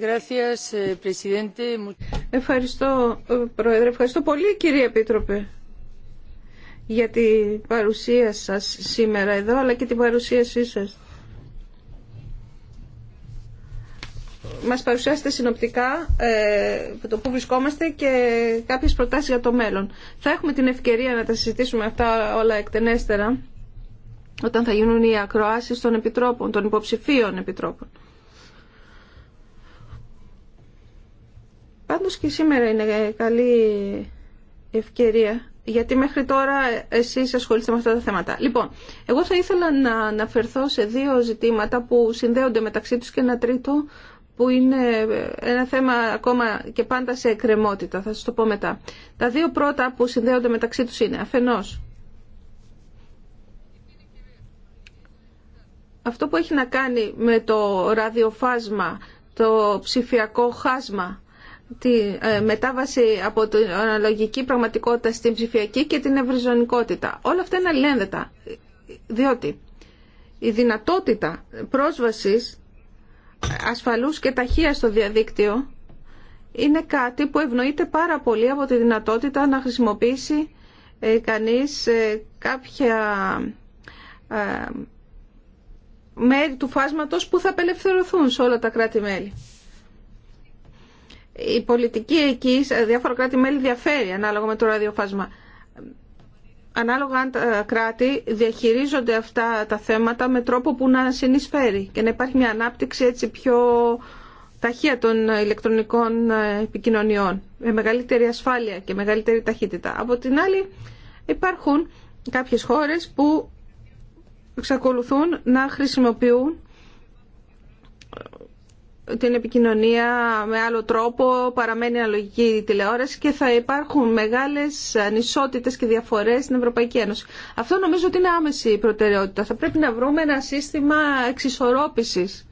Eh, Ευχαριστώ, ε, Πρόεδρε. Ευχαριστώ πολύ, κυρία Επίτροπε, για την παρουσία σας σήμερα εδώ, αλλά και την παρουσίασή σας. μας παρουσιάσετε συνοπτικά ε, το που βρισκόμαστε και κάποιες προτάσεις για το μέλλον. Θα έχουμε την ευκαιρία να τα συζητήσουμε αυτά όλα εκτενέστερα όταν θα γίνουν οι ακροάσεις των επιτρόπων, των υποψηφίων επιτρόπων. Πάντως και σήμερα είναι καλή ευκαιρία γιατί μέχρι τώρα εσείς ασχολείστε με αυτά τα θέματα. Λοιπόν, εγώ θα ήθελα να αναφερθώ σε δύο ζητήματα που συνδέονται μεταξύ τους και ένα τρίτο που είναι ένα θέμα ακόμα και πάντα σε εκκρεμότητα. Θα σας το πω μετά. Τα δύο πρώτα που συνδέονται μεταξύ τους είναι αφενός αυτό που έχει να κάνει με το ραδιοφάσμα, το ψηφιακό χάσμα, τη ε, μετάβαση από την αναλογική πραγματικότητα στην ψηφιακή και την ευρυζωνικότητα. Όλα αυτά είναι αλληλένδετα, διότι η δυνατότητα πρόσβασης ασφαλούς και ταχεία στο διαδίκτυο είναι κάτι που ευνοείται πάρα πολύ από τη δυνατότητα να χρησιμοποιήσει ε, κανείς ε, κάποια ε, μέρη του φάσματος που θα απελευθερωθούν σε όλα τα κράτη-μέλη. Η πολιτική εκεί, διάφορα κράτη-μέλη διαφέρει ανάλογα με το ραδιοφάσμα ανάλογα αν τα κράτη διαχειρίζονται αυτά τα θέματα με τρόπο που να συνεισφέρει και να υπάρχει μια ανάπτυξη έτσι πιο ταχεία των ηλεκτρονικών ε, επικοινωνιών με μεγαλύτερη ασφάλεια και μεγαλύτερη ταχύτητα. Από την άλλη υπάρχουν κάποιες χώρες που εξακολουθούν να χρησιμοποιούν την επικοινωνία με άλλο τρόπο, παραμένει αναλογική η τηλεόραση και θα υπάρχουν μεγάλες ανισότητες και διαφορές στην Ευρωπαϊκή Ένωση. Αυτό νομίζω ότι είναι άμεση η προτεραιότητα. Θα πρέπει να βρούμε ένα σύστημα εξισορρόπησης.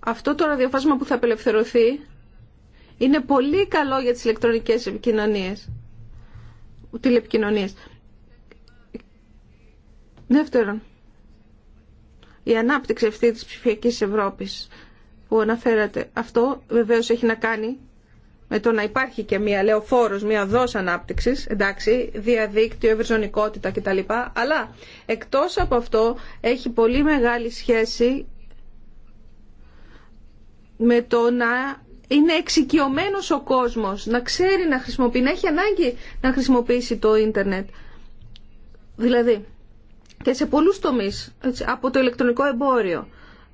Αυτό το ραδιοφάσμα που θα απελευθερωθεί είναι πολύ καλό για τις ηλεκτρονικές επικοινωνίες, τηλεπικοινωνίες. Δεύτερον, η ανάπτυξη αυτή της ψηφιακής Ευρώπης που αναφέρατε. Αυτό βεβαίως έχει να κάνει με το να υπάρχει και μια λεωφόρος, μια δόση ανάπτυξης, εντάξει, διαδίκτυο, ευρυζωνικότητα κτλ. Αλλά εκτός από αυτό έχει πολύ μεγάλη σχέση με το να είναι εξοικειωμένο ο κόσμος, να ξέρει να χρησιμοποιεί, να έχει ανάγκη να χρησιμοποιήσει το ίντερνετ. Δηλαδή, και σε πολλού τομεί από το ηλεκτρονικό εμπόριο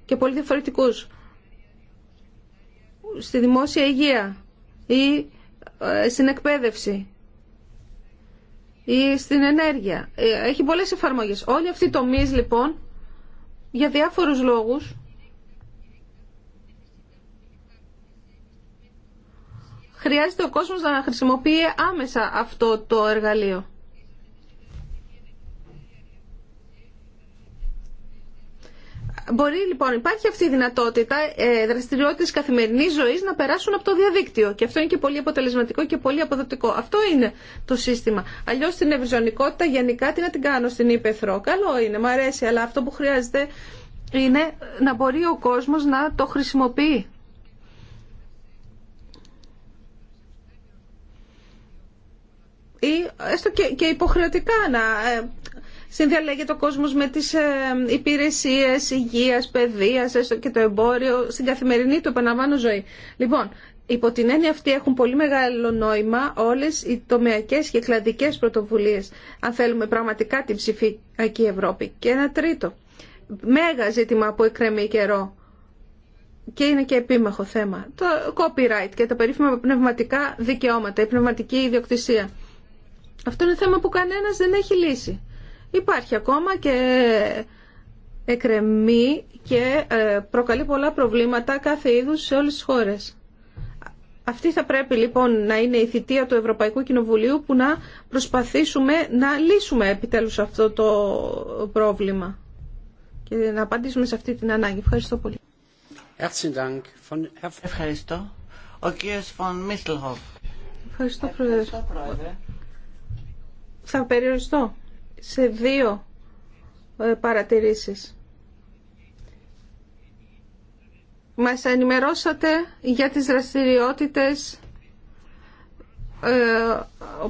και πολύ διαφορετικού. στη δημόσια υγεία ή ε, στην εκπαίδευση ή στην ενέργεια. Ε, έχει πολλές εφαρμογές. Όλοι αυτοί οι τομείς λοιπόν για διάφορους λόγους χρειάζεται ο κόσμος να χρησιμοποιεί άμεσα αυτό το εργαλείο. Μπορεί λοιπόν, υπάρχει αυτή η δυνατότητα ε, δραστηριότητες καθημερινής ζωής να περάσουν από το διαδίκτυο και αυτό είναι και πολύ αποτελεσματικό και πολύ αποδοτικό. Αυτό είναι το σύστημα. Αλλιώς την ευρυζωνικότητα γενικά τι να την κάνω στην Ήπεθρο. Καλό είναι, μου αρέσει, αλλά αυτό που χρειάζεται είναι να μπορεί ο κόσμος να το χρησιμοποιεί. Ή έστω και υποχρεωτικά να ε, συνδιαλέγεται ο κόσμος με τις ε, υπηρεσίες υγείας, παιδείας έστω και το εμπόριο στην καθημερινή του επαναλαμβάνω ζωή. Λοιπόν, υπό την έννοια αυτή έχουν πολύ μεγάλο νόημα όλες οι τομεακές και κλαδικές πρωτοβουλίες αν θέλουμε πραγματικά την ψηφιακή Ευρώπη. Και ένα τρίτο, μέγα ζήτημα που εκκρεμεί καιρό και είναι και επίμαχο θέμα. Το copyright και τα περίφημα πνευματικά δικαιώματα, η πνευματική ιδιοκτησία. Αυτό είναι θέμα που κανένας δεν έχει λύσει υπάρχει ακόμα και εκρεμεί και ε, προκαλεί πολλά προβλήματα κάθε είδους σε όλες τις χώρες. Αυτή θα πρέπει λοιπόν να είναι η θητεία του Ευρωπαϊκού Κοινοβουλίου που να προσπαθήσουμε να λύσουμε επιτέλους αυτό το πρόβλημα και να απαντήσουμε σε αυτή την ανάγκη. Ευχαριστώ πολύ. Ευχαριστώ. Ο κύριος Φων Μίσλχοφ. Ευχαριστώ, πρόεδρε. Θα περιοριστώ σε δύο ε, παρατηρήσεις. Μας ενημερώσατε για τις δραστηριότητες ε,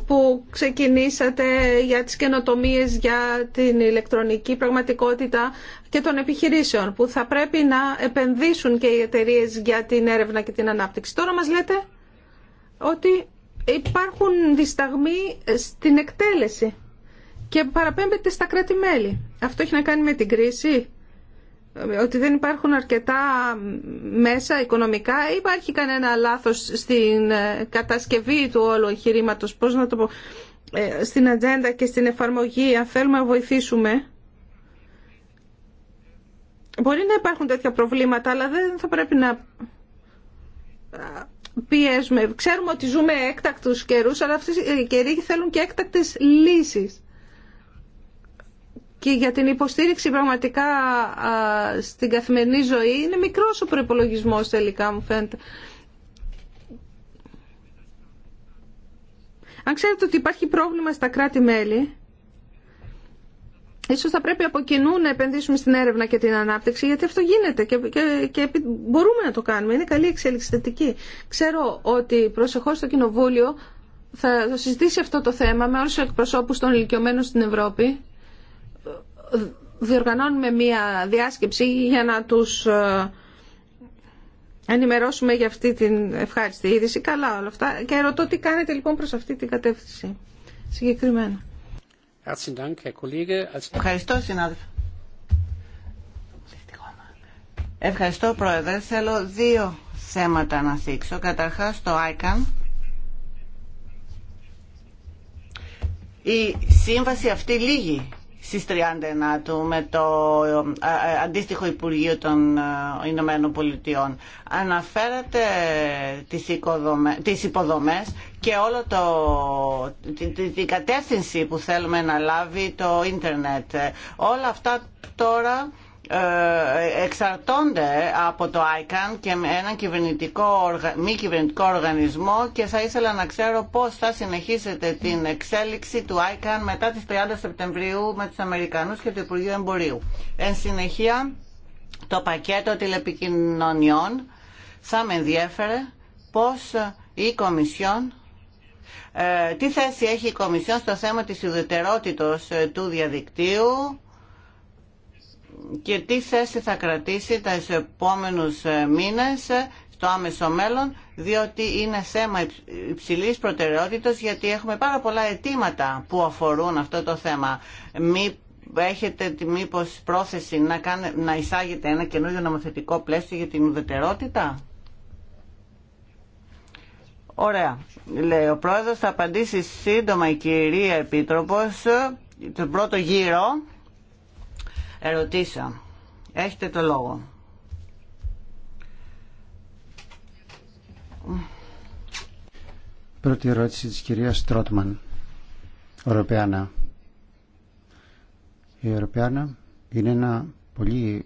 που ξεκινήσατε για τις καινοτομίες για την ηλεκτρονική πραγματικότητα και των επιχειρήσεων που θα πρέπει να επενδύσουν και οι εταιρείε για την έρευνα και την ανάπτυξη. Τώρα μας λέτε ότι υπάρχουν δισταγμοί στην εκτέλεση και παραπέμπεται στα κράτη-μέλη. Αυτό έχει να κάνει με την κρίση, ότι δεν υπάρχουν αρκετά μέσα οικονομικά ή υπάρχει κανένα λάθος στην ε, κατασκευή του όλου εγχειρήματο, πώς να το ε, στην ατζέντα και στην εφαρμογή, αν θέλουμε να βοηθήσουμε. Μπορεί να υπάρχουν τέτοια προβλήματα, αλλά δεν θα πρέπει να πιέζουμε. Ξέρουμε ότι ζούμε έκτακτους καιρούς, αλλά αυτοί οι καιροί θέλουν και έκτακτες λύσεις και για την υποστήριξη πραγματικά στην καθημερινή ζωή είναι μικρός ο προπολογισμό τελικά μου φαίνεται. Αν ξέρετε ότι υπάρχει πρόβλημα στα κράτη-μέλη, ίσως θα πρέπει από κοινού να επενδύσουμε στην έρευνα και την ανάπτυξη, γιατί αυτό γίνεται και, και, και μπορούμε να το κάνουμε. Είναι καλή εξέλιξη θετική. Ξέρω ότι προσεχώς το Κοινοβούλιο θα συζητήσει αυτό το θέμα με όλους τους εκπροσώπους των ηλικιωμένων στην Ευρώπη διοργανώνουμε μία διάσκεψη για να τους ε, ενημερώσουμε για αυτή την ευχάριστη είδηση. Καλά όλα αυτά. Και ρωτώ τι κάνετε λοιπόν προς αυτή την κατεύθυνση συγκεκριμένα. Ευχαριστώ συνάδελφα. Ευχαριστώ πρόεδρε. Θέλω δύο θέματα να θίξω. Καταρχάς το ICAN. Η σύμβαση αυτή λύγει στις 39 του με το ε, ε, αντίστοιχο Υπουργείο των ε, Ηνωμένων Πολιτειών. Αναφέρατε τις, υποδομέ υποδομές και όλο το, την, την κατεύθυνση που θέλουμε να λάβει το ίντερνετ. Όλα αυτά τώρα ε, εξαρτώνται από το ICAN και έναν κυβερνητικό, μη κυβερνητικό οργανισμό και θα ήθελα να ξέρω πώς θα συνεχίσετε την εξέλιξη του ICAN μετά τις 30 Σεπτεμβρίου με τους Αμερικανούς και το Υπουργείο Εμπορίου. Εν συνεχεία, το πακέτο τηλεπικοινωνιών θα με ενδιέφερε πώς η Κομισιόν ε, τι θέση έχει η Κομισιόν στο θέμα της ε, του διαδικτύου και τι θέση θα κρατήσει τα επόμενους ε, μήνες ε, στο άμεσο μέλλον, διότι είναι θέμα υψηλής προτεραιότητας, γιατί έχουμε πάρα πολλά αιτήματα που αφορούν αυτό το θέμα. Μη έχετε μήπως πρόθεση να, κάνε, να εισάγετε ένα καινούριο νομοθετικό πλαίσιο για την ουδετερότητα. Ωραία. Λέει ο πρόεδρος θα απαντήσει σύντομα η κυρία Επίτροπος ε, τον πρώτο γύρο Ερωτήσα. Έχετε το λόγο. Πρώτη ερώτηση της κυρίας Τρότμαν. Ευρωπαίανα. Η είναι ένα πολύ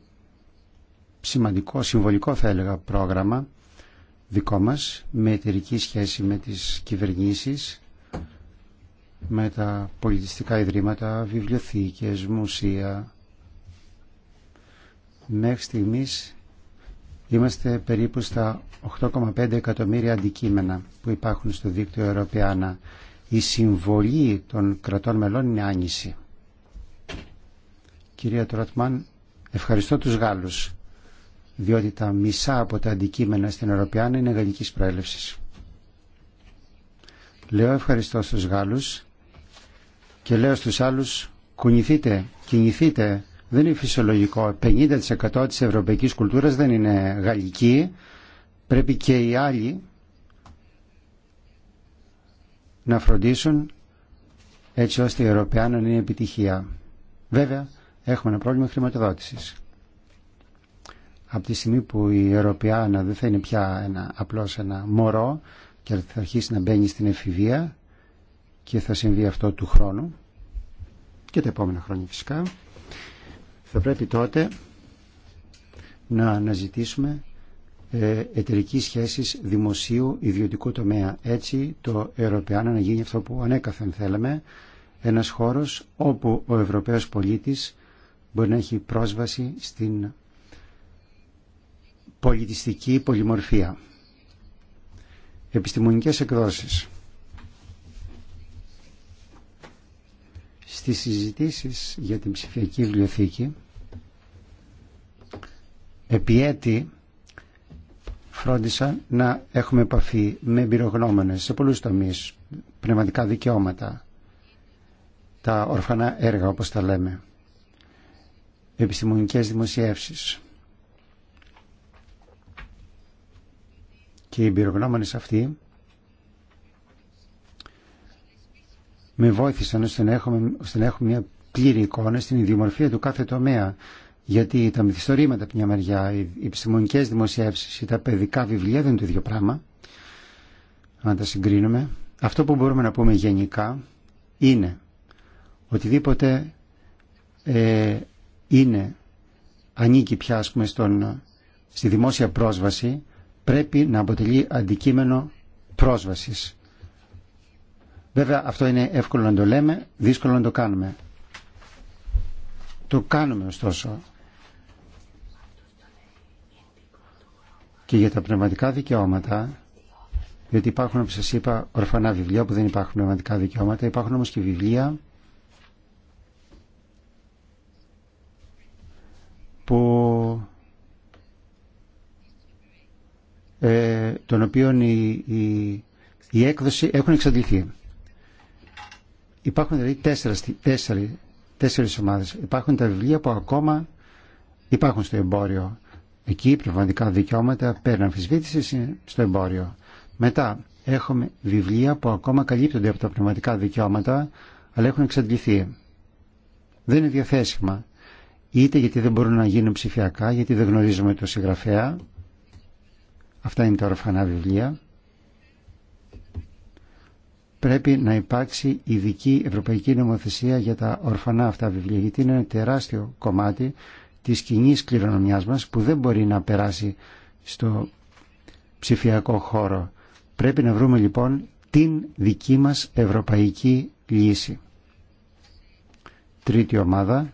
σημαντικό, συμβολικό θα έλεγα πρόγραμμα δικό μας με εταιρική σχέση με τις κυβερνήσεις με τα πολιτιστικά ιδρύματα, βιβλιοθήκες, μουσεία, Μέχρι στιγμής είμαστε περίπου στα 8,5 εκατομμύρια αντικείμενα που υπάρχουν στο δίκτυο Ευρωπαϊάνα. Η συμβολή των κρατών μελών είναι άνηση. Κυρία Τρότμαν, ευχαριστώ τους Γάλλους, διότι τα μισά από τα αντικείμενα στην Ευρωπαϊάνα είναι γαλλικής προέλευσης. Λέω ευχαριστώ στους Γάλλους και λέω στους άλλους κουνηθείτε, κινηθείτε, δεν είναι φυσιολογικό. 50% της ευρωπαϊκής κουλτούρας δεν είναι γαλλική. Πρέπει και οι άλλοι να φροντίσουν έτσι ώστε η Ευρωπαία να είναι επιτυχία. Βέβαια, έχουμε ένα πρόβλημα χρηματοδότησης. Από τη στιγμή που η Ευρωπαϊκή δεν θα είναι πια ένα, απλώς ένα μωρό και θα αρχίσει να μπαίνει στην εφηβεία και θα συμβεί αυτό του χρόνου και τα επόμενα χρόνια φυσικά θα πρέπει τότε να αναζητήσουμε ε, εταιρική σχέση δημοσίου ιδιωτικού τομέα. Έτσι το Ευρωπαϊκό να γίνει αυτό που ανέκαθεν θέλαμε, ένας χώρος όπου ο Ευρωπαίος πολίτης μπορεί να έχει πρόσβαση στην πολιτιστική πολυμορφία. Επιστημονικές εκδόσεις. Στις συζητήσεις για την ψηφιακή βιβλιοθήκη επί έτη φρόντισα να έχουμε επαφή με εμπειρογνώμονες σε πολλούς τομείς, πνευματικά δικαιώματα, τα ορφανά έργα όπως τα λέμε, επιστημονικές δημοσιεύσεις. Και οι εμπειρογνώμονες αυτοί με βόηθησαν ώστε να έχουμε, ώστε να έχουμε μια πλήρη εικόνα στην ιδιομορφία του κάθε τομέα. Γιατί τα μυθιστορήματα από μια μεριά, οι επιστημονικέ δημοσιεύσει ή τα παιδικά βιβλία δεν είναι το ίδιο πράγμα. Αν τα συγκρίνουμε, αυτό που μπορούμε να πούμε γενικά είναι οτιδήποτε ε, είναι ανήκει πια στον, στη δημόσια πρόσβαση πρέπει να αποτελεί αντικείμενο πρόσβασης Βέβαια αυτό είναι εύκολο να το λέμε, δύσκολο να το κάνουμε. Το κάνουμε ωστόσο. Και για τα πνευματικά δικαιώματα, γιατί υπάρχουν όπως σας είπα ορφανά βιβλία που δεν υπάρχουν πνευματικά δικαιώματα, υπάρχουν όμως και βιβλία που ε, των οποίων η, η, η έκδοση έχουν εξαντληθεί. Υπάρχουν δηλαδή τέσσερις, τέσσερις, τέσσερις ομάδες. Υπάρχουν τα βιβλία που ακόμα υπάρχουν στο εμπόριο. Εκεί πνευματικά δικαιώματα παίρνουν αμφισβήτηση στο εμπόριο. Μετά έχουμε βιβλία που ακόμα καλύπτονται από τα πνευματικά δικαιώματα αλλά έχουν εξαντληθεί. Δεν είναι διαθέσιμα. Είτε γιατί δεν μπορούν να γίνουν ψηφιακά, γιατί δεν γνωρίζουμε το συγγραφέα. Αυτά είναι τα ορφανά βιβλία πρέπει να υπάρξει ειδική ευρωπαϊκή νομοθεσία για τα ορφανά αυτά βιβλία, γιατί είναι ένα τεράστιο κομμάτι της κοινή κληρονομιάς μας που δεν μπορεί να περάσει στο ψηφιακό χώρο. Πρέπει να βρούμε λοιπόν την δική μας ευρωπαϊκή λύση. Τρίτη ομάδα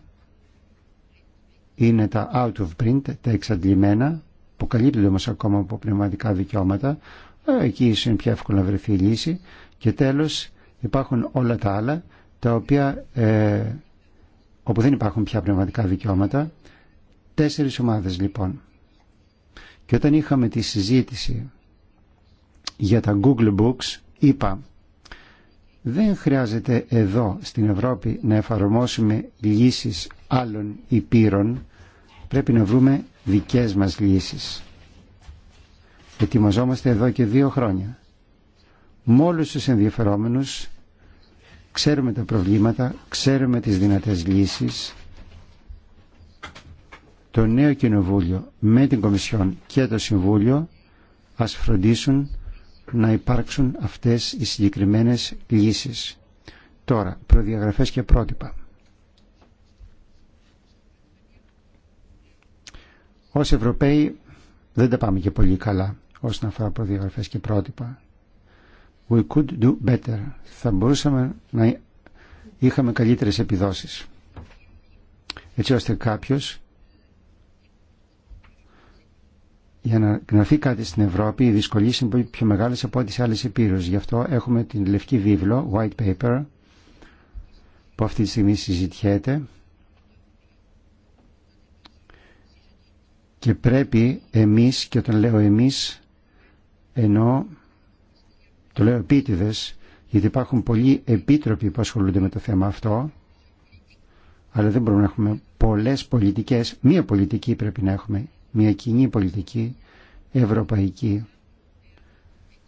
είναι τα out of print, τα εξαντλημένα, που καλύπτουν όμως ακόμα από πνευματικά δικαιώματα. Ε, εκεί είναι πιο εύκολο να βρεθεί η λύση. Και τέλος υπάρχουν όλα τα άλλα τα οποία ε, όπου δεν υπάρχουν πια πνευματικά δικαιώματα. Τέσσερις ομάδες λοιπόν. Και όταν είχαμε τη συζήτηση για τα Google Books είπα δεν χρειάζεται εδώ στην Ευρώπη να εφαρμόσουμε λύσεις άλλων υπήρων πρέπει να βρούμε δικές μας λύσεις. Ετοιμαζόμαστε εδώ και δύο χρόνια με όλους τους ενδιαφερόμενους ξέρουμε τα προβλήματα, ξέρουμε τις δυνατές λύσεις. Το νέο Κοινοβούλιο με την Κομισιόν και το Συμβούλιο ας φροντίσουν να υπάρξουν αυτές οι συγκεκριμένες λύσεις. Τώρα, προδιαγραφές και πρότυπα. Ως Ευρωπαίοι δεν τα πάμε και πολύ καλά όσον αφορά προδιαγραφές και πρότυπα. We could do better. Θα μπορούσαμε να είχαμε καλύτερες επιδόσεις. Έτσι ώστε κάποιος για να γνωθεί κάτι στην Ευρώπη οι δυσκολίες είναι πολύ πιο μεγάλες από ό,τι σε άλλες επίρρους. Γι' αυτό έχουμε την λευκή βίβλο, white paper, που αυτή τη στιγμή συζητιέται και πρέπει εμείς, και όταν λέω εμείς, ενώ το λέω επίτηδε, γιατί υπάρχουν πολλοί επίτροποι που ασχολούνται με το θέμα αυτό, αλλά δεν μπορούμε να έχουμε πολλές πολιτικές. Μία πολιτική πρέπει να έχουμε, μία κοινή πολιτική ευρωπαϊκή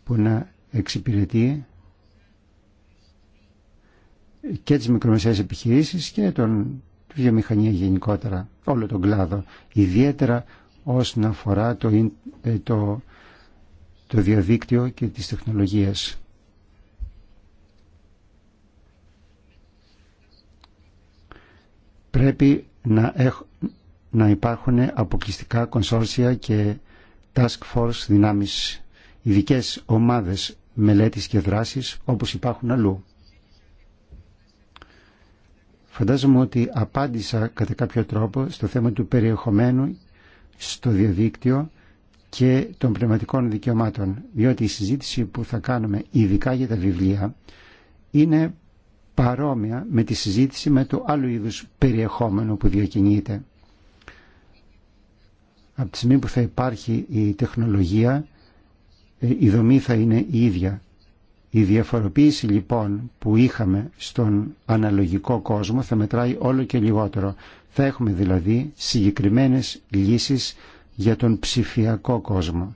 που να εξυπηρετεί και τις μικρομεσαίες επιχειρήσεις και τον τη βιομηχανία γενικότερα, όλο τον κλάδο, ιδιαίτερα όσον αφορά το, ε, το το διαδίκτυο και τις τεχνολογίες. Πρέπει να, έχ, να υπάρχουν αποκλειστικά κονσόρσια και task force δυνάμεις, ειδικέ ομάδες μελέτης και δράσης όπως υπάρχουν αλλού. Φαντάζομαι ότι απάντησα κατά κάποιο τρόπο στο θέμα του περιεχομένου στο διαδίκτυο και των πνευματικών δικαιωμάτων, διότι η συζήτηση που θα κάνουμε ειδικά για τα βιβλία είναι παρόμοια με τη συζήτηση με το άλλο είδους περιεχόμενο που διακινείται. Από τη στιγμή που θα υπάρχει η τεχνολογία, ε, η δομή θα είναι η ίδια. Η διαφοροποίηση λοιπόν που είχαμε στον αναλογικό κόσμο θα μετράει όλο και λιγότερο. Θα έχουμε δηλαδή συγκεκριμένες λύσεις για τον ψηφιακό κόσμο.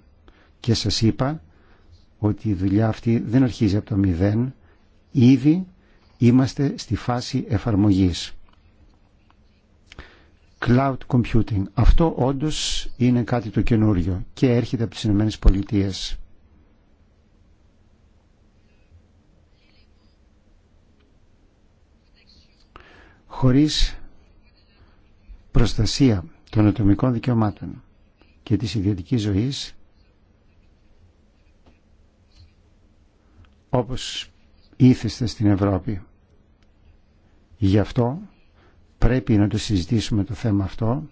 Και σας είπα ότι η δουλειά αυτή δεν αρχίζει από το μηδέν. Ήδη είμαστε στη φάση εφαρμογής. Cloud computing. Αυτό όντως είναι κάτι το καινούριο και έρχεται από τις Ηνωμένες Πολιτείες. Χωρίς προστασία των ατομικών δικαιωμάτων και της ιδιωτικής ζωής όπως ήθεστε στην Ευρώπη. Γι' αυτό πρέπει να το συζητήσουμε το θέμα αυτό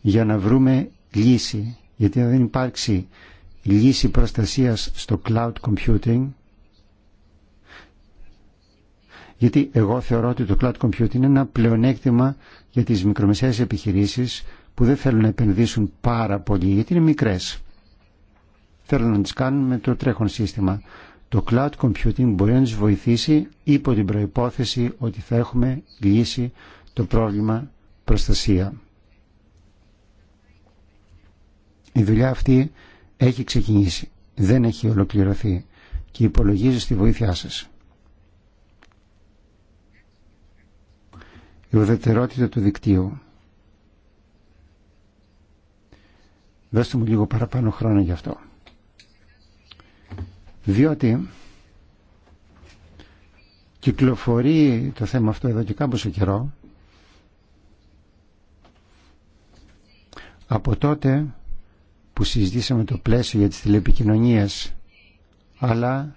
για να βρούμε λύση γιατί αν δεν υπάρξει λύση προστασίας στο cloud computing γιατί εγώ θεωρώ ότι το cloud computing είναι ένα πλεονέκτημα για τις μικρομεσαίες επιχειρήσεις που δεν θέλουν να επενδύσουν πάρα πολύ γιατί είναι μικρές. Θέλουν να τις κάνουν με το τρέχον σύστημα. Το cloud computing μπορεί να τους βοηθήσει υπό την προϋπόθεση ότι θα έχουμε λύσει το πρόβλημα προστασία. Η δουλειά αυτή έχει ξεκινήσει, δεν έχει ολοκληρωθεί και υπολογίζει στη βοήθειά σας. Η ουδετερότητα του δικτύου Δώστε μου λίγο παραπάνω χρόνο γι' αυτό. Διότι κυκλοφορεί το θέμα αυτό εδώ και κάμποσο καιρό. Από τότε που συζητήσαμε το πλαίσιο για τις τηλεπικοινωνίες, αλλά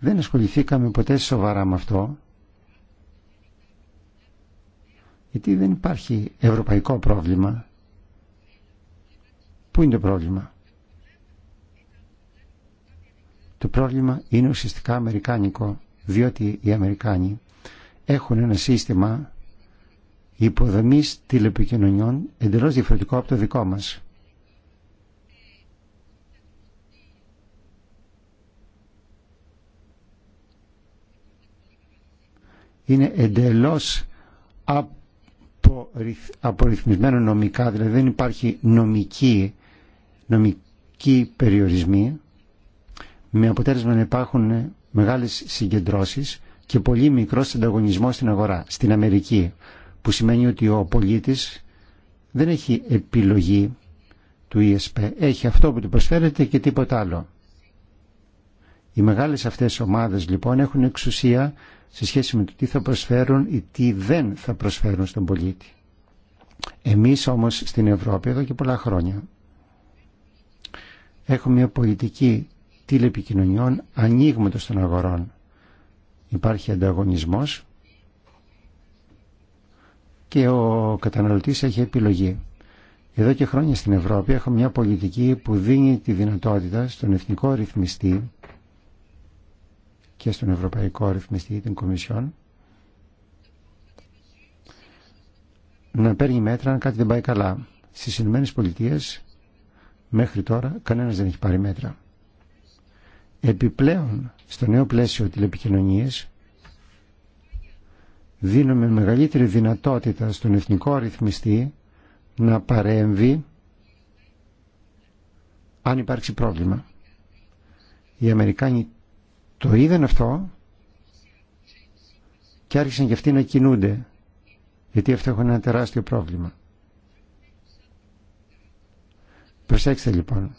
δεν ασχοληθήκαμε ποτέ σοβαρά με αυτό, γιατί δεν υπάρχει ευρωπαϊκό πρόβλημα Πού είναι το πρόβλημα. Το πρόβλημα είναι ουσιαστικά αμερικάνικο, διότι οι Αμερικάνοι έχουν ένα σύστημα υποδομής τηλεπικοινωνιών εντελώς διαφορετικό από το δικό μας. είναι εντελώς απορριθμισμένο νομικά, δηλαδή δεν υπάρχει νομική νομικοί περιορισμοί με αποτέλεσμα να υπάρχουν μεγάλες συγκεντρώσεις και πολύ μικρός ανταγωνισμός στην αγορά, στην Αμερική, που σημαίνει ότι ο πολίτης δεν έχει επιλογή του ESP, έχει αυτό που του προσφέρεται και τίποτα άλλο. Οι μεγάλες αυτές ομάδες λοιπόν έχουν εξουσία σε σχέση με το τι θα προσφέρουν ή τι δεν θα προσφέρουν στον πολίτη. Εμείς όμως στην Ευρώπη εδώ και πολλά χρόνια Έχουμε μια πολιτική τηλεπικοινωνιών ανοίγματος των αγορών. Υπάρχει ανταγωνισμός και ο καταναλωτής έχει επιλογή. Εδώ και χρόνια στην Ευρώπη έχουμε μια πολιτική που δίνει τη δυνατότητα στον εθνικό ρυθμιστή και στον ευρωπαϊκό ρυθμιστή, την Κομισιόν, να παίρνει μέτρα αν κάτι δεν πάει καλά. Στις Ηνωμένες Πολιτείες Μέχρι τώρα κανένας δεν έχει πάρει μέτρα. Επιπλέον, στο νέο πλαίσιο τηλεπικοινωνίες, δίνουμε μεγαλύτερη δυνατότητα στον εθνικό αριθμιστή να παρέμβει αν υπάρξει πρόβλημα. Οι Αμερικάνοι το είδαν αυτό και άρχισαν και αυτοί να κινούνται γιατί αυτό έχουν ένα τεράστιο πρόβλημα. Προσέξτε λοιπόν.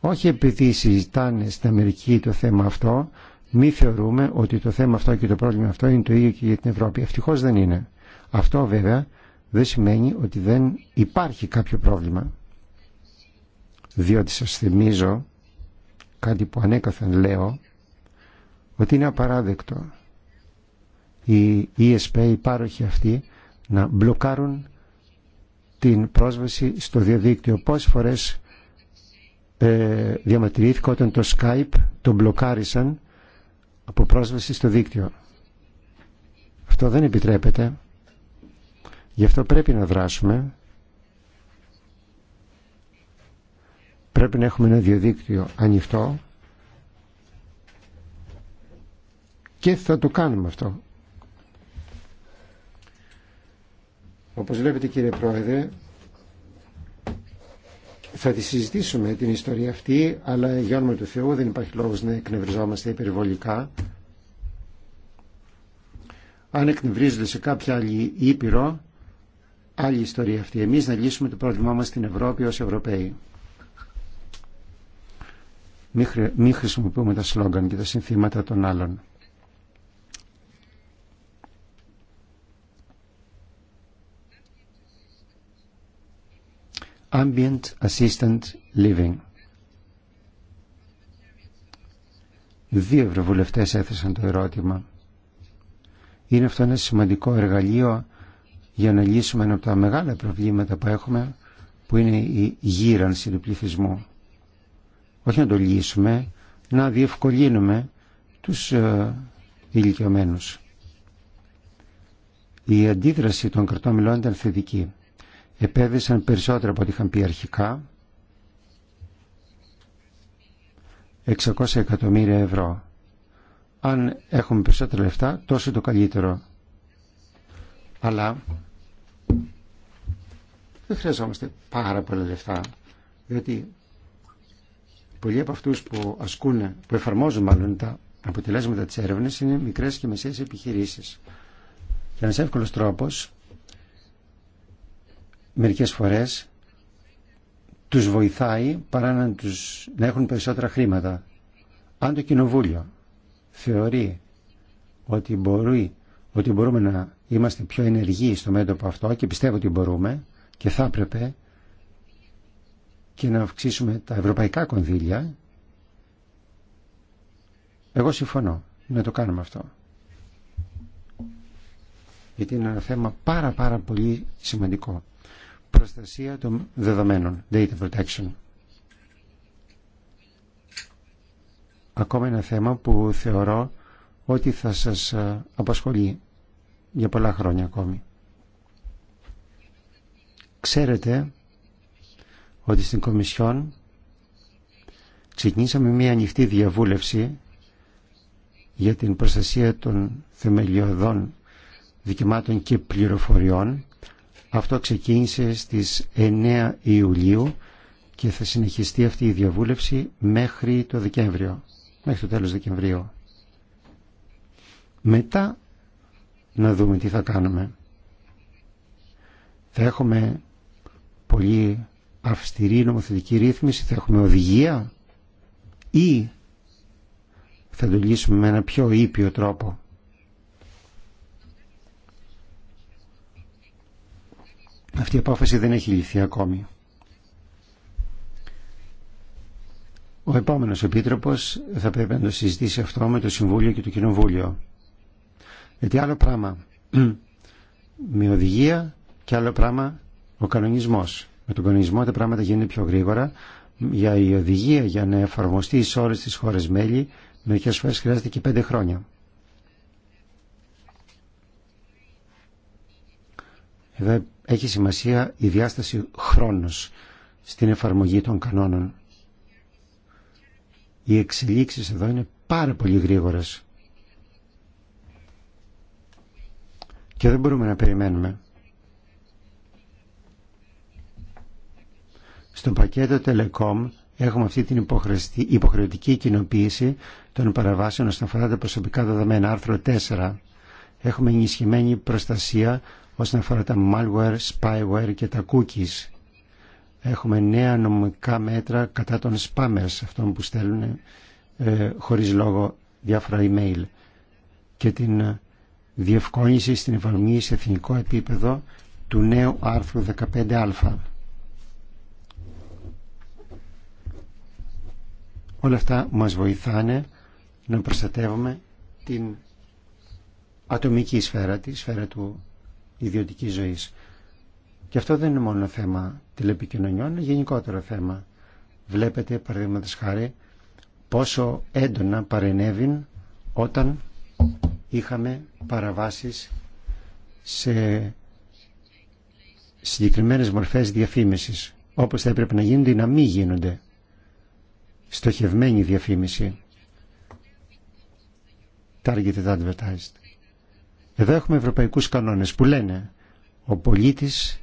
Όχι επειδή συζητάνε στην Αμερική το θέμα αυτό, μη θεωρούμε ότι το θέμα αυτό και το πρόβλημα αυτό είναι το ίδιο και για την Ευρώπη. Ευτυχώς δεν είναι. Αυτό βέβαια δεν σημαίνει ότι δεν υπάρχει κάποιο πρόβλημα. Διότι σας θυμίζω κάτι που ανέκαθεν λέω ότι είναι απαράδεκτο οι ESP, οι πάροχοι αυτοί να μπλοκάρουν την πρόσβαση στο διαδίκτυο. Πόσες φορές ε, διαμαρτυρήθηκα όταν το Skype τον μπλοκάρισαν από πρόσβαση στο δίκτυο. Αυτό δεν επιτρέπεται. Γι' αυτό πρέπει να δράσουμε. Πρέπει να έχουμε ένα διαδίκτυο ανοιχτό και θα το κάνουμε αυτό. Όπως βλέπετε κύριε Πρόεδρε, θα τη συζητήσουμε την ιστορία αυτή, αλλά για όνομα του Θεού δεν υπάρχει λόγος να εκνευριζόμαστε υπερβολικά. Αν εκνευρίζονται σε κάποια άλλη ήπειρο, άλλη ιστορία αυτή. Εμείς να λύσουμε το πρόβλημά μας στην Ευρώπη ως Ευρωπαίοι. Μην χρησιμοποιούμε τα σλόγγαν και τα συνθήματα των άλλων. ambient assistant living. Δύο ευρωβουλευτές έθεσαν το ερώτημα. Είναι αυτό ένα σημαντικό εργαλείο για να λύσουμε ένα από τα μεγάλα προβλήματα που έχουμε που είναι η γύρανση του πληθυσμού. Όχι να το λύσουμε, να διευκολύνουμε τους ε, Η αντίδραση των κρατών μελών ήταν θετική επέβησαν περισσότερο από ό,τι είχαν πει αρχικά 600 εκατομμύρια ευρώ αν έχουμε περισσότερα λεφτά τόσο το καλύτερο αλλά δεν χρειαζόμαστε πάρα πολλά λεφτά διότι πολλοί από αυτούς που ασκούν που εφαρμόζουν μάλλον τα αποτελέσματα της έρευνας είναι μικρές και μεσαίες επιχειρήσεις και ένας εύκολος τρόπος μερικές φορές τους βοηθάει παρά να, τους, να έχουν περισσότερα χρήματα. Αν το Κοινοβούλιο θεωρεί ότι, μπορεί, ότι μπορούμε να είμαστε πιο ενεργοί στο μέτωπο αυτό και πιστεύω ότι μπορούμε και θα έπρεπε και να αυξήσουμε τα ευρωπαϊκά κονδύλια εγώ συμφωνώ να το κάνουμε αυτό γιατί είναι ένα θέμα πάρα πάρα πολύ σημαντικό προστασία των δεδομένων, data protection. Ακόμα ένα θέμα που θεωρώ ότι θα σας ε, απασχολεί για πολλά χρόνια ακόμη. Ξέρετε ότι στην Κομισιόν ξεκινήσαμε μια ανοιχτή διαβούλευση για την προστασία των θεμελιωδών δικαιωμάτων και πληροφοριών αυτό ξεκίνησε στις 9 Ιουλίου και θα συνεχιστεί αυτή η διαβούλευση μέχρι το Δεκέμβριο, μέχρι το τέλος Δεκεμβρίου. Μετά να δούμε τι θα κάνουμε. Θα έχουμε πολύ αυστηρή νομοθετική ρύθμιση, θα έχουμε οδηγία ή θα το λύσουμε με ένα πιο ήπιο τρόπο. Αυτή η απόφαση δεν έχει λυθεί ακόμη. Ο επόμενος επίτροπος θα πρέπει να το συζητήσει αυτό με το Συμβούλιο και το Κοινοβούλιο. Γιατί άλλο πράγμα με οδηγία και άλλο πράγμα ο κανονισμός. Με τον κανονισμό τα πράγματα γίνονται πιο γρήγορα. Για η οδηγία για να εφαρμοστεί σε όλες τις χώρες μέλη μερικές φορές χρειάζεται και πέντε χρόνια. Εδώ έχει σημασία η διάσταση χρόνος στην εφαρμογή των κανόνων. Οι εξελίξεις εδώ είναι πάρα πολύ γρήγορες. Και δεν μπορούμε να περιμένουμε. Στο πακέτο Telecom έχουμε αυτή την υποχρεωτική κοινοποίηση των παραβάσεων όσον αφορά τα προσωπικά δεδομένα άρθρο 4. Έχουμε ενισχυμένη προστασία όσον αφορά τα malware, spyware και τα cookies. Έχουμε νέα νομικά μέτρα κατά των spammers, αυτών που στέλνουν ε, χωρίς λόγο διάφορα email και την ε, διευκόλυνση στην εφαρμογή σε εθνικό επίπεδο του νέου άρθρου 15α. Όλα αυτά μας βοηθάνε να προστατεύουμε την ατομική σφαίρα, τη σφαίρα του ιδιωτική ζωής. Και αυτό δεν είναι μόνο θέμα τηλεπικοινωνιών, είναι γενικότερο θέμα. Βλέπετε, παραδείγματο χάρη, πόσο έντονα παρενέβην όταν είχαμε παραβάσεις σε συγκεκριμένες μορφές διαφήμισης, όπως θα έπρεπε να γίνονται ή να μην γίνονται. Στοχευμένη διαφήμιση. Targeted advertised. Εδώ έχουμε ευρωπαϊκούς κανόνες που λένε ο πολίτης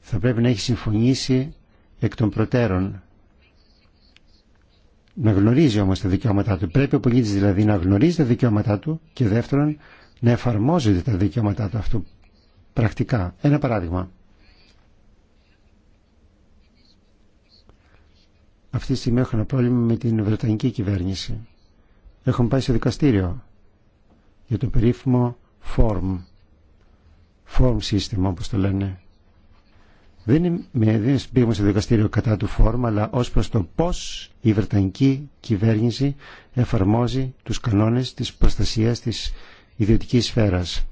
θα πρέπει να έχει συμφωνήσει εκ των προτέρων. Να γνωρίζει όμως τα δικαιώματά του. Πρέπει ο πολίτης δηλαδή να γνωρίζει τα δικαιώματά του και δεύτερον να εφαρμόζεται τα δικαιώματά του αυτού πρακτικά. Ένα παράδειγμα. Αυτή τη στιγμή έχω ένα πρόβλημα με την Βρετανική κυβέρνηση έχουν πάει σε δικαστήριο για το περίφημο form, form system όπως το λένε. Δεν, με, πήγαμε σε δικαστήριο κατά του φόρμα, αλλά ως προς το πώς η Βρετανική κυβέρνηση εφαρμόζει τους κανόνες της προστασίας της ιδιωτικής σφαίρας.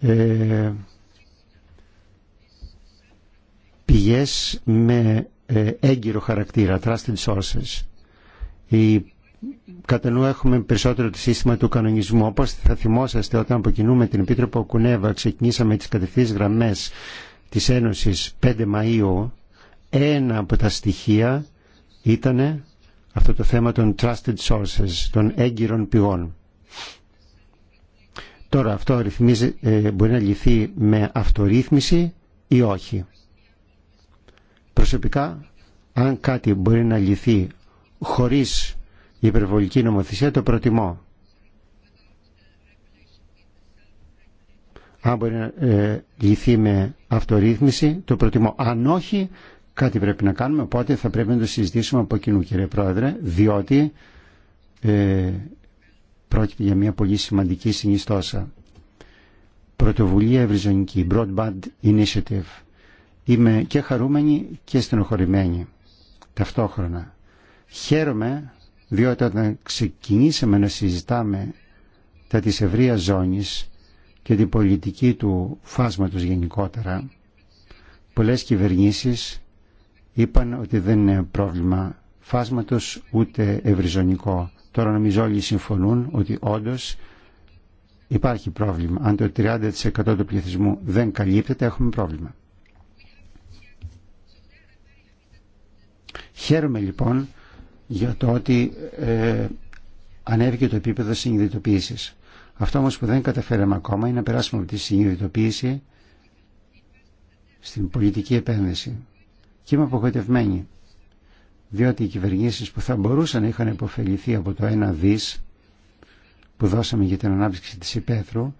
Ε, με ε, έγκυρο χαρακτήρα, trusted sources. Η κατά νου έχουμε περισσότερο το σύστημα του κανονισμού. Όπως θα θυμόσαστε όταν αποκινούμε την Επίτροπο Κουνέβα ξεκινήσαμε τις κατευθύνσεις γραμμές της Ένωσης 5 Μαΐου, ένα από τα στοιχεία ήταν αυτό το θέμα των trusted sources, των έγκυρων πηγών. Τώρα αυτό ρυθμίζει, ε, μπορεί να λυθεί με αυτορύθμιση ή όχι. Προσωπικά, αν κάτι μπορεί να λυθεί χωρίς υπερβολική νομοθεσία, το προτιμώ. Αν μπορεί να ε, λυθεί με αυτορύθμιση, το προτιμώ. Αν όχι, κάτι πρέπει να κάνουμε, οπότε θα πρέπει να το συζητήσουμε από κοινού, κύριε Πρόεδρε, διότι ε, πρόκειται για μια πολύ σημαντική συνιστόσα. Πρωτοβουλία Ευρυζωνική, Broadband Initiative. Είμαι και χαρούμενη και στενοχωρημένη ταυτόχρονα. Χαίρομαι διότι όταν ξεκινήσαμε να συζητάμε τα της ευρεία ζώνης και την πολιτική του φάσματος γενικότερα, πολλές κυβερνήσεις είπαν ότι δεν είναι πρόβλημα φάσματος ούτε ευρυζωνικό. Τώρα νομίζω όλοι συμφωνούν ότι όντως υπάρχει πρόβλημα. Αν το 30% του πληθυσμού δεν καλύπτεται έχουμε πρόβλημα. Χαίρομαι λοιπόν για το ότι ε, ανέβηκε το επίπεδο συνειδητοποίηση. Αυτό όμως που δεν καταφέραμε ακόμα είναι να περάσουμε από τη συνειδητοποίηση στην πολιτική επένδυση. Και είμαι απογοητευμένη, διότι οι κυβερνήσεις που θα μπορούσαν να είχαν υποφεληθεί από το ένα δις που δώσαμε για την ανάπτυξη της υπαίθρου,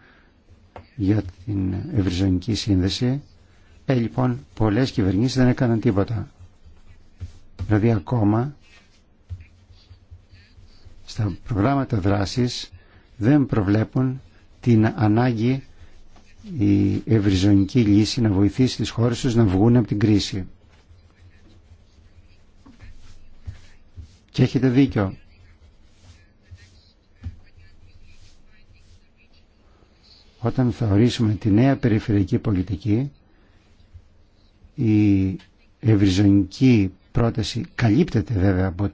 για την ευρυζωνική σύνδεση, ε, λοιπόν, πολλές κυβερνήσεις δεν έκαναν τίποτα. Δηλαδή ακόμα στα προγράμματα δράσης δεν προβλέπουν την ανάγκη η ευρυζωνική λύση να βοηθήσει τις χώρες τους να βγουν από την κρίση. Και έχετε δίκιο. Όταν θα ορίσουμε τη νέα περιφερειακή πολιτική, η ευρυζωνική πρόταση καλύπτεται βέβαια από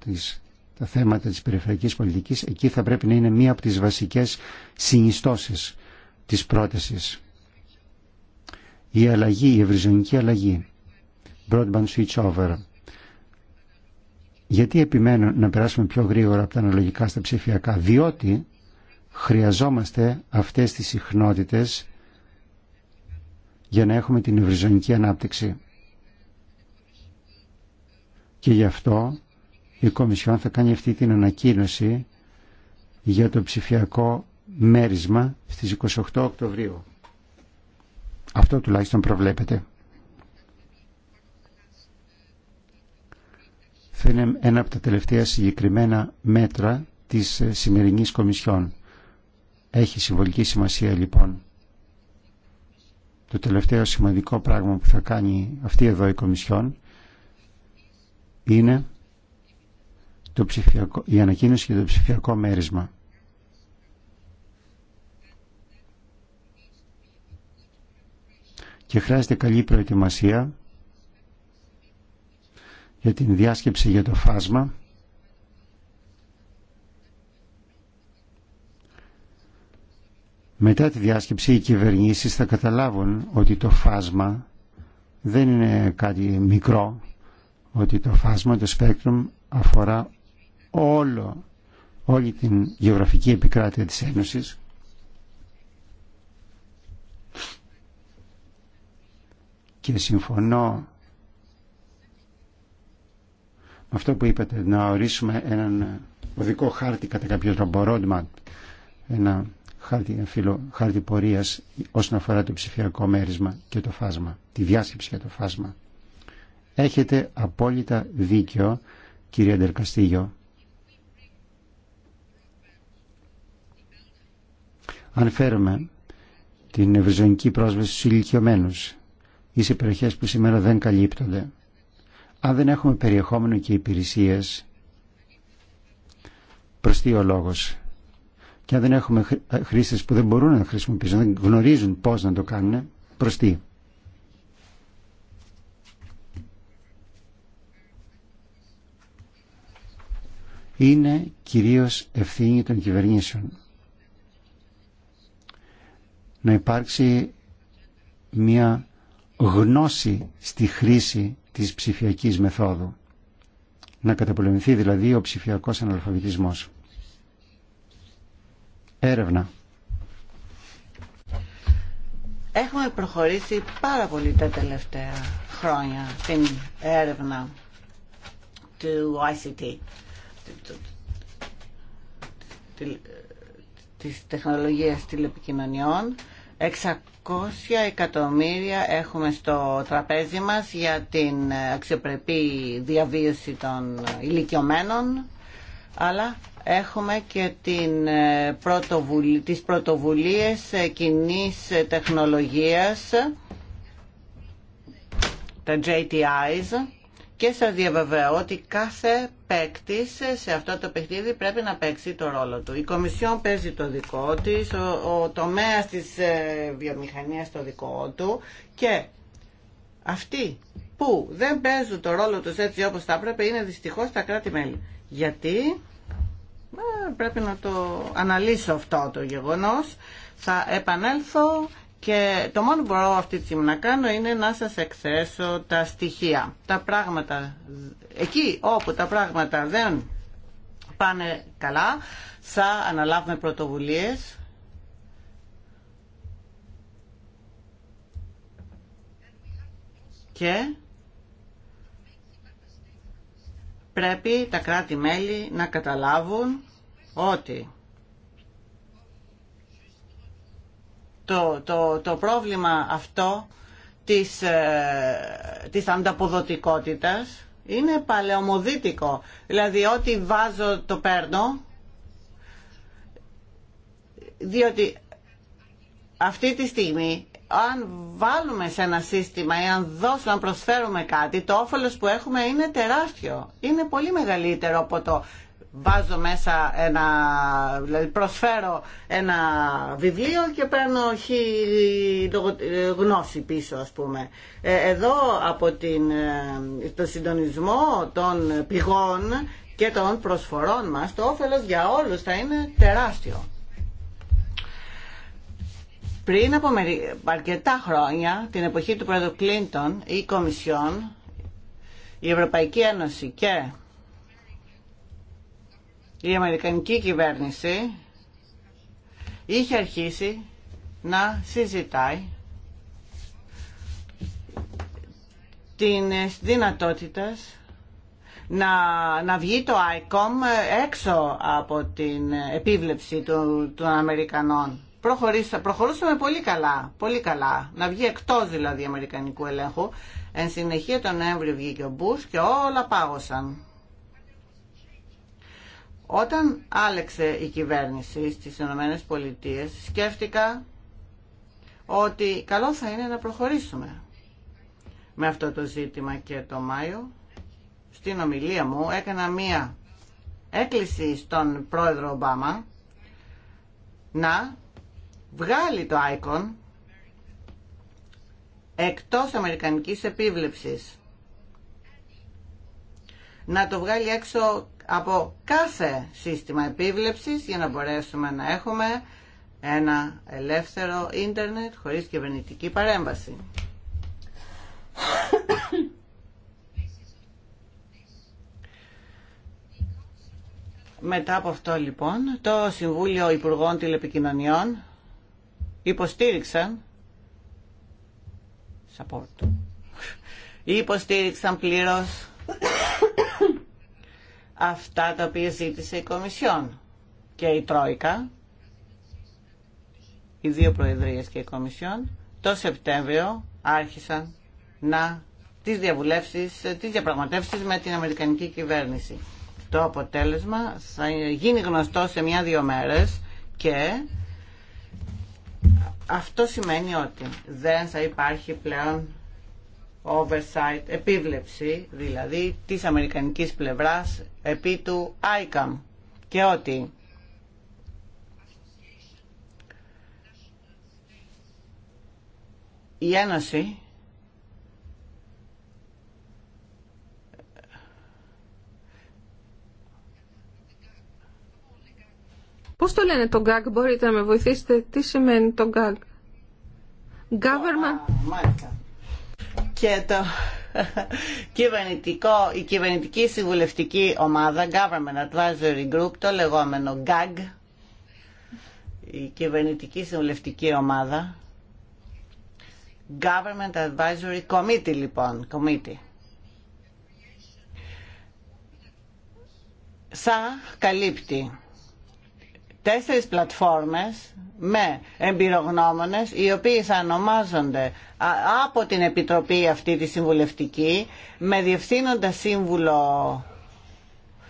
τα θέματα της περιφερειακής πολιτικής. Εκεί θα πρέπει να είναι μία από τις βασικές συνιστώσεις της πρότασης. Η αλλαγή, η ευρυζωνική αλλαγή. Broadband switch over. Γιατί επιμένω να περάσουμε πιο γρήγορα από τα αναλογικά στα ψηφιακά. Διότι χρειαζόμαστε αυτές τις συχνότητες για να έχουμε την ευρυζωνική ανάπτυξη και γι' αυτό η Κομισιόν θα κάνει αυτή την ανακοίνωση για το ψηφιακό μέρισμα στις 28 Οκτωβρίου. Αυτό τουλάχιστον προβλέπεται. Θα είναι ένα από τα τελευταία συγκεκριμένα μέτρα της σημερινής Κομισιόν. Έχει συμβολική σημασία λοιπόν. Το τελευταίο σημαντικό πράγμα που θα κάνει αυτή εδώ η Κομισιόν είναι το ψηφιακό, η ανακοίνωση για το ψηφιακό μέρισμα. Και χρειάζεται καλή προετοιμασία για την διάσκεψη για το φάσμα Μετά τη διάσκεψη οι κυβερνήσεις θα καταλάβουν ότι το φάσμα δεν είναι κάτι μικρό ότι το φάσμα, το σπέκτρουμ αφορά όλο, όλη την γεωγραφική επικράτεια της Ένωσης και συμφωνώ με αυτό που είπατε να ορίσουμε έναν οδικό χάρτη κατά κάποιο τρόπο ένα χάρτη, φύλλο, χάρτη πορείας όσον αφορά το ψηφιακό μέρισμα και το φάσμα τη διάσκεψη για το φάσμα Έχετε απόλυτα δίκιο, κύριε Ντερκαστήγιο. Αν φέρουμε την ευρυζωνική πρόσβαση στους ηλικιωμένους ή σε περιοχές που σήμερα δεν καλύπτονται, αν δεν έχουμε περιεχόμενο και υπηρεσίες, τι ο λόγος. Και αν δεν έχουμε χρήστες που δεν μπορούν να χρησιμοποιήσουν, δεν γνωρίζουν πώς να το κάνουν, τί; είναι κυρίως ευθύνη των κυβερνήσεων. Να υπάρξει μια γνώση στη χρήση της ψηφιακής μεθόδου. Να καταπολεμηθεί δηλαδή ο ψηφιακός αναλφαβητισμός. Έρευνα. Έχουμε προχωρήσει πάρα πολύ τα τελευταία χρόνια την έρευνα του ICT της τεχνολογίας τηλεπικοινωνιών. 600 εκατομμύρια έχουμε στο τραπέζι μας για την αξιοπρεπή διαβίωση των ηλικιωμένων, αλλά έχουμε και την ε, πρωτοβουλ... τις πρωτοβουλίες ε, κοινή ε, τεχνολογίας, τα JTIs, και σας διαβεβαιώ ότι κάθε παίκτη σε αυτό το παιχνίδι πρέπει να παίξει το ρόλο του. Η Κομισιόν παίζει το δικό της, ο, ο τομέας της ε, βιομηχανίας το δικό του και αυτοί που δεν παίζουν το ρόλο του έτσι όπω θα έπρεπε είναι δυστυχώς τα κράτη-μέλη. Γιατί ε, πρέπει να το αναλύσω αυτό το γεγονός. Θα επανέλθω και το μόνο που μπορώ αυτή τη στιγμή να κάνω είναι να σας εκθέσω τα στοιχεία. Τα πράγματα, εκεί όπου τα πράγματα δεν πάνε καλά, θα αναλάβουμε πρωτοβουλίες. Και πρέπει τα κράτη-μέλη να καταλάβουν ότι το, το, το πρόβλημα αυτό της, ε, της ανταποδοτικότητας είναι παλαιομοδίτικο. Δηλαδή ό,τι βάζω το παίρνω, διότι αυτή τη στιγμή αν βάλουμε σε ένα σύστημα ή αν δώσουμε, αν προσφέρουμε κάτι, το όφελος που έχουμε είναι τεράστιο. Είναι πολύ μεγαλύτερο από το βάζω μέσα ένα, δηλαδή προσφέρω ένα βιβλίο και παίρνω χι γνώση πίσω ας πούμε. Ε, εδώ από την, ε, το συντονισμό των πηγών και των προσφορών μας το όφελος για όλους θα είναι τεράστιο. Πριν από αρκετά χρόνια, την εποχή του πρόεδρου Κλίντον, η Κομισιόν, η Ευρωπαϊκή Ένωση και η Αμερικανική κυβέρνηση είχε αρχίσει να συζητάει την δυνατότητα να, να βγει το ICOM έξω από την επίβλεψη του, των Αμερικανών. προχωρούσαμε πολύ καλά, πολύ καλά, να βγει εκτός δηλαδή Αμερικανικού ελέγχου. Εν συνεχεία τον Νοέμβριο βγήκε ο Μπούς και όλα πάγωσαν. Όταν άλεξε η κυβέρνηση στις Ηνωμένες Πολιτείες, σκέφτηκα ότι καλό θα είναι να προχωρήσουμε με αυτό το ζήτημα και το Μάιο. Στην ομιλία μου έκανα μία έκκληση στον πρόεδρο Ομπάμα να βγάλει το ICON εκτός αμερικανικής επίβλεψης. Να το βγάλει έξω από κάθε σύστημα επίβλεψης για να μπορέσουμε να έχουμε ένα ελεύθερο ίντερνετ χωρίς κυβερνητική παρέμβαση. Μετά από αυτό λοιπόν, το Συμβούλιο Υπουργών Τηλεπικοινωνιών υποστήριξαν support. Υποστήριξαν πλήρως αυτά τα οποία ζήτησε η Κομισιόν και η Τρόικα, οι δύο Προεδρίες και η Κομισιόν, το Σεπτέμβριο άρχισαν να τις διαβουλεύσεις, τις διαπραγματεύσεις με την Αμερικανική κυβέρνηση. Το αποτέλεσμα θα γίνει γνωστό σε μια-δύο μέρες και αυτό σημαίνει ότι δεν θα υπάρχει πλέον oversight, επίβλεψη δηλαδή της αμερικανικής πλευράς επί του ICAM και ότι η Ένωση Πώς το λένε το GAG, μπορείτε να με βοηθήσετε, τι σημαίνει το GAG. Government και το κυβερνητικό, η κυβερνητική συμβουλευτική ομάδα Government Advisory Group, το λεγόμενο GAG, η κυβερνητική συμβουλευτική ομάδα Government Advisory Committee λοιπόν, Committee. Σα καλύπτει τέσσερις πλατφόρμες με εμπειρογνώμονες οι θα ονομάζονται από την Επιτροπή αυτή τη συμβουλευτική με διευθύνοντα σύμβουλο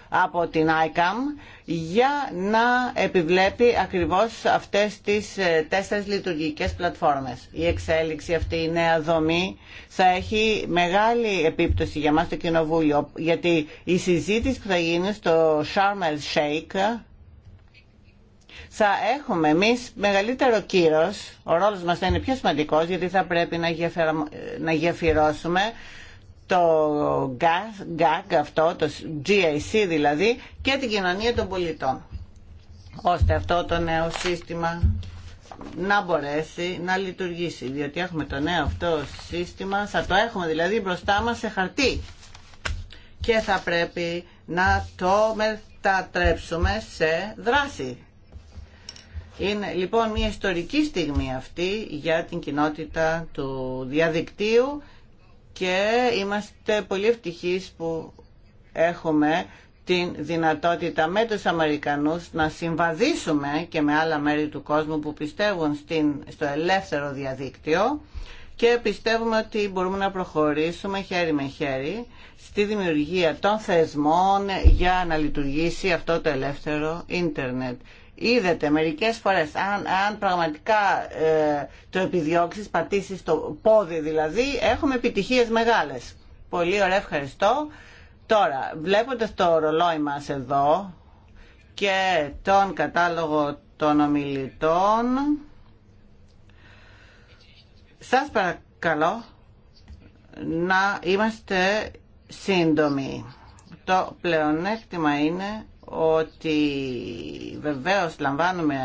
από την ICAM για να επιβλέπει ακριβώς αυτές τις ε, τέσσερις λειτουργικές πλατφόρμες. Η εξέλιξη αυτή, η νέα δομή θα έχει μεγάλη επίπτωση για μας το Κοινοβούλιο γιατί η συζήτηση που θα γίνει στο Sharm el θα έχουμε εμεί μεγαλύτερο κύρος, ο ρόλος μας θα είναι πιο σημαντικό γιατί θα πρέπει να, να γεφυρώσουμε το GAC αυτό, το GAC δηλαδή και την κοινωνία των πολιτών ώστε αυτό το νέο σύστημα να μπορέσει να λειτουργήσει διότι έχουμε το νέο αυτό σύστημα θα το έχουμε δηλαδή μπροστά μας σε χαρτί και θα πρέπει να το μετατρέψουμε σε δράση είναι λοιπόν μια ιστορική στιγμή αυτή για την κοινότητα του διαδικτύου και είμαστε πολύ ευτυχείς που έχουμε την δυνατότητα με τους Αμερικανούς να συμβαδίσουμε και με άλλα μέρη του κόσμου που πιστεύουν στην, στο ελεύθερο διαδίκτυο και πιστεύουμε ότι μπορούμε να προχωρήσουμε χέρι με χέρι στη δημιουργία των θεσμών για να λειτουργήσει αυτό το ελεύθερο ίντερνετ. Είδατε μερικές φορές αν, αν πραγματικά ε, το επιδιώξεις, πατήσεις το πόδι δηλαδή, έχουμε επιτυχίες μεγάλες. Πολύ ωραία, ευχαριστώ. Τώρα, βλέποντας το ρολόι μας εδώ και τον κατάλογο των ομιλητών, σας παρακαλώ να είμαστε σύντομοι. Το πλεονέκτημα είναι ότι βεβαίως λαμβάνουμε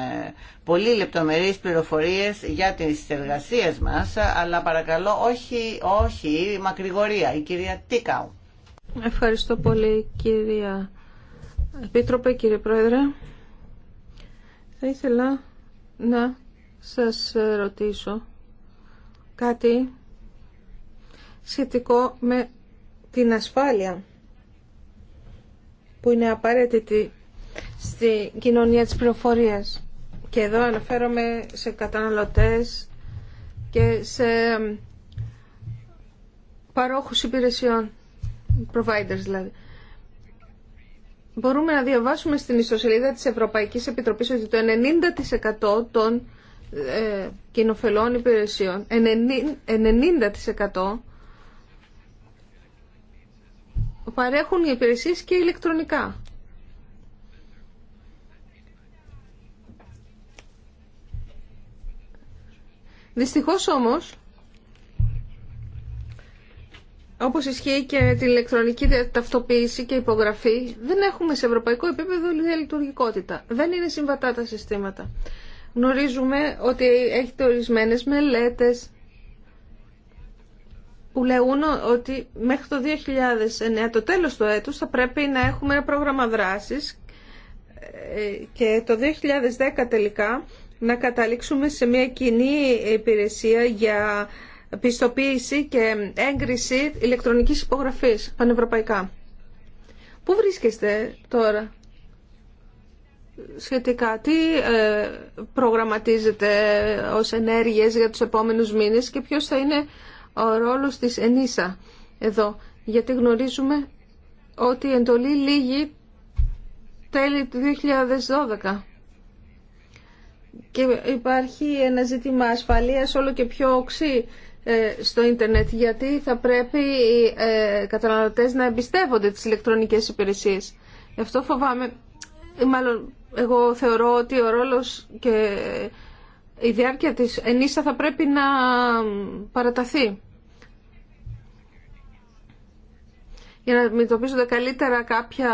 πολύ λεπτομερείς πληροφορίες για τις εργασίες μας, αλλά παρακαλώ όχι, όχι, μακρηγορία, η κυρία Τίκαου. Ευχαριστώ πολύ κυρία Επίτροπε, κύριε Πρόεδρε. Θα ήθελα να σας ρωτήσω κάτι σχετικό με την ασφάλεια που είναι απαραίτητη στη κοινωνία της πληροφορία. Και εδώ αναφέρομαι σε καταναλωτές και σε παρόχους υπηρεσιών, providers δηλαδή. Μπορούμε να διαβάσουμε στην ιστοσελίδα της Ευρωπαϊκής Επιτροπής ότι το 90% των ε, κοινοφελών υπηρεσιών, 90 παρέχουν οι υπηρεσίες και ηλεκτρονικά. Δυστυχώς όμως, όπως ισχύει και με την ηλεκτρονική ταυτοποίηση και υπογραφή, δεν έχουμε σε ευρωπαϊκό επίπεδο λειτουργικότητα. Δεν είναι συμβατά τα συστήματα. Γνωρίζουμε ότι έχετε ορισμένες μελέτες που λέγουν ότι μέχρι το 2009, το τέλος του έτους, θα πρέπει να έχουμε ένα πρόγραμμα δράσης ε, και το 2010 τελικά να καταλήξουμε σε μια κοινή υπηρεσία για πιστοποίηση και έγκριση ηλεκτρονικής υπογραφής πανευρωπαϊκά. Πού βρίσκεστε τώρα σχετικά, τι ε, προγραμματίζετε ως ενέργειες για τους επόμενους μήνες και ποιος θα είναι ο ρόλος της ΕΝΙΣΑ εδώ, γιατί γνωρίζουμε ότι η εντολή λύγει τέλη του 2012 και υπάρχει ένα ζήτημα ασφαλείας όλο και πιο οξύ ε, στο ίντερνετ γιατί θα πρέπει οι ε, καταναλωτές να εμπιστεύονται τις ηλεκτρονικές υπηρεσίες. Γι' αυτό φοβάμαι, μάλλον εγώ θεωρώ ότι ο ρόλος και η διάρκεια της ενίσα θα πρέπει να παραταθεί. για να αντιμετωπίζονται καλύτερα κάποια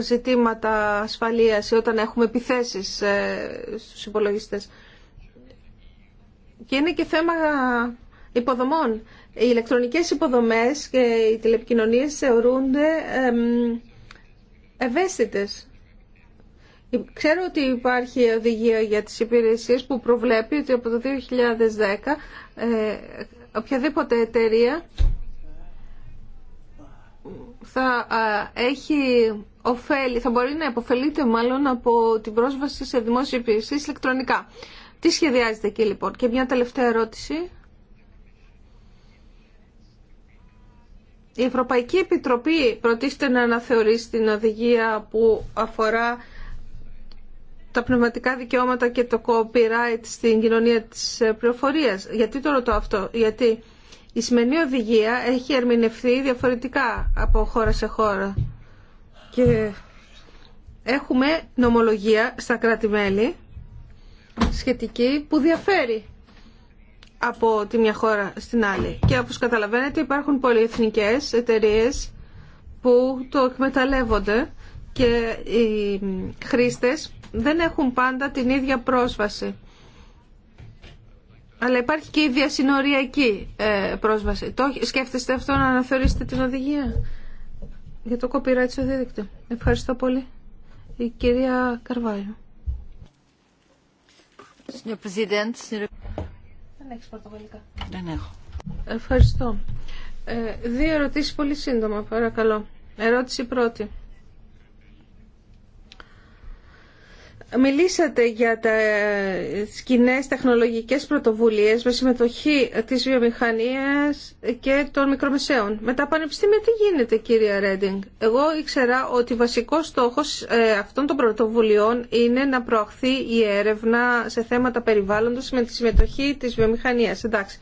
ζητήματα ασφαλείας ή όταν έχουμε επιθέσεις ε, στους υπολογιστές. Και είναι και θέμα υποδομών. Οι ηλεκτρονικές υποδομές και οι τηλεπικοινωνίες θεωρούνται ευαίσθητες. Ξέρω ότι υπάρχει οδηγία για τις υπηρεσίες που προβλέπει ότι από το 2010 ε, οποιαδήποτε εταιρεία θα έχει ωφέλη, θα μπορεί να υποφελείται μάλλον από την πρόσβαση σε δημόσια υπηρεσίες ηλεκτρονικά. Τι σχεδιάζεται εκεί λοιπόν. Και μια τελευταία ερώτηση. Η Ευρωπαϊκή Επιτροπή προτίθεται να αναθεωρήσει την οδηγία που αφορά τα πνευματικά δικαιώματα και το copyright στην κοινωνία της πληροφορία. Γιατί το ρωτώ αυτό. Γιατί η σημερινή οδηγία έχει ερμηνευθεί διαφορετικά από χώρα σε χώρα και έχουμε νομολογία στα κράτη-μέλη σχετική που διαφέρει από τη μια χώρα στην άλλη. Και όπως καταλαβαίνετε υπάρχουν πολυεθνικές εταιρείες που το εκμεταλλεύονται και οι χρήστες δεν έχουν πάντα την ίδια πρόσβαση. Αλλά υπάρχει και η διασυνοριακή ε, πρόσβαση. σκέφτεστε αυτό να αναθεωρήσετε την οδηγία για το copyright στο δίδυκτο. Ευχαριστώ πολύ. Η κυρία Καρβάλιο. Δεν έχω. Ευχαριστώ. Ε, δύο ερωτήσεις πολύ σύντομα, παρακαλώ. Ερώτηση πρώτη. Μιλήσατε για τα κοινέ τεχνολογικές πρωτοβουλίες με συμμετοχή της βιομηχανίας και των μικρομεσαίων. Με τα πανεπιστήμια τι γίνεται κύριε Ρέντινγκ. Εγώ ήξερα ότι βασικός στόχος ε, αυτών των πρωτοβουλειών είναι να προαχθεί η έρευνα σε θέματα περιβάλλοντος με τη συμμετοχή της βιομηχανίας. Εντάξει.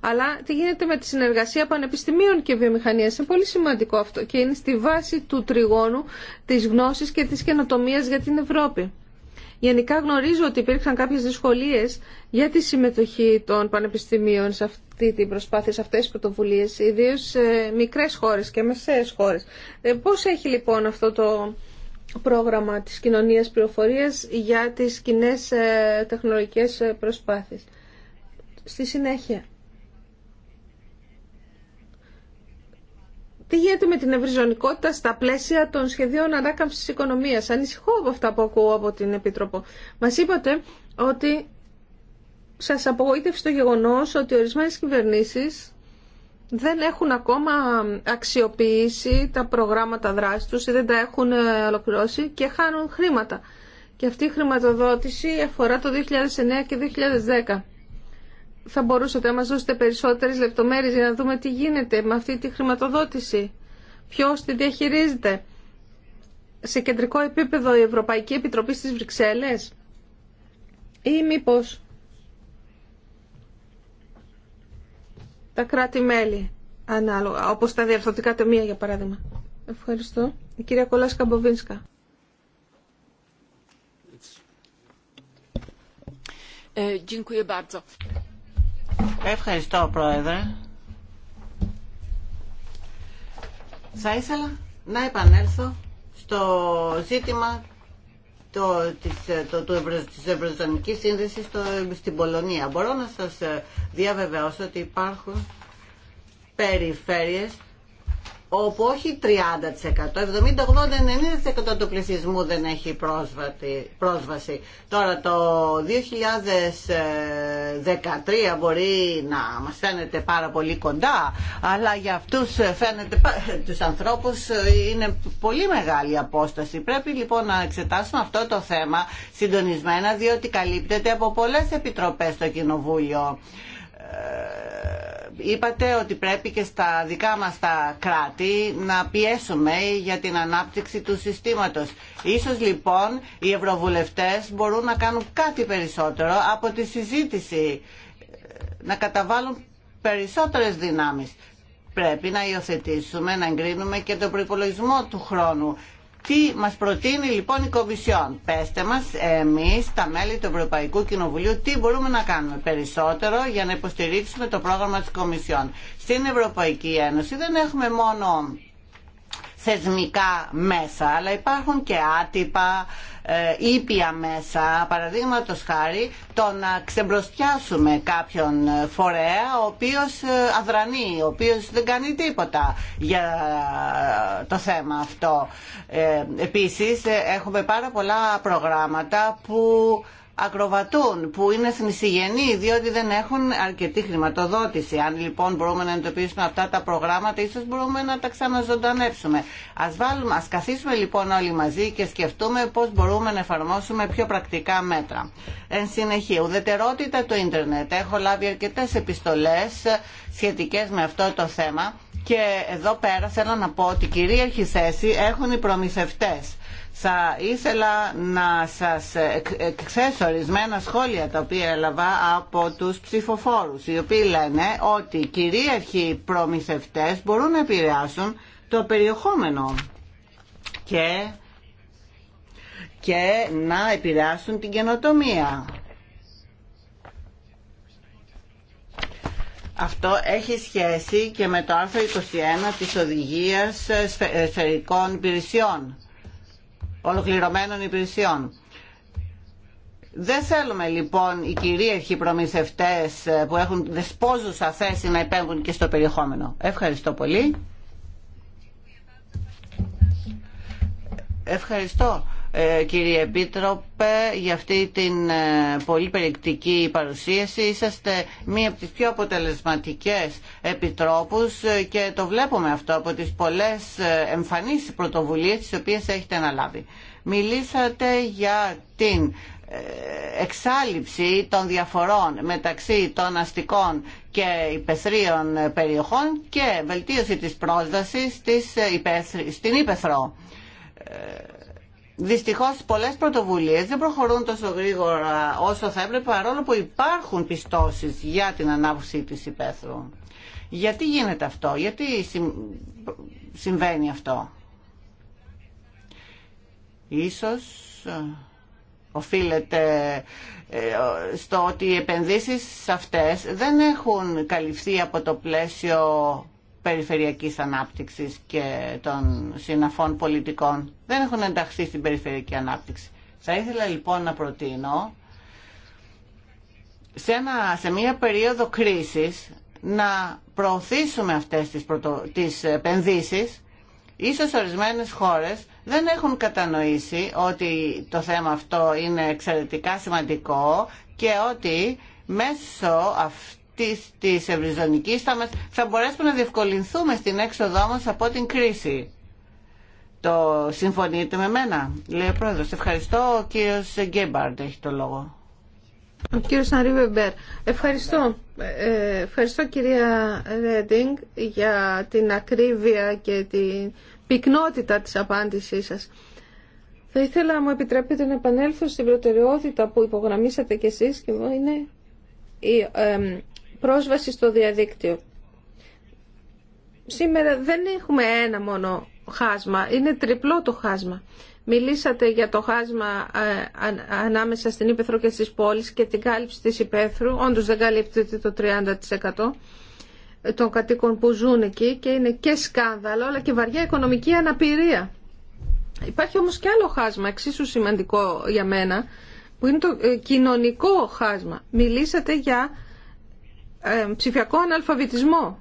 Αλλά τι γίνεται με τη συνεργασία πανεπιστημίων και βιομηχανίας. Είναι πολύ σημαντικό αυτό και είναι στη βάση του τριγώνου της γνώσης και της καινοτομίας για την Ευρώπη. Γενικά γνωρίζω ότι υπήρξαν κάποιες δυσκολίες για τη συμμετοχή των πανεπιστημίων σε αυτή την προσπάθεια, σε αυτές τις πρωτοβουλίες, ιδίως σε μικρές χώρες και μεσαίες χώρες. Ε, πώς έχει λοιπόν αυτό το πρόγραμμα της κοινωνίας πληροφορίας για τις κοινέ ε, τεχνολογικές ε, προσπάθειες. Στη συνέχεια, Τι γίνεται με την ευρυζωνικότητα στα πλαίσια των σχεδίων ανάκαμψη οικονομία. οικονομίας. Ανησυχώ από αυτά που ακούω από την Επίτροπο. Μας είπατε ότι σας απογοήτευσε το γεγονός ότι ορισμένες κυβερνήσει δεν έχουν ακόμα αξιοποιήσει τα προγράμματα δράση του ή δεν τα έχουν ε, ολοκληρώσει και χάνουν χρήματα. Και αυτή η χρηματοδότηση αφορά το 2009 και 2010 θα μπορούσατε να μας δώσετε περισσότερες λεπτομέρειες για να δούμε τι γίνεται με αυτή τη χρηματοδότηση. Ποιος τη διαχειρίζεται. Σε κεντρικό επίπεδο η Ευρωπαϊκή Επιτροπή στις Βρυξέλλες ή μήπως τα κράτη-μέλη ανάλογα, όπως τα διαρθωτικά ταμεία για παράδειγμα. Ευχαριστώ. Η κυρία Κολάς Καμποβίνσκα. Ε, Ευχαριστώ, Πρόεδρε. Θα ήθελα να επανέλθω στο ζήτημα το, της, το, του της Ευρωζωνικής Σύνδεσης στο, στην Πολωνία. Μπορώ να σας διαβεβαιώσω ότι υπάρχουν περιφέρειες όπου όχι 30%, 70-80-90% του πληθυσμού δεν έχει πρόσβαση. Τώρα το 2013 μπορεί να μας φαίνεται πάρα πολύ κοντά, αλλά για αυτούς φαίνεται, τους ανθρώπους είναι πολύ μεγάλη απόσταση. Πρέπει λοιπόν να εξετάσουμε αυτό το θέμα συντονισμένα, διότι καλύπτεται από πολλές επιτροπές στο Κοινοβούλιο. Ε, είπατε ότι πρέπει και στα δικά μας τα κράτη να πιέσουμε για την ανάπτυξη του συστήματος. Ίσως λοιπόν οι ευρωβουλευτές μπορούν να κάνουν κάτι περισσότερο από τη συζήτηση, να καταβάλουν περισσότερες δυνάμεις. Πρέπει να υιοθετήσουμε, να εγκρίνουμε και τον προπολογισμό του χρόνου τι μας προτείνει λοιπόν η Κομισιόν. Πέστε μας εμείς τα μέλη του Ευρωπαϊκού Κοινοβουλίου τι μπορούμε να κάνουμε περισσότερο για να υποστηρίξουμε το πρόγραμμα της Κομισιόν. Στην Ευρωπαϊκή Ένωση δεν έχουμε μόνο θεσμικά μέσα, αλλά υπάρχουν και άτυπα ε, ήπια μέσα, παραδείγματο χάρη, το να ξεμπροστιάσουμε κάποιον φορέα ο οποίος ε, αδρανεί, ο οποίος δεν κάνει τίποτα για το θέμα αυτό. Ε, επίσης, έχουμε πάρα πολλά προγράμματα που ακροβατούν, που είναι θνησιγενοί διότι δεν έχουν αρκετή χρηματοδότηση. Αν λοιπόν μπορούμε να εντοπίσουμε αυτά τα προγράμματα, ίσως μπορούμε να τα ξαναζωντανέψουμε. Ας, βάλουμε, ας καθίσουμε λοιπόν όλοι μαζί και σκεφτούμε πώς μπορούμε να εφαρμόσουμε πιο πρακτικά μέτρα. Εν συνεχεία, ουδετερότητα του ίντερνετ. Έχω λάβει αρκετές επιστολές σχετικές με αυτό το θέμα και εδώ πέρα θέλω να πω ότι κυρίαρχη θέση έχουν οι προμηθευτές θα ήθελα να σας εξέσω ορισμένα σχόλια τα οποία έλαβα από τους ψηφοφόρους οι οποίοι λένε ότι κυρίαρχοι προμηθευτές μπορούν να επηρεάσουν το περιεχόμενο και, και να επηρεάσουν την καινοτομία. Αυτό έχει σχέση και με το άρθρο 21 της Οδηγίας Σφαιρικών Υπηρεσιών ολοκληρωμένων υπηρεσιών. Δεν θέλουμε λοιπόν οι κυρίαρχοι προμηθευτές ε, που έχουν δεσπόζουσα θέση να επέμβουν και στο περιεχόμενο. Ευχαριστώ πολύ. Ευχαριστώ. Ε, κύριε Επίτροπε, για αυτή την ε, πολύ περιεκτική παρουσίαση. Είσαστε μία από τις πιο αποτελεσματικές επιτρόπους ε, και το βλέπουμε αυτό από τις πολλές εμφανίσεις πρωτοβουλίες τις οποίες έχετε αναλάβει. Μιλήσατε για την εξάλληψη των διαφορών μεταξύ των αστικών και υπεθρίων περιοχών και βελτίωση της πρόσβασης στην ύπεθρο. Δυστυχώ, πολλέ πρωτοβουλίε δεν προχωρούν τόσο γρήγορα όσο θα έπρεπε παρόλο που υπάρχουν πιστώσει για την ανάπτυξη τη υπαίθρου. Γιατί γίνεται αυτό, γιατί συμβαίνει αυτό. Ίσως ε, οφείλεται ε, στο ότι οι επενδύσεις αυτές δεν έχουν καλυφθεί από το πλαίσιο περιφερειακής ανάπτυξης και των συναφών πολιτικών. Δεν έχουν ενταχθεί στην περιφερειακή ανάπτυξη. Θα ήθελα λοιπόν να προτείνω σε, ένα, μια περίοδο κρίσης να προωθήσουμε αυτές τις, πρωτο, τις επενδύσεις. Ίσως ορισμένες χώρες δεν έχουν κατανοήσει ότι το θέμα αυτό είναι εξαιρετικά σημαντικό και ότι μέσω αυτού της, της ευρυζωνικής θα, μας, θα μπορέσουμε να διευκολυνθούμε στην έξοδό μας από την κρίση. Το συμφωνείτε με μένα, λέει ο πρόεδρος. Ευχαριστώ, ο κύριος Γκέμπαρντ έχει το λόγο. Ο κύριος Ανρί Ευχαριστώ. Ε, ευχαριστώ κυρία Ρέντινγκ για την ακρίβεια και την πυκνότητα της απάντησής σας. Θα ήθελα, μου επιτρέπετε, να επανέλθω στην προτεραιότητα που υπογραμμίσατε κι εσείς και είναι η πρόσβαση στο διαδίκτυο. Σήμερα δεν έχουμε ένα μόνο χάσμα, είναι τριπλό το χάσμα. Μιλήσατε για το χάσμα ε, ανάμεσα στην Ήπεθρο και στις πόλεις και την κάλυψη της Ήπεθρου. Όντως δεν καλύπτεται το 30% των κατοίκων που ζουν εκεί και είναι και σκάνδαλο αλλά και βαριά οικονομική αναπηρία. Υπάρχει όμως και άλλο χάσμα, εξίσου σημαντικό για μένα, που είναι το ε, κοινωνικό χάσμα. Μιλήσατε για ε, ψηφιακό αναλφαβητισμό.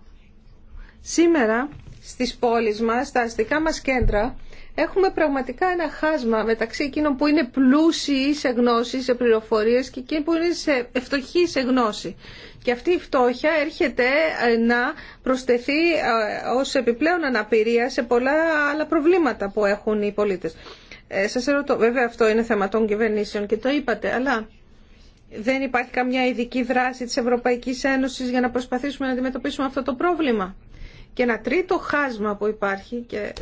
Σήμερα στις πόλεις μας, στα αστικά μας κέντρα, έχουμε πραγματικά ένα χάσμα μεταξύ εκείνων που είναι πλούσιοι σε γνώση, σε πληροφορίες και εκείνων που είναι σε φτωχοί σε γνώση. Και αυτή η φτώχεια έρχεται ε, να προσθεθεί ε, ως επιπλέον αναπηρία σε πολλά άλλα προβλήματα που έχουν οι πολίτες. Ε, σας βέβαια αυτό είναι θέμα των κυβερνήσεων και το είπατε, αλλά δεν υπάρχει καμιά ειδική δράση της Ευρωπαϊκής Ένωσης για να προσπαθήσουμε να αντιμετωπίσουμε αυτό το πρόβλημα. Και ένα τρίτο χάσμα που υπάρχει και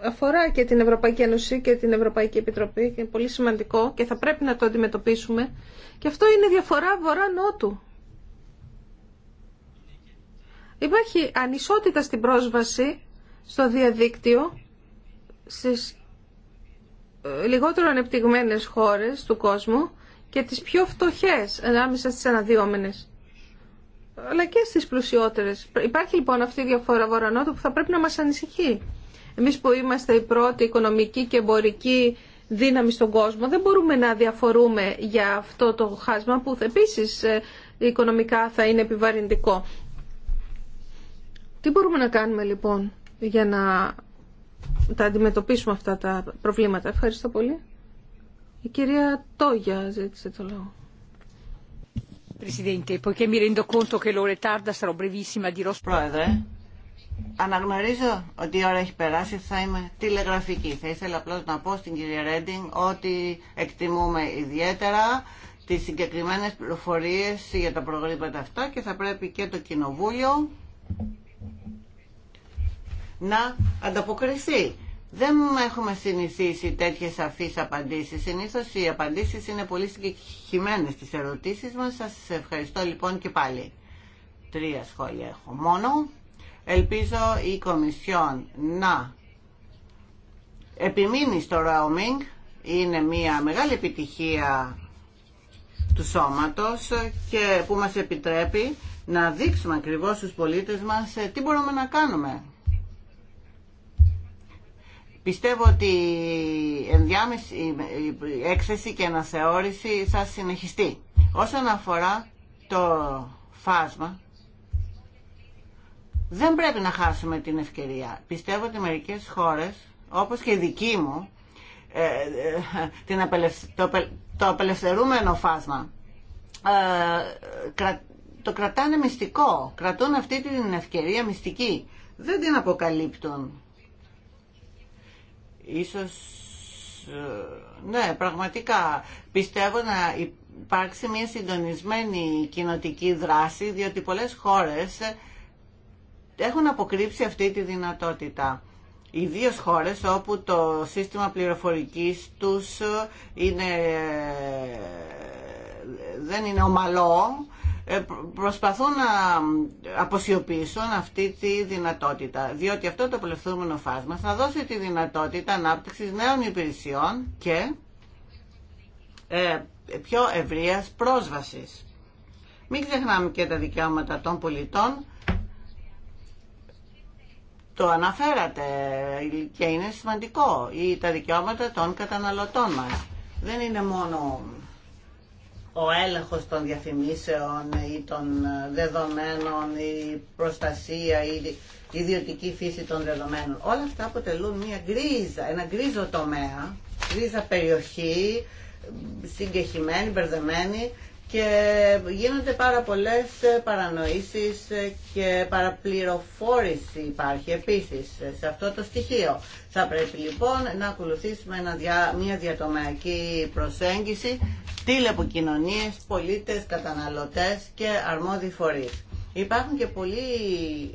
αφορά και την Ευρωπαϊκή Ένωση και την Ευρωπαϊκή Επιτροπή και είναι πολύ σημαντικό και θα πρέπει να το αντιμετωπίσουμε και αυτό είναι διαφορά βορρά-νότου. Υπάρχει ανισότητα στην πρόσβαση στο διαδίκτυο στις λιγότερο ανεπτυγμένες χώρες του κόσμου και τις πιο φτωχές ανάμεσα στις αναδυόμενες αλλά και στις πλουσιότερες. Υπάρχει λοιπόν αυτή η διαφορά βορανότου που θα πρέπει να μας ανησυχεί. Εμείς που είμαστε η πρώτη οικονομική και εμπορική δύναμη στον κόσμο δεν μπορούμε να διαφορούμε για αυτό το χάσμα που επίσης ε, οικονομικά θα είναι επιβαρυντικό. Τι μπορούμε να κάνουμε λοιπόν για να τα αντιμετωπίσουμε αυτά τα προβλήματα. Ευχαριστώ πολύ. Η κυρία Τόγια ζήτησε το λόγο. Πρόεδρε, αναγνωρίζω ότι η ώρα έχει περάσει, θα είμαι τηλεγραφική. Θα ήθελα απλώς να πω στην κυρία Ρέντινγκ ότι εκτιμούμε ιδιαίτερα τις συγκεκριμένες πληροφορίες για τα προβλήματα αυτά και θα πρέπει και το Κοινοβούλιο να ανταποκριθεί. Δεν έχουμε συνηθίσει τέτοιε σαφεί απαντήσεις. Συνήθω οι απαντήσεις είναι πολύ συγκεκριμένε στις ερωτήσεις μας. Σας ευχαριστώ λοιπόν και πάλι. Τρία σχόλια έχω μόνο. Ελπίζω η Κομισιόν να επιμείνει στο roaming. Είναι μια μεγάλη επιτυχία του σώματος και που μας επιτρέπει να δείξουμε ακριβώς στους πολίτες μας ε, τι μπορούμε να κάνουμε Πιστεύω ότι η ενδιάμεση έκθεση και αναθεώρηση θα συνεχιστεί. Όσον αφορά το φάσμα, δεν πρέπει να χάσουμε την ευκαιρία. Πιστεύω ότι μερικές χώρες, όπως και η δική μου, ε, ε, το απελευθερούμενο φάσμα ε, το κρατάνε μυστικό. Κρατούν αυτή την ευκαιρία μυστική. Δεν την αποκαλύπτουν Ίσως, ε, ναι, πραγματικά πιστεύω να υπάρξει μια συντονισμένη κοινοτική δράση, διότι πολλές χώρες έχουν αποκρύψει αυτή τη δυνατότητα. Ιδίω χώρες όπου το σύστημα πληροφορικής τους είναι, ε, δεν είναι ομαλό ε, προσπαθούν να αποσιωπήσουν αυτή τη δυνατότητα, διότι αυτό το απελευθερωμένο φάσμα θα δώσει τη δυνατότητα ανάπτυξης νέων υπηρεσιών και ε, πιο ευρείας πρόσβασης. Μην ξεχνάμε και τα δικαιώματα των πολιτών. Το αναφέρατε και είναι σημαντικό. Ή τα δικαιώματα των καταναλωτών μας. Δεν είναι μόνο ο έλεγχος των διαφημίσεων ή των δεδομένων, η προστασία, η ιδιωτική φύση των δεδομένων. Όλα αυτά αποτελούν μια γκρίζα, ένα γκρίζο τομέα, γκρίζα περιοχή, συγκεχημένη, μπερδεμένη και γίνονται πάρα πολλές παρανοήσεις και παραπληροφόρηση υπάρχει επίσης σε αυτό το στοιχείο. Θα πρέπει λοιπόν να ακολουθήσουμε μια διατομεακή προσέγγιση, τηλεποκοινωνίες, πολίτες, καταναλωτές και αρμόδιοι φορείς. Υπάρχουν και πολλοί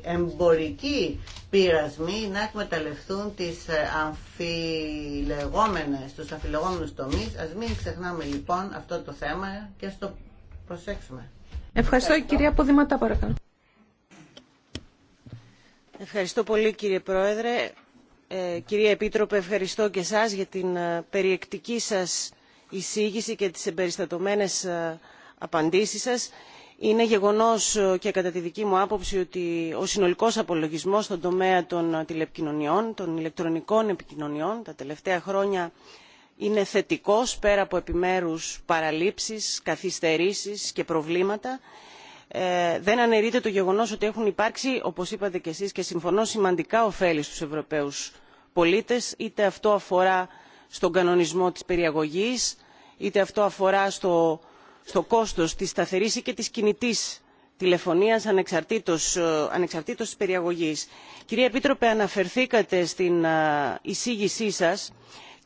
εμπορικοί πειρασμοί να εκμεταλλευτούν τις αμφιλεγόμενες, τους αμφιλεγόμενους τομείς. Ας μην ξεχνάμε λοιπόν αυτό το θέμα και στο Ευχαριστώ. κυρία Ποδηματά, παρακαλώ. Ευχαριστώ πολύ κύριε Πρόεδρε. Ε, κυρία Επίτροπε, ευχαριστώ και εσάς για την ε, περιεκτική σας εισήγηση και τις εμπεριστατωμένες ε, απαντήσεις σας. Είναι γεγονός και κατά τη δική μου άποψη ότι ο συνολικός απολογισμός στον τομέα των τηλεπικοινωνιών, των ηλεκτρονικών επικοινωνιών τα τελευταία χρόνια είναι θετικός πέρα από επιμέρους παραλήψεις καθυστερήσεις και προβλήματα. Ε, δεν αναιρείται το γεγονός ότι έχουν υπάρξει όπως είπατε και εσείς και συμφωνώ σημαντικά ωφέλη στους ευρωπαίους πολίτες είτε αυτό αφορά στον κανονισμό της περιαγωγής είτε αυτό αφορά στο, στο κόστος της σταθερής ή και της κινητής τηλεφωνίας ανεξαρτήτως, ε, ανεξαρτήτως της περιαγωγής. Κυρία Επίτροπε, αναφερθήκατε στην ε, εισήγησή σας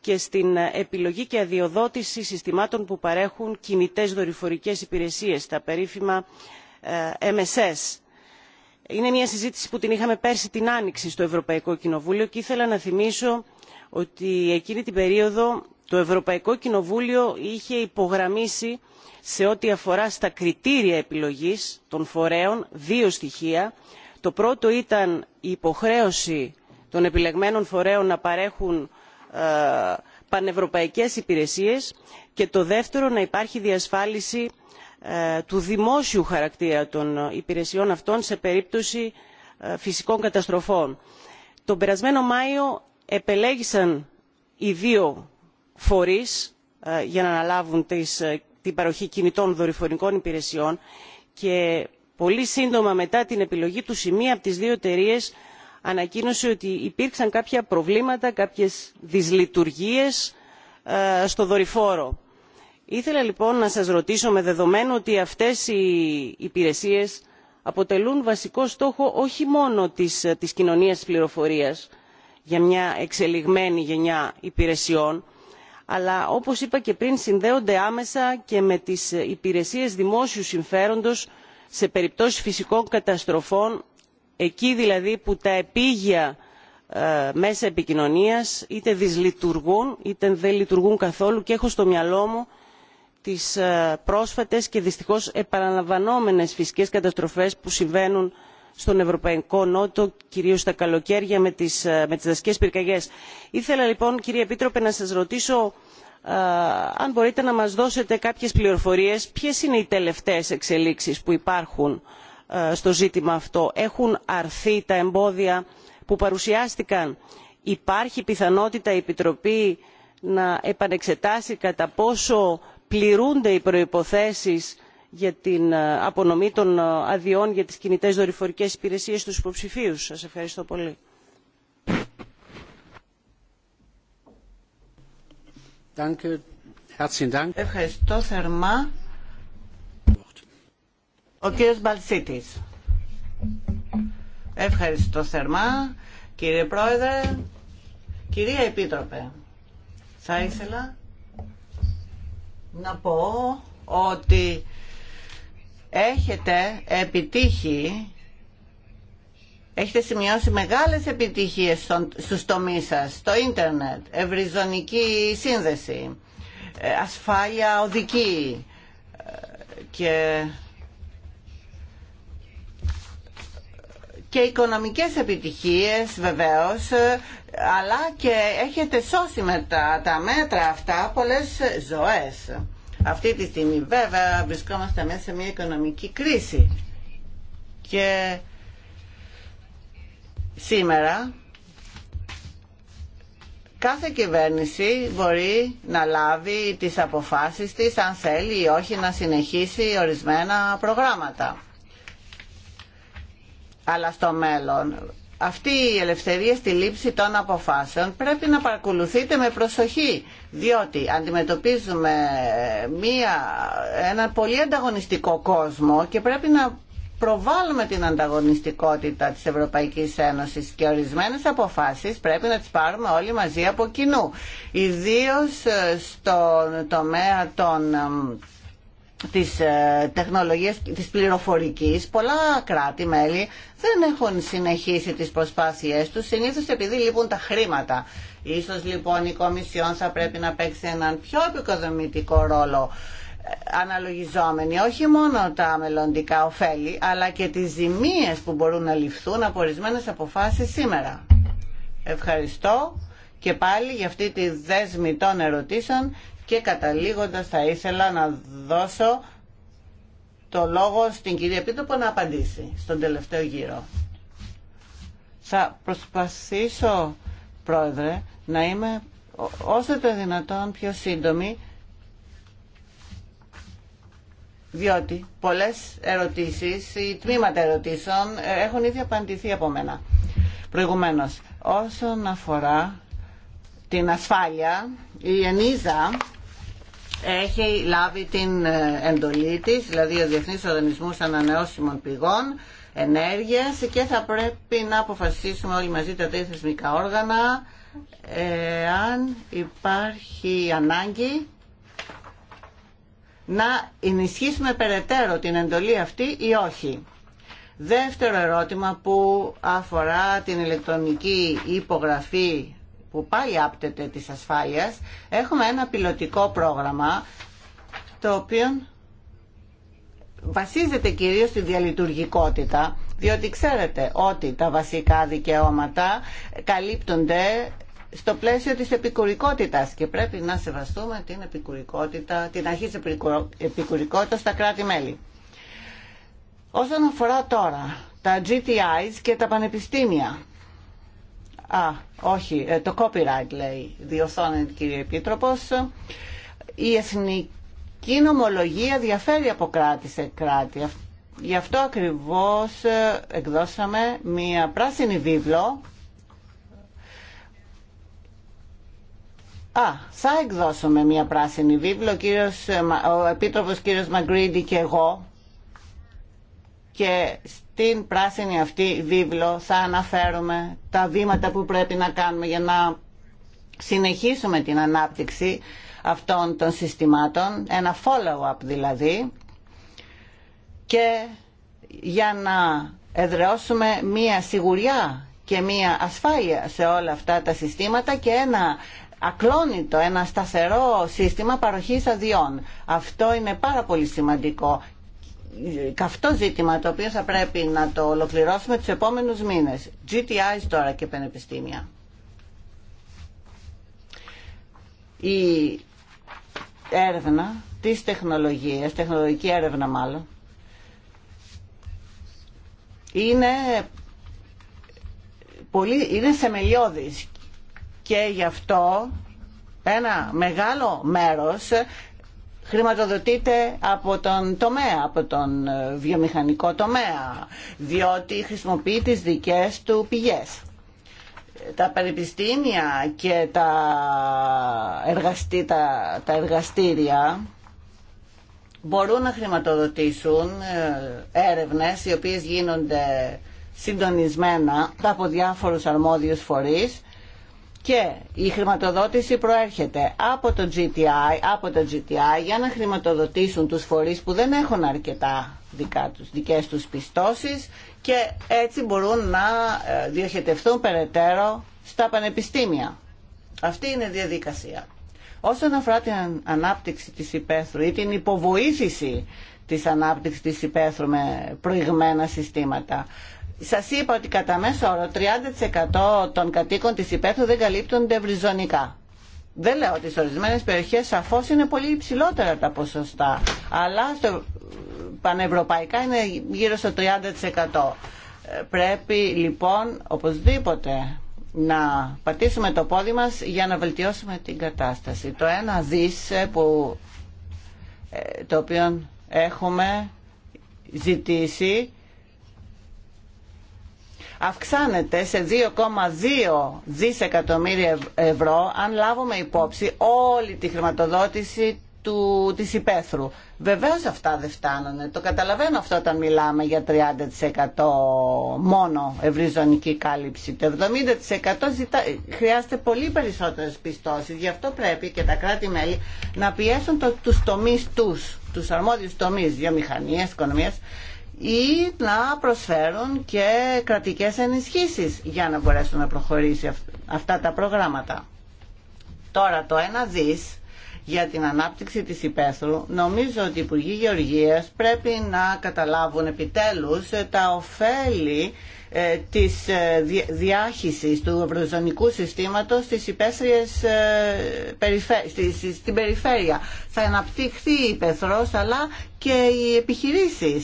και στην επιλογή και αδειοδότηση συστημάτων που παρέχουν κινητές δορυφορικές υπηρεσίες τα περίφημα ε, mss. είναι μια συζήτηση που την είχαμε πέρσι την άνοιξη στο ευρωπαϊκό κοινοβούλιο και ήθελα να θυμίσω ότι εκείνη την περίοδο το ευρωπαϊκό κοινοβούλιο είχε υπογραμμίσει σε ό,τι αφορά στα κριτήρια επιλογής των φορέων δύο στοιχεία. το πρώτο ήταν η υποχρέωση των επιλεγμένων φορέων να παρέχουν ε, πανευρωπαϊκές υπηρεσίες και το δεύτερο να υπάρχει διασφάλιση ε, του δημόσιου χαρακτήρα των υπηρεσιών αυτών σε περίπτωση ε, φυσικών καταστροφών. τον περασμένο μάιο επελέγησαν οι δύο φορείς για να αναλάβουν την παροχή κινητών δορυφορικών υπηρεσιών και πολύ σύντομα μετά την επιλογή του η μία από τις δύο εταιρείες ανακοίνωσε ότι υπήρξαν κάποια προβλήματα κάποιες δυσλειτουργίες ε, στο δορυφόρο. ήθελα λοιπόν να σας ρωτήσω με δεδομένο ότι αυτές οι υπηρεσίες αποτελούν βασικό στόχο όχι μόνο της, ε, της κοινωνίας της πληροφορίας για μια εξελιγμένη γενιά υπηρεσιών αλλά όπως είπα και πριν συνδέονται άμεσα και με τις ε, υπηρεσίες δημόσιου συμφέροντος σε περιπτώσεις φυσικών καταστροφών εκεί δηλαδή που τα επίγεια ε, μέσα επικοινωνίας είτε δυσλειτουργούν είτε δεν λειτουργούν καθόλου και έχω στο μυαλό μου τις ε, πρόσφατες και δυστυχώς επαναλαμβανόμενες φυσικές καταστροφές που συμβαίνουν στον ευρωπαϊκό νότο κυρίως τα καλοκαίρια με τις, ε, με τις δασικές πυρκαγιές. ήθελα λοιπόν κύριε επίτροπε να σας ρωτήσω αν μπορείτε να μας δώσετε κάποιες πληροφορίες ποιες είναι οι τελευταίες εξελίξεις που υπάρχουν ε, στο ζήτημα αυτό. Έχουν αρθεί τα εμπόδια που παρουσιάστηκαν. Υπάρχει πιθανότητα η Επιτροπή να επανεξετάσει κατά πόσο πληρούνται οι προϋποθέσεις για την ε, απονομή των ε, αδειών για τις κινητές δορυφορικές υπηρεσίες στους υποψηφίους. Σας ευχαριστώ πολύ. Ευχαριστώ θερμά. Ο κύριος Μπαλσίτης. Ευχαριστώ θερμά. Κύριε Πρόεδρε, κυρία Επίτροπε, θα ήθελα να πω ότι έχετε επιτύχει Έχετε σημειώσει μεγάλες επιτυχίες στους τομείς σας, το ίντερνετ, ευρυζωνική σύνδεση, ε, ασφάλεια οδική ε, και και οικονομικές επιτυχίες βεβαίως ε, αλλά και έχετε σώσει με τα, μέτρα αυτά πολλές ζωές. Αυτή τη στιγμή βέβαια βρισκόμαστε μέσα σε μια οικονομική κρίση και σήμερα κάθε κυβέρνηση μπορεί να λάβει τις αποφάσεις της αν θέλει ή όχι να συνεχίσει ορισμένα προγράμματα αλλά στο μέλλον αυτή η ελευθερία στη λήψη των αποφάσεων πρέπει να παρακολουθείτε με προσοχή διότι αντιμετωπίζουμε ε, μία, έναν πολύ ανταγωνιστικό κόσμο και πρέπει να προβάλλουμε την ανταγωνιστικότητα της Ευρωπαϊκής Ένωσης και ορισμένες αποφάσεις πρέπει να τις πάρουμε όλοι μαζί από κοινού. Ιδίως ε, στον τομέα των ε, της ε, τεχνολογίας της πληροφορικής πολλά κράτη-μέλη δεν έχουν συνεχίσει τις προσπάθειές τους συνήθως επειδή λείπουν τα χρήματα. Ίσως λοιπόν η Κομισιόν θα πρέπει να παίξει έναν πιο επικοδομητικό ρόλο ε, αναλογιζόμενοι όχι μόνο τα μελλοντικά ωφέλη αλλά και τις ζημίες που μπορούν να ληφθούν από ορισμένε αποφάσεις σήμερα. Ευχαριστώ και πάλι για αυτή τη δέσμη των ερωτήσεων και καταλήγοντας θα ήθελα να δώσω το λόγο στην κυρία Πίτωπο να απαντήσει στον τελευταίο γύρο. Θα προσπαθήσω, Πρόεδρε, να είμαι όσο το δυνατόν πιο σύντομη, διότι πολλές ερωτήσεις ή τμήματα ερωτήσεων ε, έχουν ήδη απαντηθεί από μένα προηγουμένως. Όσον αφορά την ασφάλεια, η ΕΝΙΖΑ έχει λάβει την ε, εντολή της, δηλαδή ο Διεθνής Οργανισμός Ανανεώσιμων Πηγών Ενέργειας και θα πρέπει να αποφασίσουμε όλοι μαζί τα τρία θεσμικά όργανα αν υπάρχει ανάγκη να ενισχύσουμε περαιτέρω την εντολή αυτή ή όχι. Δεύτερο ερώτημα που αφορά την ηλεκτρονική υπογραφή που πάει άπτεται της ασφάλειας, έχουμε ένα πιλωτικό πρόγραμμα το οποίο βασίζεται κυρίως στη διαλειτουργικότητα, διότι ξέρετε ότι τα βασικά δικαιώματα καλύπτονται στο πλαίσιο της επικουρικότητας και πρέπει να σεβαστούμε την, επικουρικότητα, την αρχή της επικουρικότητας στα κράτη-μέλη. Όσον αφορά τώρα τα GTIs και τα πανεπιστήμια, Α, όχι, ε, το copyright λέει, διορθώνεται κύριε Επίτροπο. Η εθνική νομολογία διαφέρει από κράτη σε κράτη. Γι' αυτό ακριβώς ε, εκδώσαμε μία πράσινη βίβλο. Α, θα εκδώσουμε μία πράσινη βίβλο, ο, κύριος, ε, ο Επίτροπος κύριος Μαγκρίντι και εγώ, και στην πράσινη αυτή βίβλο θα αναφέρουμε τα βήματα που πρέπει να κάνουμε για να συνεχίσουμε την ανάπτυξη αυτών των συστημάτων, ένα follow-up δηλαδή, και για να εδραιώσουμε μία σιγουριά και μία ασφάλεια σε όλα αυτά τα συστήματα και ένα ακλόνητο, ένα σταθερό σύστημα παροχής αδειών. Αυτό είναι πάρα πολύ σημαντικό καυτό ζήτημα το οποίο θα πρέπει να το ολοκληρώσουμε τους επόμενους μήνες. GTIs τώρα και πανεπιστήμια. Η έρευνα της τεχνολογίας, τεχνολογική έρευνα μάλλον, είναι, πολύ, είναι θεμελιώδης και γι' αυτό ένα μεγάλο μέρος χρηματοδοτείται από τον τομέα, από τον ε, βιομηχανικό τομέα, διότι χρησιμοποιεί τις δικές του πηγές. Τα πανεπιστήμια και τα, εργαστήρια μπορούν να χρηματοδοτήσουν ε, έρευνες οι οποίες γίνονται συντονισμένα από διάφορους αρμόδιους φορείς και η χρηματοδότηση προέρχεται από το GTI, από το GTI για να χρηματοδοτήσουν τους φορείς που δεν έχουν αρκετά δικά τους, δικές τους πιστώσεις και έτσι μπορούν να ε, διοχετευτούν περαιτέρω στα πανεπιστήμια. Αυτή είναι η διαδικασία. Όσον αφορά την ανάπτυξη της υπαίθρου ή την υποβοήθηση της ανάπτυξης της υπαίθρου με προηγμένα συστήματα. Σας είπα ότι κατά μέσο όρο 30% των κατοίκων της υπέθου δεν καλύπτονται ευρυζωνικά. Δεν λέω ότι σε ορισμένε περιοχέ σαφώ είναι πολύ υψηλότερα τα ποσοστά, αλλά στο πανευρωπαϊκά είναι γύρω στο 30%. Πρέπει λοιπόν οπωσδήποτε να πατήσουμε το πόδι μας για να βελτιώσουμε την κατάσταση. Το ένα δις ε, που, ε, το οποίο έχουμε ζητήσει αυξάνεται σε 2,2 δισεκατομμύρια ευρώ αν λάβουμε υπόψη όλη τη χρηματοδότηση του, της υπαίθρου. Βεβαίως αυτά δεν φτάνουν. Το καταλαβαίνω αυτό όταν μιλάμε για 30% μόνο ευρυζωνική κάλυψη. Το 70% χρειάζεται πολύ περισσότερες πιστώσεις. Γι' αυτό πρέπει και τα κράτη-μέλη να πιέσουν το, τους τομείς τους, τους αρμόδιους τομείς, βιομηχανίας, οικονομίες, ή να προσφέρουν και κρατικές ενισχύσεις για να μπορέσουν να προχωρήσει αυτά τα προγράμματα. Τώρα το ένα δις για την ανάπτυξη της υπαίθρου, νομίζω ότι οι Υπουργοί Γεωργίας πρέπει να καταλάβουν επιτέλους τα ωφέλη ε, της ε, διάχυσης του ευρωζωνικού συστήματος στις υπαίθριες, ε, στην περιφέρεια. Θα αναπτυχθεί η πεθρός αλλά και οι επιχειρήσεις,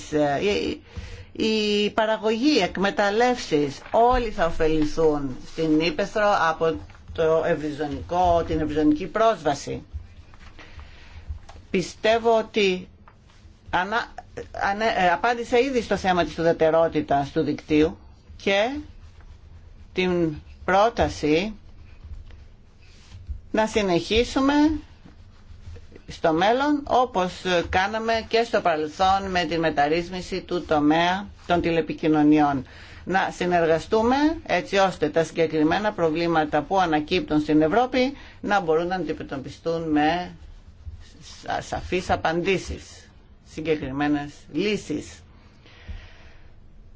η παραγωγή, εκμεταλλεύσεις, όλοι θα ωφεληθούν στην ύπεθρο από το ευρυζωνικό, την ευρυζωνική πρόσβαση. Πιστεύω ότι ανα, απάντησα ήδη στο θέμα της ουδετερότητας του δικτύου και την πρόταση να συνεχίσουμε στο μέλλον όπως κάναμε και στο παρελθόν με τη μεταρρύθμιση του τομέα των τηλεπικοινωνιών. Να συνεργαστούμε έτσι ώστε τα συγκεκριμένα προβλήματα που ανακύπτουν στην Ευρώπη να μπορούν να αντιμετωπιστούν με σαφείς απαντήσεις, συγκεκριμένες λύσεις.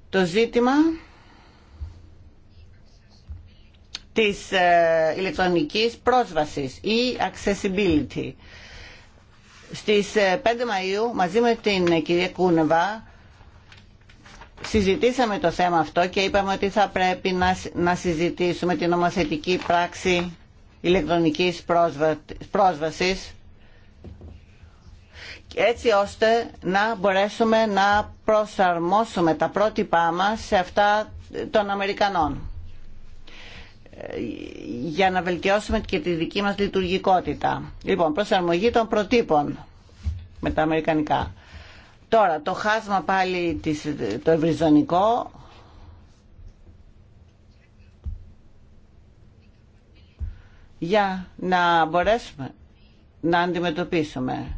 Το ζήτημα της ε, ηλεκτρονικής πρόσβασης ή accessibility. Στις 5 ε, Μαΐου μαζί με την ε, κυρία Κούνεβα συζητήσαμε το θέμα αυτό και είπαμε ότι θα πρέπει να, συζητήσουμε την νομοθετική πράξη ηλεκτρονικής πρόσβασης έτσι ώστε να μπορέσουμε να προσαρμόσουμε τα πρότυπά μας σε αυτά των Αμερικανών για να βελτιώσουμε και τη δική μας λειτουργικότητα. Λοιπόν, προσαρμογή των προτύπων με τα αμερικανικά. Τώρα, το χάσμα πάλι το ευρυζωνικό για να μπορέσουμε να αντιμετωπίσουμε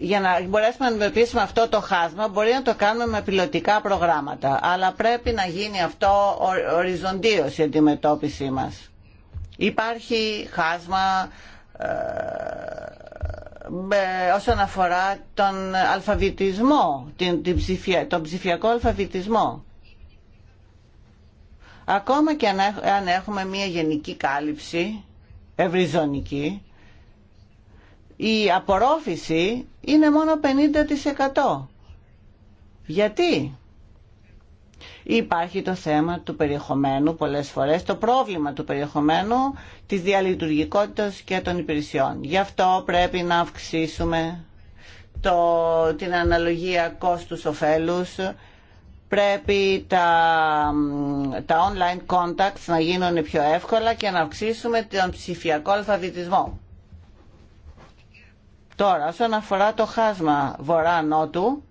για να μπορέσουμε να αντιμετωπίσουμε αυτό το χάσμα μπορεί να το κάνουμε με πιλωτικά προγράμματα αλλά πρέπει να γίνει αυτό οριζοντίως η αντιμετώπιση μας υπάρχει χάσμα ε, όσον αφορά τον αλφαβητισμό την, τον ψηφιακό αλφαβητισμό ακόμα και αν έχουμε μια γενική κάλυψη ευρυζωνική η απορρόφηση είναι μόνο 50%. Γιατί? Υπάρχει το θέμα του περιεχομένου πολλές φορές, το πρόβλημα του περιεχομένου, της διαλειτουργικότητας και των υπηρεσιών. Γι' αυτό πρέπει να αυξήσουμε το, την αναλογία κόστους-οφέλους, πρέπει τα, τα online contacts να γίνουν πιο εύκολα και να αυξήσουμε τον ψηφιακό αλφαβητισμό. Τώρα, όσον αφορά το χάσμα βορρά-νότου,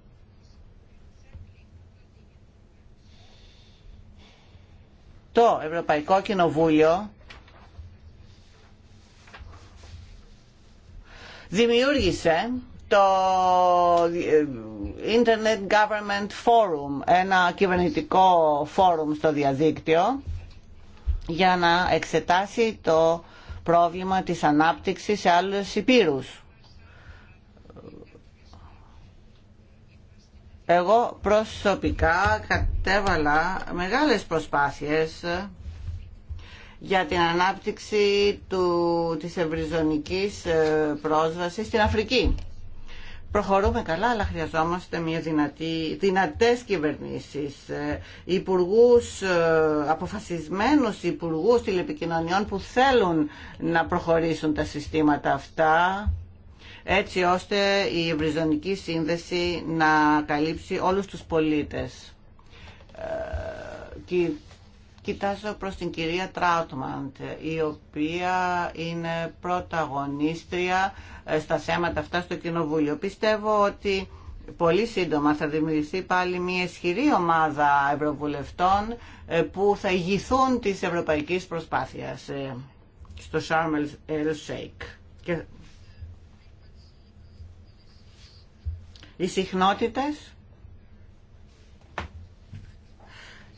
το Ευρωπαϊκό Κοινοβούλιο δημιούργησε το ε, Internet Government Forum, ένα κυβερνητικό φόρουμ στο διαδίκτυο για να εξετάσει το πρόβλημα της ανάπτυξης σε άλλους υπήρους. Εγώ προσωπικά κατέβαλα μεγάλες προσπάθειες για την ανάπτυξη του, της ευρυζωνικής ε, πρόσβασης στην Αφρική. Προχωρούμε καλά, αλλά χρειαζόμαστε μια δυνατή, δυνατές κυβερνήσεις, ε, υπουργούς, ε, αποφασισμένους υπουργούς τηλεπικοινωνιών που θέλουν να προχωρήσουν τα συστήματα αυτά έτσι ώστε η Ευρυζωνική Σύνδεση να καλύψει όλους τους πολίτες. Ε, Και κοιτάζω προς την κυρία Τράουτμαντ, η οποία είναι πρωταγωνίστρια ε, στα θέματα αυτά στο Κοινοβούλιο. Πιστεύω ότι πολύ σύντομα θα δημιουργηθεί πάλι μια ισχυρή ομάδα ευρωβουλευτών ε, που θα ηγηθούν της ευρωπαϊκής προσπάθειας στο Σάρμελ el οι συχνότητες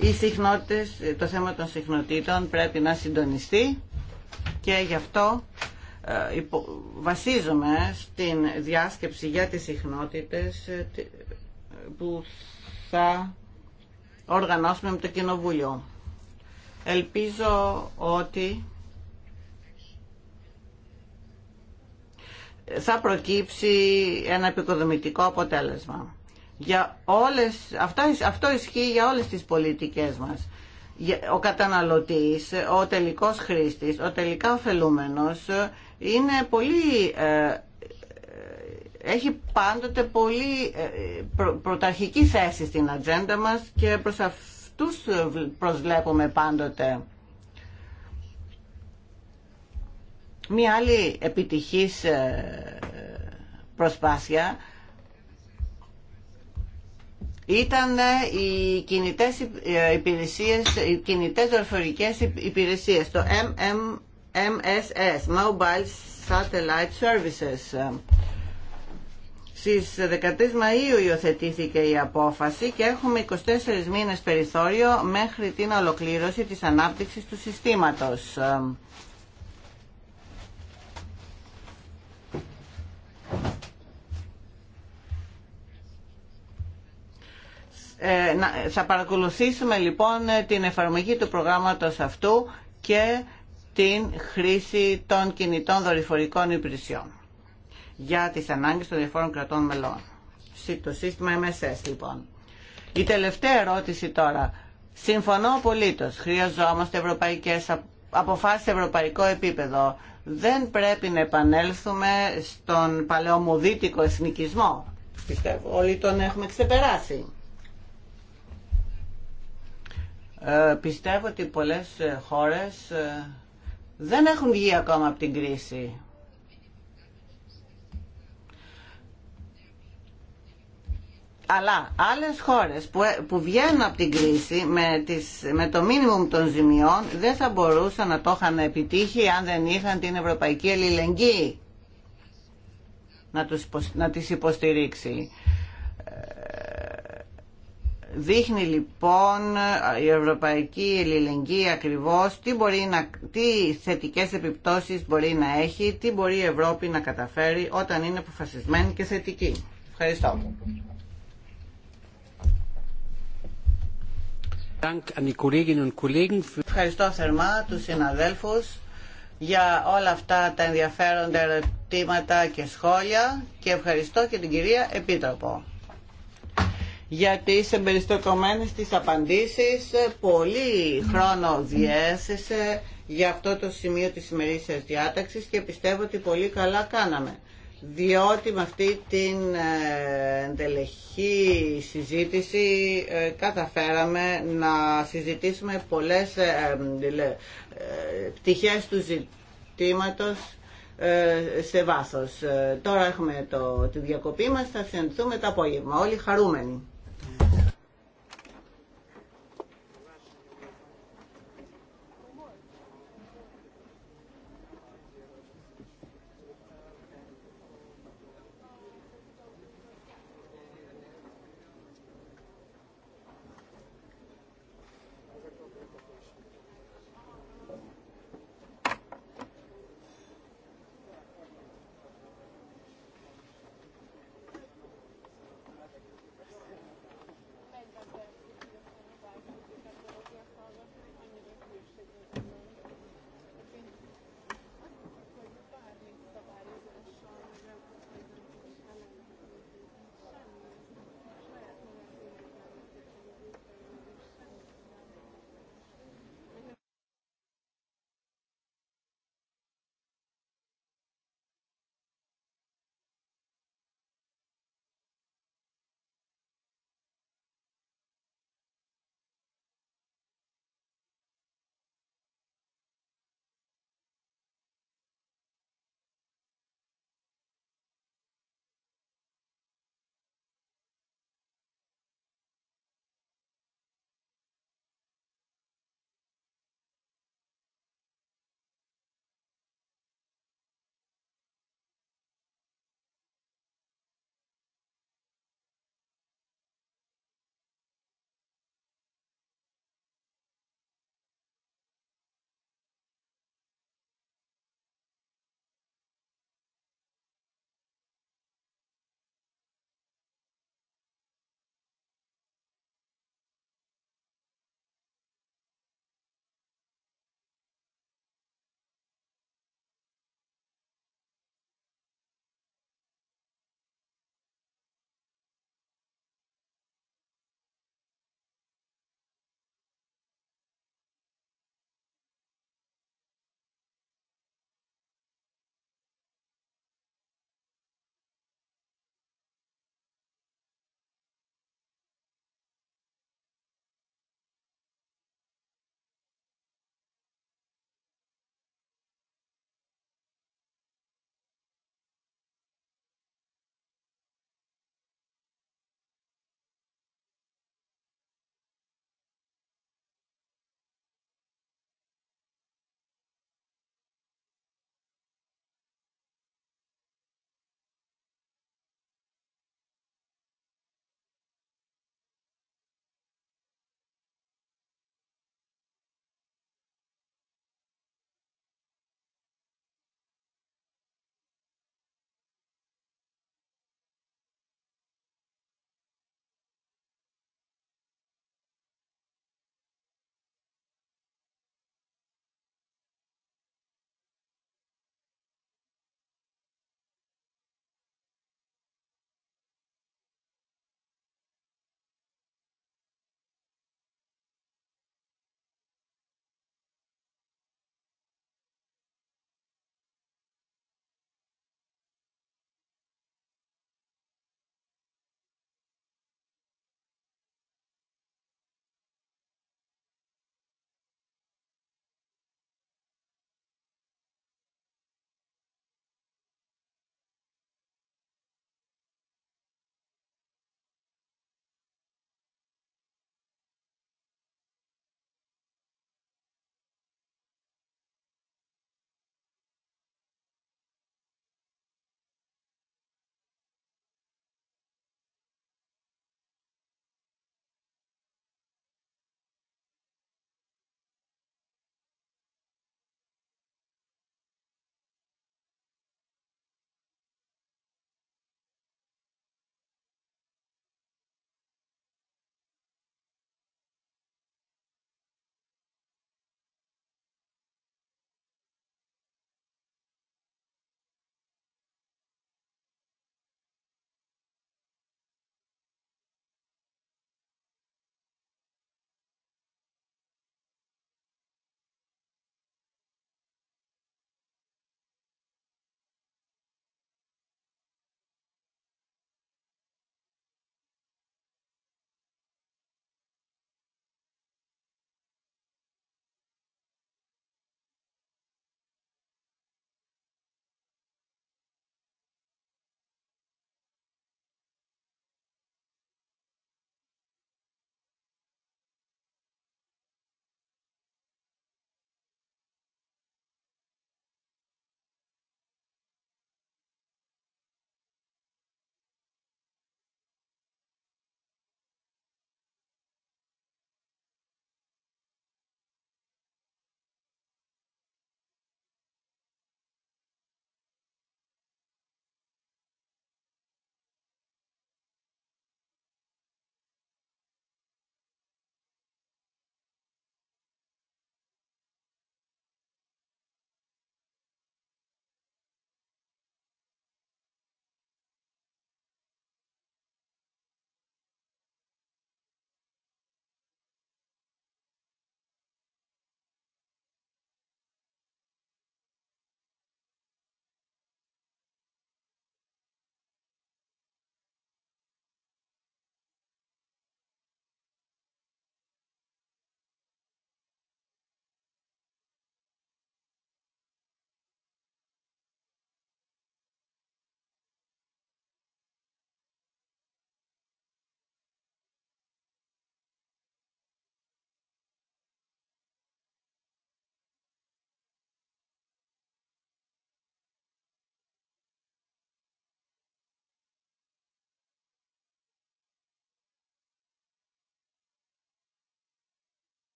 οι συχνότητες, το θέμα των συχνοτήτων πρέπει να συντονιστεί και γι' αυτό ε, βασίζομαι στην διάσκεψη για τις συχνότητες ε, που θα οργανώσουμε με το Κοινοβούλιο. Ελπίζω ότι θα προκύψει ένα επικοδομητικό αποτέλεσμα. Για όλες, αυτά, αυτό ισχύει για όλες τις πολιτικές μας. Ο καταναλωτής, ο τελικός χρήστης, ο τελικά ωφελούμενος είναι πολύ, ε, ε, έχει πάντοτε πολύ ε, προταρχική πρωταρχική θέση στην ατζέντα μας και προς αυτούς προσβλέπουμε πάντοτε. Μία άλλη επιτυχής ε, προσπάθεια ήταν ε, οι κινητές ε, υπηρεσίες, οι κινητές δορυφορικές υπηρεσίες, το MM, MSS, Mobile Satellite Services. Στις 13 Μαΐου υιοθετήθηκε η απόφαση και έχουμε 24 μήνες περιθώριο μέχρι την ολοκλήρωση της ανάπτυξης του συστήματος. Ε, θα παρακολουθήσουμε λοιπόν την εφαρμογή του προγράμματος αυτού και την χρήση των κινητών δορυφορικών υπηρεσιών για τις ανάγκες των διαφόρων κρατών μελών. Το σύστημα MSS λοιπόν. Η τελευταία ερώτηση τώρα. Συμφωνώ απολύτως. Χρειαζόμαστε ευρωπαϊκές αποφάσεις σε ευρωπαϊκό επίπεδο δεν πρέπει να επανέλθουμε στον παλαιομοδίτικο εθνικισμό. Πιστεύω, όλοι τον έχουμε ξεπεράσει. Ε, πιστεύω ότι πολλές χώρες ε, δεν έχουν βγει ακόμα από την κρίση. αλλά άλλες χώρες που, ε, που βγαίνουν από την κρίση με, τις, με το μίνιμουμ των ζημιών δεν θα μπορούσαν να το είχαν επιτύχει αν δεν είχαν την ευρωπαϊκή Ελληλεγγύη να, τους, να τις υποστηρίξει. Ε, δείχνει λοιπόν η Ευρωπαϊκή Ελληλεγγύη ακριβώς τι, μπορεί να, τι θετικές επιπτώσεις μπορεί να έχει, τι μπορεί η Ευρώπη να καταφέρει όταν είναι αποφασισμένη και θετική. Ευχαριστώ. Ευχαριστώ θερμά τους συναδέλφους για όλα αυτά τα ενδιαφέροντα ερωτήματα και σχόλια και ευχαριστώ και την κυρία Επίτροπο για τις εμπεριστοκομμένες στις απαντήσεις πολύ χρόνο διέθεσε για αυτό το σημείο της ημερήσιας διάταξης και πιστεύω ότι πολύ καλά κάναμε διότι με αυτή την ε, εντελεχή συζήτηση ε, καταφέραμε να συζητήσουμε πολλές ε, πτυχές του ζητήματος σε βάθος. Τώρα έχουμε το, τη διακοπή μας, θα συναντηθούμε το απόγευμα, όλοι χαρούμενοι.